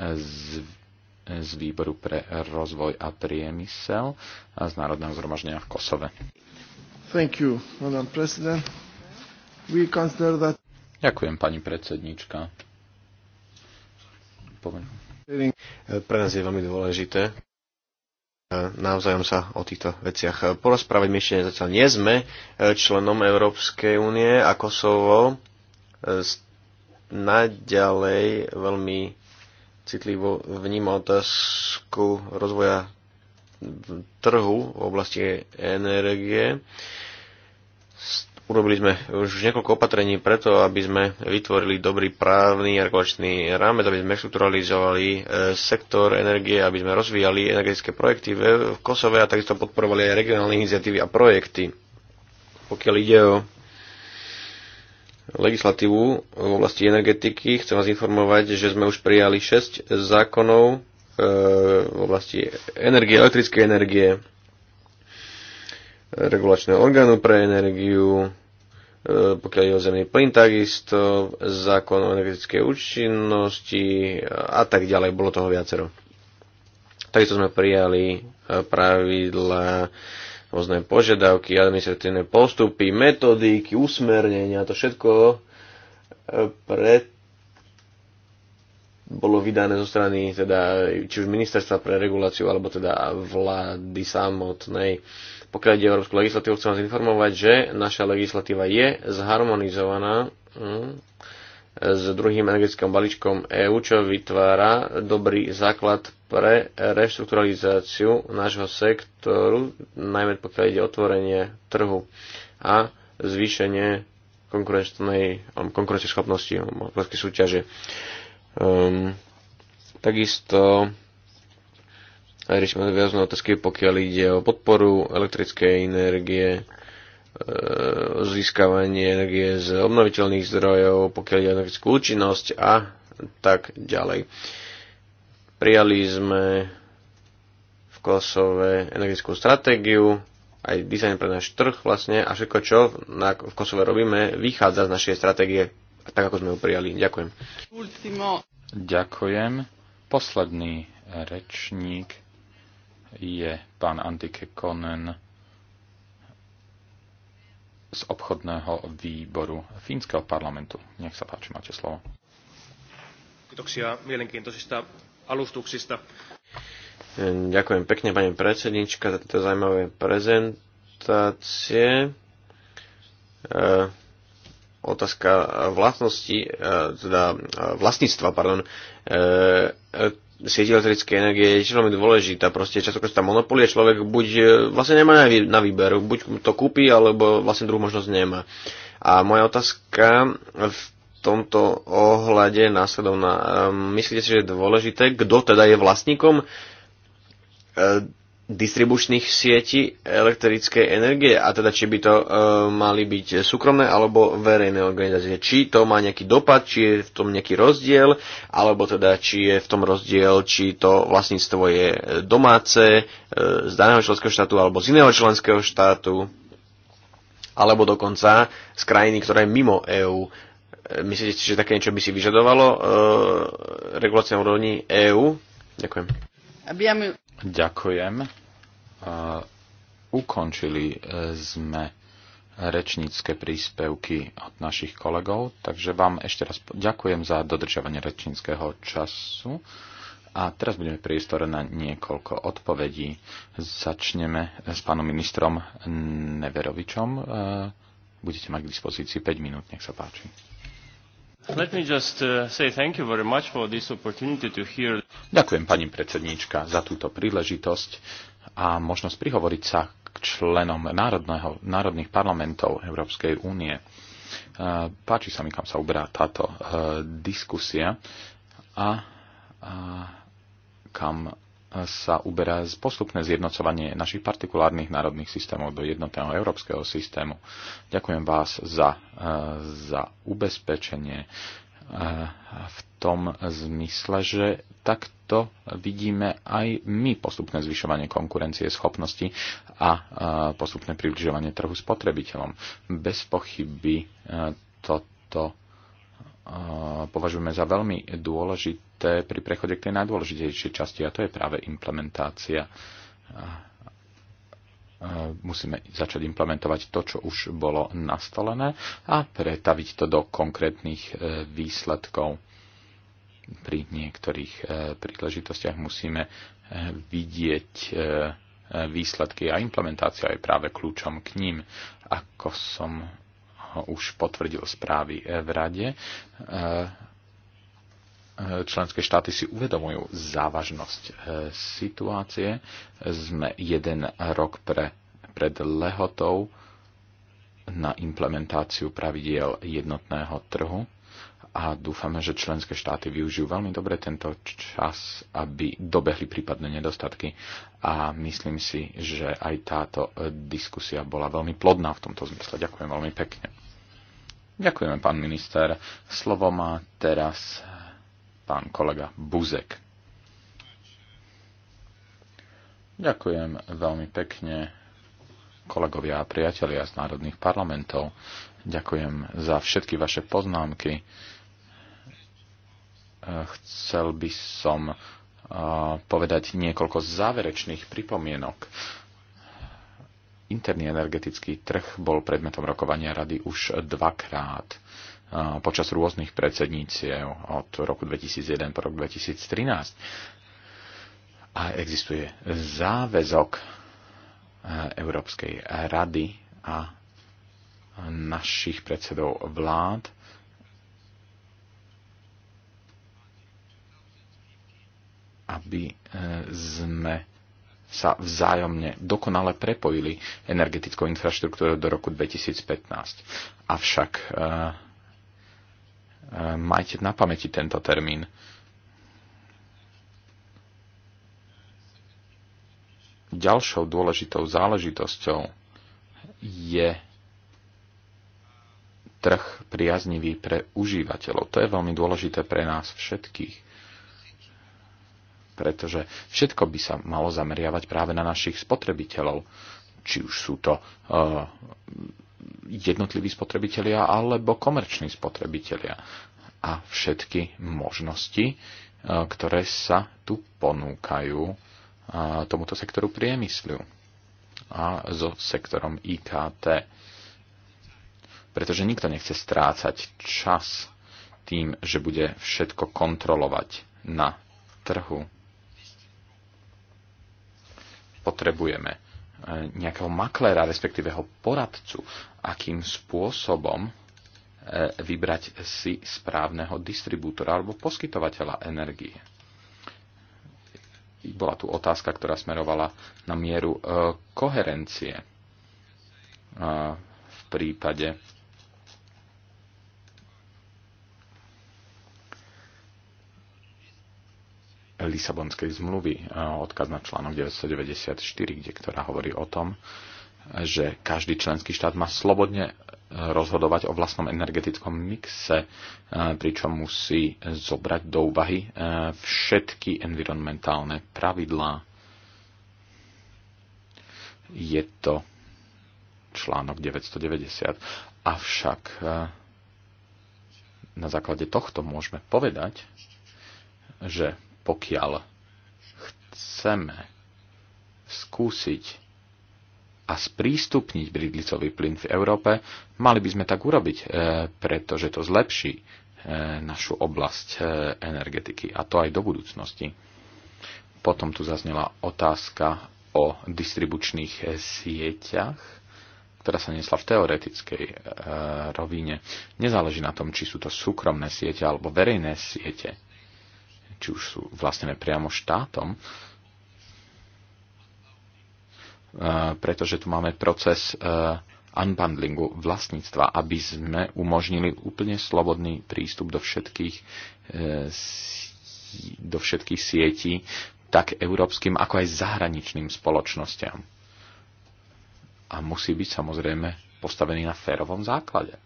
z, z výboru pre rozvoj a priemysel z Národného zhromaždenia v Kosove. Ďakujem, pani predsednička. Poviem. Pre nás je veľmi dôležité e, navzájom sa o týchto veciach porozprávať. My ešte zatiaľ nie sme e, členom Európskej únie a Kosovo e, naďalej veľmi citlivo vníma otázku rozvoja trhu v oblasti energie. Urobili sme už niekoľko opatrení preto, aby sme vytvorili dobrý právny a regulačný rámec, aby sme štrukturalizovali e, sektor energie, aby sme rozvíjali energetické projekty v Kosove a takisto podporovali aj regionálne iniciatívy a projekty. Pokiaľ ide o legislatívu v oblasti energetiky, chcem vás informovať, že sme už prijali 6 zákonov E, v oblasti energie, elektrickej energie, regulačného orgánu pre energiu, e, pokiaľ je o zemný plyn takisto, zákon o energetickej účinnosti a tak ďalej, bolo toho viacero. Takisto sme prijali e, pravidla, rôzne požiadavky, administratívne postupy, metodiky, usmernenia, to všetko pred bolo vydané zo strany teda, či už ministerstva pre reguláciu alebo teda vlády samotnej. Pokiaľ ide o európsku legislatívu, chcem vás informovať, že naša legislatíva je zharmonizovaná hm, s druhým energetickým balíčkom EÚ, čo vytvára dobrý základ pre reštrukturalizáciu nášho sektoru, najmä pokiaľ ide o otvorenie trhu a zvýšenie konkurenčnej konkurenčnej schopnosti súťaže. Um, takisto riešime viazné otázky, pokiaľ ide o podporu elektrickej energie, ehm, získavanie energie z obnoviteľných zdrojov, pokiaľ ide o energetickú účinnosť a tak ďalej. Prijali sme v Kosove energetickú stratégiu, aj dizajn pre náš trh vlastne a všetko, čo v Kosove robíme, vychádza z našej stratégie tak ako sme ho prijali. Ďakujem. Ultimo. Ďakujem. Posledný rečník je pán Antike Konen z obchodného výboru Fínskeho parlamentu. Nech sa páči, máte slovo. Kiitoksia mielenkiintoisista alustuksista. Ďakujem pekne, pani predsednička, za tieto zaujímavé prezentácie. E otázka vlastnosti, e, teda e, vlastníctva, pardon, e, siete elektrickej energie je tiež veľmi dôležitá. Proste častokrát tá monopolie človek buď vlastne nemá na výber, buď to kúpi, alebo vlastne druhú možnosť nemá. A moja otázka v tomto ohľade následovná. Myslíte si, že je dôležité, kto teda je vlastníkom distribučných sietí elektrickej energie a teda či by to e, mali byť súkromné alebo verejné organizácie. Či to má nejaký dopad, či je v tom nejaký rozdiel, alebo teda či je v tom rozdiel, či to vlastníctvo je domáce e, z daného členského štátu alebo z iného členského štátu, alebo dokonca z krajiny, ktorá je mimo EÚ. E, myslíte si, že také niečo by si vyžadovalo e, regulácia úrovni EÚ? Ďakujem. Ďakujem ukončili e, sme rečnícke príspevky od našich kolegov, takže vám ešte raz ďakujem za dodržiavanie rečníckého času. A teraz budeme priestore na niekoľko odpovedí. Začneme s pánom ministrom Neverovičom. E, budete mať k dispozícii 5 minút, nech sa páči. Uh, ďakujem pani predsedníčka za túto príležitosť a možnosť prihovoriť sa k členom národného, národných parlamentov Európskej únie. E, páči sa mi, kam sa uberá táto e, diskusia a, a kam sa uberá postupné zjednocovanie našich partikulárnych národných systémov do jednotného európskeho systému. Ďakujem vás za, e, za ubezpečenie, v tom zmysle, že takto vidíme aj my postupné zvyšovanie konkurencie schopnosti a postupné približovanie trhu spotrebiteľom. Bez pochyby e, toto e, považujeme za veľmi dôležité pri prechode k tej najdôležitejšej časti a to je práve implementácia musíme začať implementovať to, čo už bolo nastolené a pretaviť to do konkrétnych e, výsledkov. Pri niektorých e, príležitostiach musíme e, vidieť výsledky a implementácia je práve kľúčom k ním. Ako som už potvrdil správy v rade, členské štáty si uvedomujú závažnosť eh, situácie. Sme jeden rok pre, pred lehotou na implementáciu pravidiel jednotného trhu a dúfame, že členské štáty využijú veľmi dobre tento čas, aby dobehli prípadné nedostatky a myslím si, že aj táto eh, diskusia bola veľmi plodná v tomto zmysle. Ďakujem veľmi pekne. Ďakujeme, pán minister. Slovo má teraz pán kolega Buzek. Ďakujem veľmi pekne kolegovia a priatelia z národných parlamentov. Ďakujem za všetky vaše poznámky. Chcel by som povedať niekoľko záverečných pripomienok. Interný energetický trh bol predmetom rokovania rady už dvakrát počas rôznych predsedníciev od roku 2001 po rok 2013. A existuje záväzok e, Európskej rady a našich predsedov vlád, aby e, sme sa vzájomne dokonale prepojili energetickou infraštruktúrou do roku 2015. Avšak e, Eh, majte na pamäti tento termín. Ďalšou dôležitou záležitosťou je trh priaznivý pre užívateľov. To je veľmi dôležité pre nás všetkých pretože všetko by sa malo zameriavať práve na našich spotrebiteľov. Či už sú to eh, jednotliví spotrebitelia alebo komerční spotrebitelia a všetky možnosti, e, ktoré sa tu ponúkajú e, tomuto sektoru priemyslu a so sektorom IKT. Pretože nikto nechce strácať čas tým, že bude všetko kontrolovať na trhu. Potrebujeme E, nejakého maklera, respektíve ho poradcu, akým spôsobom e, vybrať si správneho distribútora alebo poskytovateľa energie. Bola tu otázka, ktorá smerovala na mieru e, koherencie v prípade Lisabonskej zmluvy, odkaz na článok 994, kde, ktorá hovorí o tom, že každý členský štát má slobodne e, rozhodovať o vlastnom energetickom mixe, e, pričom musí zobrať do úvahy e, všetky environmentálne pravidlá. Je to článok 990. Avšak na základe tohto môžeme povedať, že pokiaľ chceme skúsiť a sprístupniť bridlicový plyn v Európe, mali by sme tak urobiť, e, pretože to zlepší e, našu oblasť e, energetiky a to aj do budúcnosti. Potom tu zaznela otázka o distribučných sieťach ktorá sa nesla v teoretickej e, rovine. Nezáleží na tom, či sú to súkromné siete alebo verejné siete či už sú vlastnené priamo štátom, e, pretože tu máme proces e, unbundlingu vlastníctva, aby sme umožnili úplne slobodný prístup do všetkých, e, do všetkých sietí, tak európskym, ako aj zahraničným spoločnosťam. A musí byť samozrejme postavený na férovom základe.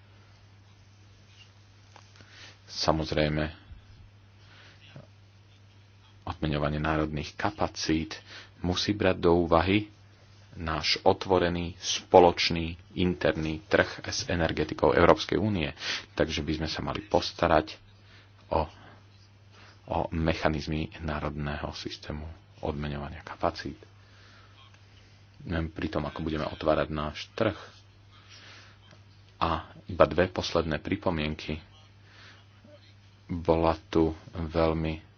Samozrejme, odmeňovanie národných kapacít musí brať do úvahy náš otvorený, spoločný, interný trh s energetikou Európskej únie. Takže by sme sa mali postarať o, o mechanizmy národného systému odmeňovania kapacít. Pri tom, ako budeme otvárať náš trh. A iba dve posledné pripomienky. Bola tu veľmi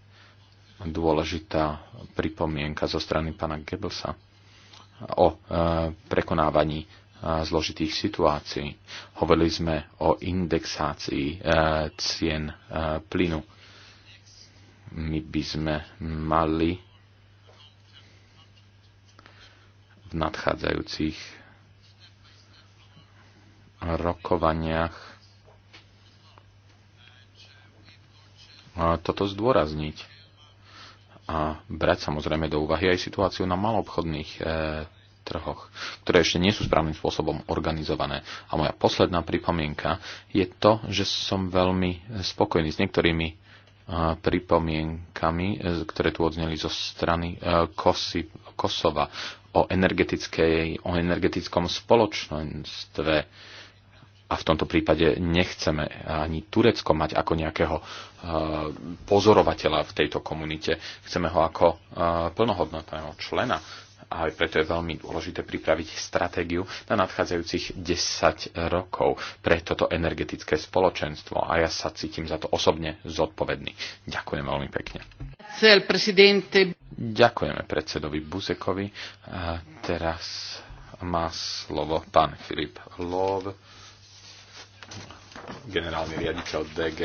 dôležitá pripomienka zo strany pána Goebbelsa o e, prekonávaní e, zložitých situácií. Hovorili sme o indexácii e, cien plynu. My by sme mali v nadchádzajúcich rokovaniach toto zdôrazniť a brať samozrejme do úvahy aj situáciu na maloobchodných e, trhoch, ktoré ešte nie sú správnym spôsobom organizované. A moja posledná pripomienka je to, že som veľmi spokojný s niektorými e, pripomienkami, e, ktoré tu odzneli zo strany e, Kosy, Kosova o, energetickej, o energetickom spoločenstve a v tomto prípade nechceme ani Turecko mať ako nejakého eh, pozorovateľa v tejto komunite. Chceme ho ako eh, plnohodnotného člena. A aj preto je veľmi dôležité pripraviť stratégiu na nadchádzajúcich 10 rokov pre toto energetické spoločenstvo. A ja sa cítim za to osobne zodpovedný. Ďakujem veľmi pekne. Ďakujeme predsedovi Buzekovi. A teraz má slovo pán Filip Lov generálny riaditeľ DG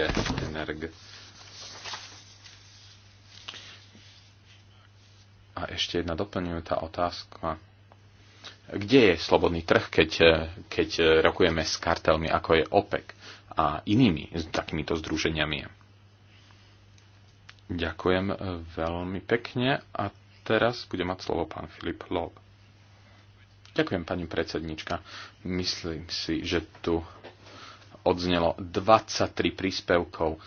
Energ. A ešte jedna doplňujúca otázka. Kde je slobodný trh, keď, keď rokujeme s kartelmi, ako je OPEC a inými takýmito združeniami? Ďakujem e, veľmi pekne a teraz bude mať slovo pán Filip Lob. Ďakujem, pani predsednička. Myslím si, že tu odznelo 23 príspevkov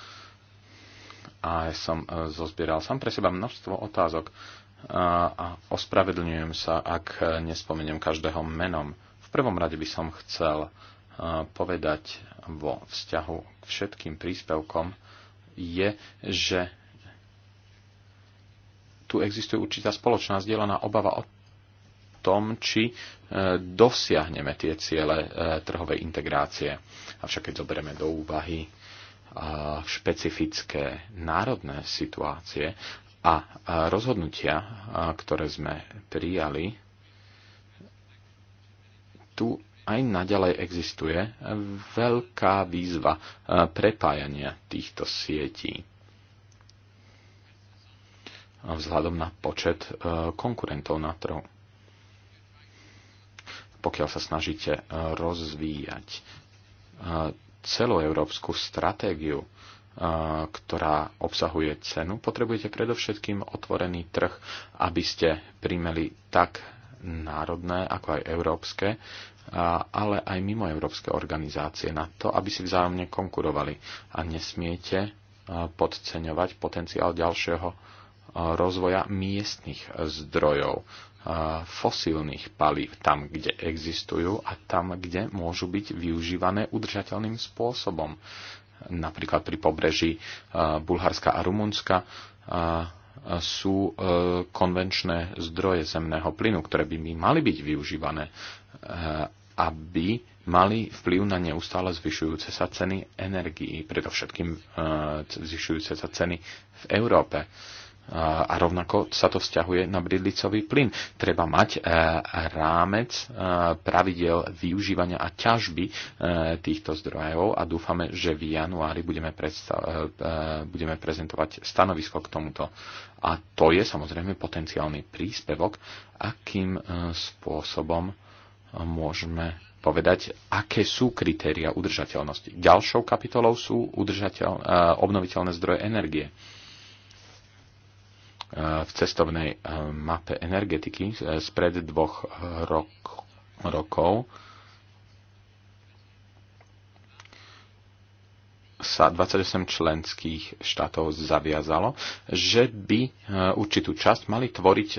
a ja som e, zozbieral sám pre seba množstvo otázok e, a ospravedlňujem sa, ak e, nespomeniem každého menom. V prvom rade by som chcel povedať vo vzťahu k všetkým príspevkom je, že tu existuje určitá spoločná zdieľaná obava o tom, či dosiahneme tie ciele trhovej integrácie. Avšak keď zoberieme do úvahy špecifické národné situácie a rozhodnutia, ktoré sme prijali, tu aj naďalej existuje veľká výzva prepájania týchto sietí vzhľadom na počet konkurentov na trhu. Pokiaľ sa snažíte rozvíjať celoeurópsku stratégiu, ktorá obsahuje cenu, potrebujete predovšetkým otvorený trh, aby ste primeli tak národné, ako aj európske, ale aj mimoeurópske organizácie na to, aby si vzájomne konkurovali. A nesmiete podceňovať potenciál ďalšieho rozvoja miestnych zdrojov fosílnych palív tam, kde existujú a tam, kde môžu byť využívané udržateľným spôsobom. Napríklad pri pobreží e, Bulharska a Rumunska e, sú e, konvenčné zdroje zemného plynu, ktoré by mali byť využívané, aby mali vplyv na neustále zvyšujúce sa ceny energií, predovšetkým zvyšujúce sa ceny v Európe a rovnako sa to vzťahuje na bridlicový plyn. Treba mať e, rámec e, pravidel využívania a ťažby e, týchto zdrojov a dúfame, že v januári budeme, budeme prezentovať stanovisko k tomuto. A to je samozrejme potenciálny príspevok, akým spôsobom môžeme povedať, aké sú kritéria udržateľnosti. Ďalšou kapitolou sú udržateľ, obnoviteľné zdroje energie v cestovnej eh, mape energetiky eh, spred dvoch eh, rok, rokov sa 28 členských štátov zaviazalo, že by určitú časť mali tvoriť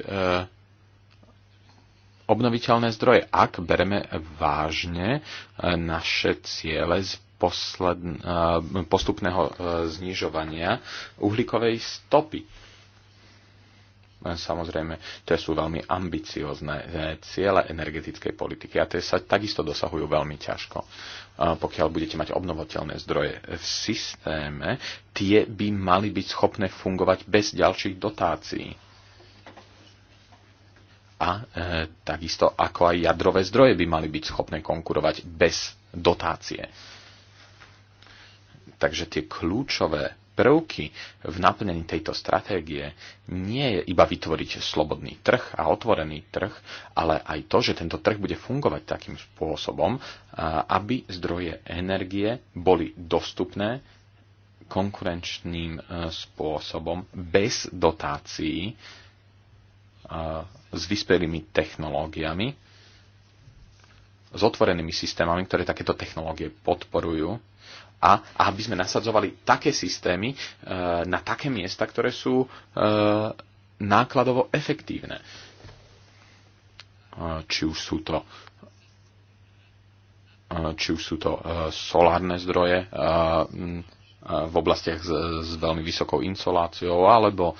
obnoviteľné zdroje, ak bereme vážne naše ciele z posledn- postupného znižovania uhlíkovej stopy len samozrejme, to sú veľmi ambiciozne e, ciele energetickej politiky a tie sa takisto dosahujú veľmi ťažko. E, pokiaľ budete mať obnovateľné zdroje v systéme, tie by mali byť schopné fungovať bez ďalších dotácií a e, takisto ako aj jadrové zdroje by mali byť schopné konkurovať bez dotácie. Takže tie kľúčové prvky v naplnení tejto stratégie nie je iba vytvoriť slobodný trh a otvorený trh, ale aj to, že tento trh bude fungovať takým spôsobom, aby zdroje energie boli dostupné konkurenčným e, spôsobom bez dotácií e, s vyspelými technológiami, s otvorenými systémami, ktoré takéto technológie podporujú a aby sme nasadzovali také systémy e, na také miesta, ktoré sú e, nákladovo efektívne. E, či už sú to či už sú to solárne zdroje v oblastiach s, veľmi vysokou insoláciou alebo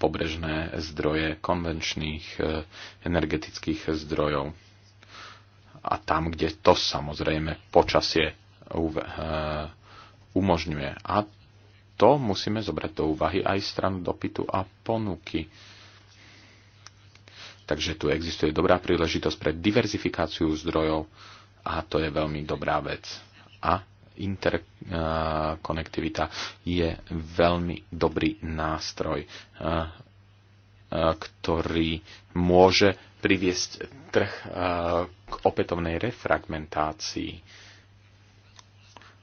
pobrežné zdroje konvenčných energetických zdrojov. A tam, kde to samozrejme počasie Eh, umožňuje. A to musíme zobrať do úvahy aj stranu dopytu a ponuky. Takže tu existuje dobrá príležitosť pre diverzifikáciu zdrojov a to je veľmi dobrá vec. A interkonektivita eh, je veľmi dobrý nástroj, eh, ktorý môže priviesť trh k opätovnej refragmentácii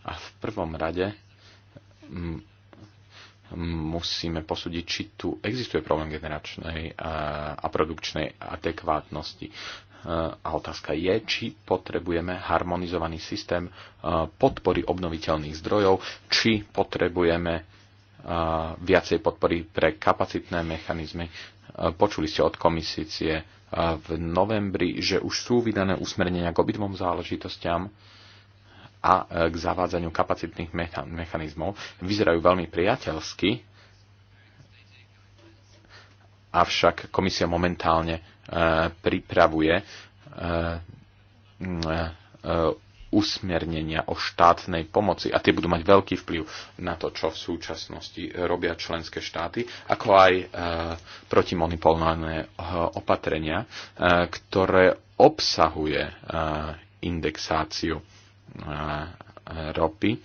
a v prvom rade musíme posúdiť, či tu existuje problém generačnej a produkčnej adekvátnosti. E, a otázka je, či potrebujeme harmonizovaný systém e, podpory obnoviteľných zdrojov, či potrebujeme e, viacej podpory pre kapacitné mechanizmy. Počuli ste od komisície v novembri, že už sú vydané usmernenia k obidvom záležitostiam a e, k zavádzaniu kapacitných mechanizmov vyzerajú veľmi priateľsky, avšak komisia momentálne e, pripravuje e, usmernenia o štátnej pomoci a tie budú mať veľký vplyv na to, čo v súčasnosti robia členské štáty, ako aj e, protimonopolné opatrenia, ktoré obsahuje indexáciu. Eh, ropy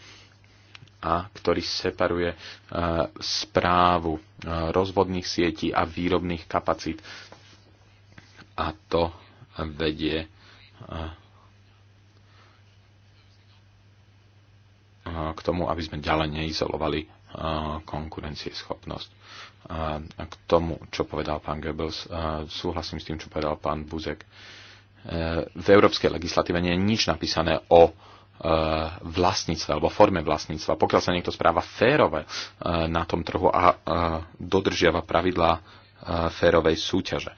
a ktorý separuje eh, správu eh, rozvodných sietí a výrobných kapacít. A to vedie k tomu, aby sme ďalej neizolovali konkurencieschopnosť. K tomu, čo povedal pán Goebbels, súhlasím s tým, čo povedal pán Buzek. V európskej legislatíve nie je nič napísané o Eh, vlastníctva alebo forme vlastníctva. Pokiaľ sa niekto správa férove eh, na tom trhu a eh, dodržiava pravidlá férovej súťaže.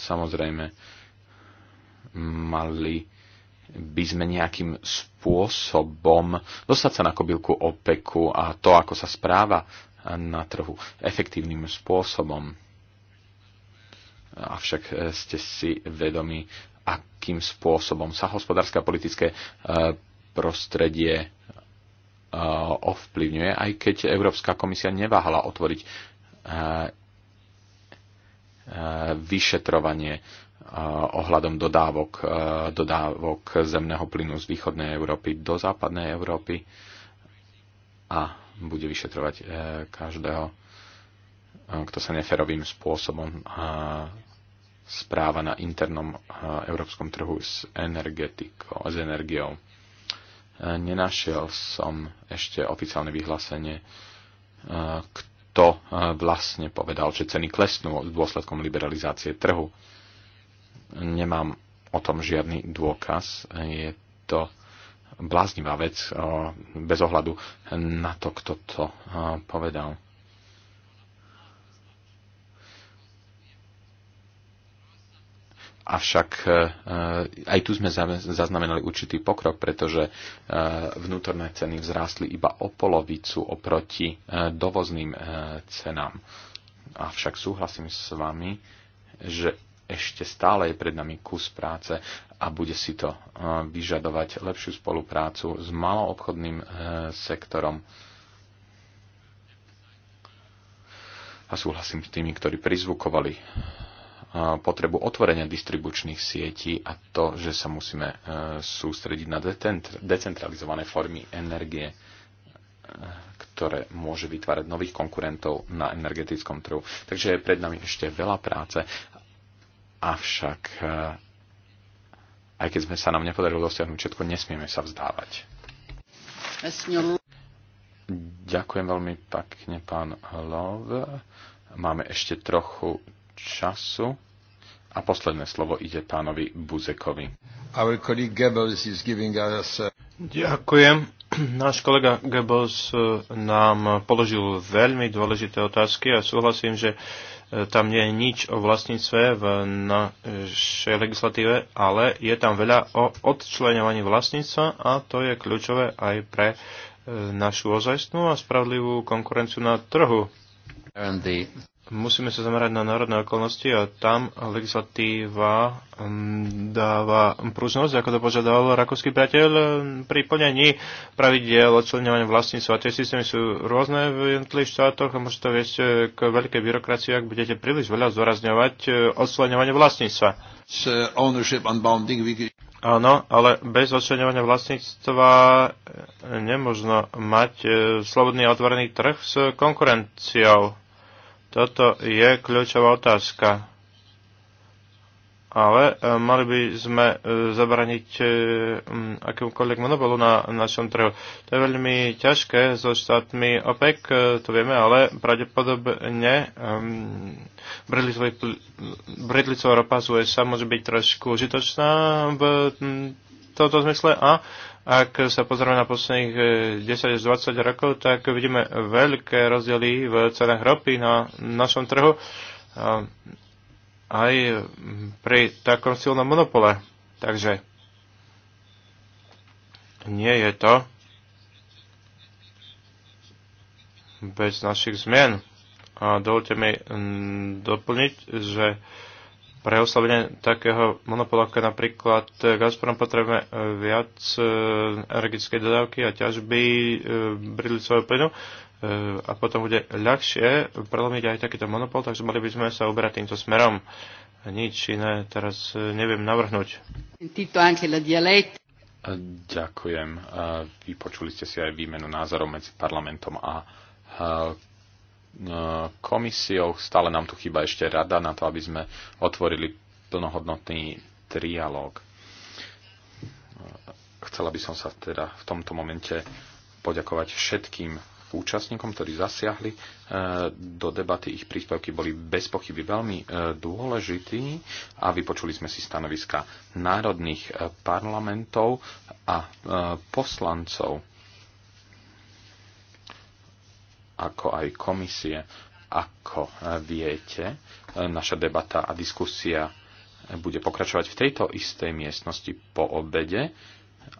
Samozrejme, mali by sme nejakým spôsobom dostať sa na kobylku opeku a to, ako sa správa na trhu efektívnym spôsobom. Avšak ste si vedomi akým spôsobom sa hospodárske a politické e, prostredie e, ovplyvňuje, aj keď Európska komisia neváhala otvoriť e, vyšetrovanie ohľadom dodávok, dodávok zemného plynu z východnej Európy do západnej Európy a bude vyšetrovať každého, kto sa neferovým spôsobom správa na internom eh, európskom trhu s, energetikou, s energiou. Eh, nenašiel som ešte oficiálne vyhlásenie, eh, kto vlastne povedal, že ceny klesnú s dôsledkom liberalizácie trhu. Nemám o tom žiadny dôkaz. Je to bláznivá vec bez ohľadu na to, kto to povedal Avšak eh, aj tu sme zaznamenali určitý pokrok, pretože eh, vnútorné ceny vzrástli iba o polovicu oproti eh, dovozným cenám. Avšak súhlasím s vami, že ešte stále je pred nami kus práce a bude si to vyžadovať lepšiu spoluprácu s maloobchodným sektorom. A súhlasím s tými, ktorí prizvukovali potrebu otvorenia distribučných sietí a to, že sa musíme e, sústrediť na decentralizované formy energie, e, ktoré môže vytvárať nových konkurentov na energetickom trhu. Takže je pred nami ešte veľa práce, avšak e, aj keď sme sa nám nepodarilo dosiahnuť všetko, nesmieme sa vzdávať. Ďakujem veľmi pekne, pán Love. Máme ešte trochu času. A posledné slovo ide pánovi Buzekovi. Uh, Ďakujem. Náš kolega Goebbels uh, nám položil veľmi dôležité otázky a súhlasím, že uh, tam nie je nič o vlastníctve v našej legislatíve, ale je tam veľa o odčlenovaní vlastníctva a to je kľúčové aj pre našu ozajstnú a spravlivú konkurenciu na trhu musíme sa zamerať na národné okolnosti a tam legislatíva mm, dáva pružnosť, ako to požiadal rakúsky priateľ, mm, pri plnení pravidiel odčlenovania vlastníctva. Tie systémy sú rôzne v jednotlivých štátoch a môže to viesť eh, k veľkej byrokracii, ak budete príliš veľa zdôrazňovať eh, odčlenovanie vlastníctva. Áno, ale bez odčlenovania vlastníctva eh, nemožno mať slobodný a otvorený trh s konkurenciou. Toto je kľúčová otázka. Ale e, mali by sme e, zabraniť e, akýmkoľvek monopolu na našom trhu. To je veľmi ťažké so štátmi OPEC, to vieme, ale pravdepodobne Bridlicová ropa z USA môže byť trošku užitočná v tomto zmysle a ak sa pozrieme na posledných 10 eh, až 20 rokov, tak vidíme veľké rozdiely v cenách ropy na našom trhu aj pri takom silnom monopole. Takže nie je to bez našich zmien. A dovolte mi mm, doplniť, že pre oslabenie takého monopolu, ako napríklad e, Gazprom potrebujeme e, viac e, energetickej dodávky a ťažby bridlicového plynu a potom bude ľahšie prelomiť aj takýto monopol, takže mali by sme sa uberať týmto smerom. Nič iné teraz neviem navrhnúť. Ďakujem. Vypočuli ste si aj výmenu názorov medzi parlamentom a E, komisiou. Stále nám tu chýba ešte rada na to, aby sme otvorili plnohodnotný trialóg. E, chcela by som sa teda v tomto momente poďakovať všetkým účastníkom, ktorí zasiahli e, do debaty. Ich príspevky boli bez pochyby veľmi dôležití a vypočuli sme si stanoviska národných parlamentov a poslancov ako aj komisie. Ako e, viete, e, naša debata a diskusia bude pokračovať v tejto istej miestnosti po obede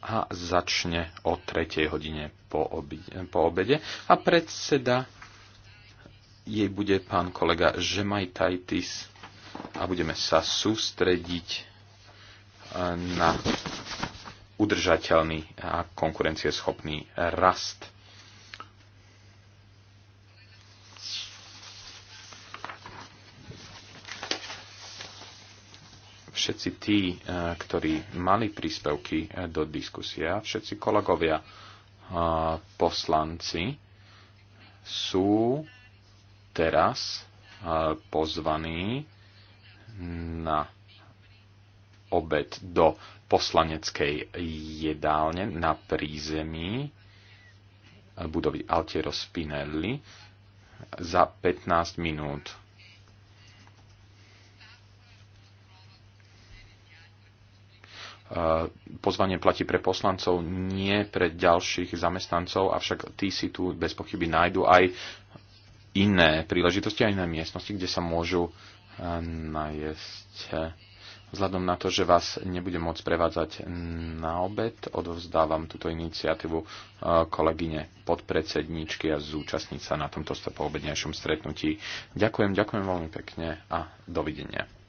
a začne o 3. hodine po obede, po obede a predseda jej bude pán kolega Žemajtajtis a budeme sa sústrediť e, na udržateľný a konkurencieschopný rast. všetci tí, e, ktorí mali príspevky e, do diskusia, všetci kolegovia e, poslanci sú teraz pozvaní na obed do poslaneckej jedálne na prízemí budovy Altiero Spinelli za 15 minút Pozvanie platí pre poslancov, nie pre ďalších zamestnancov, avšak tí si tu bez pochyby nájdu aj iné príležitosti, aj iné miestnosti, kde sa môžu eh, najesť. Vzhľadom na to, že vás nebudem môcť prevádzať na obed, odovzdávam túto iniciatívu eh, kolegyne podpredsedníčky a zúčastniť sa na tomto stopoobednejšom stretnutí. Ďakujem, ďakujem veľmi pekne a dovidenia.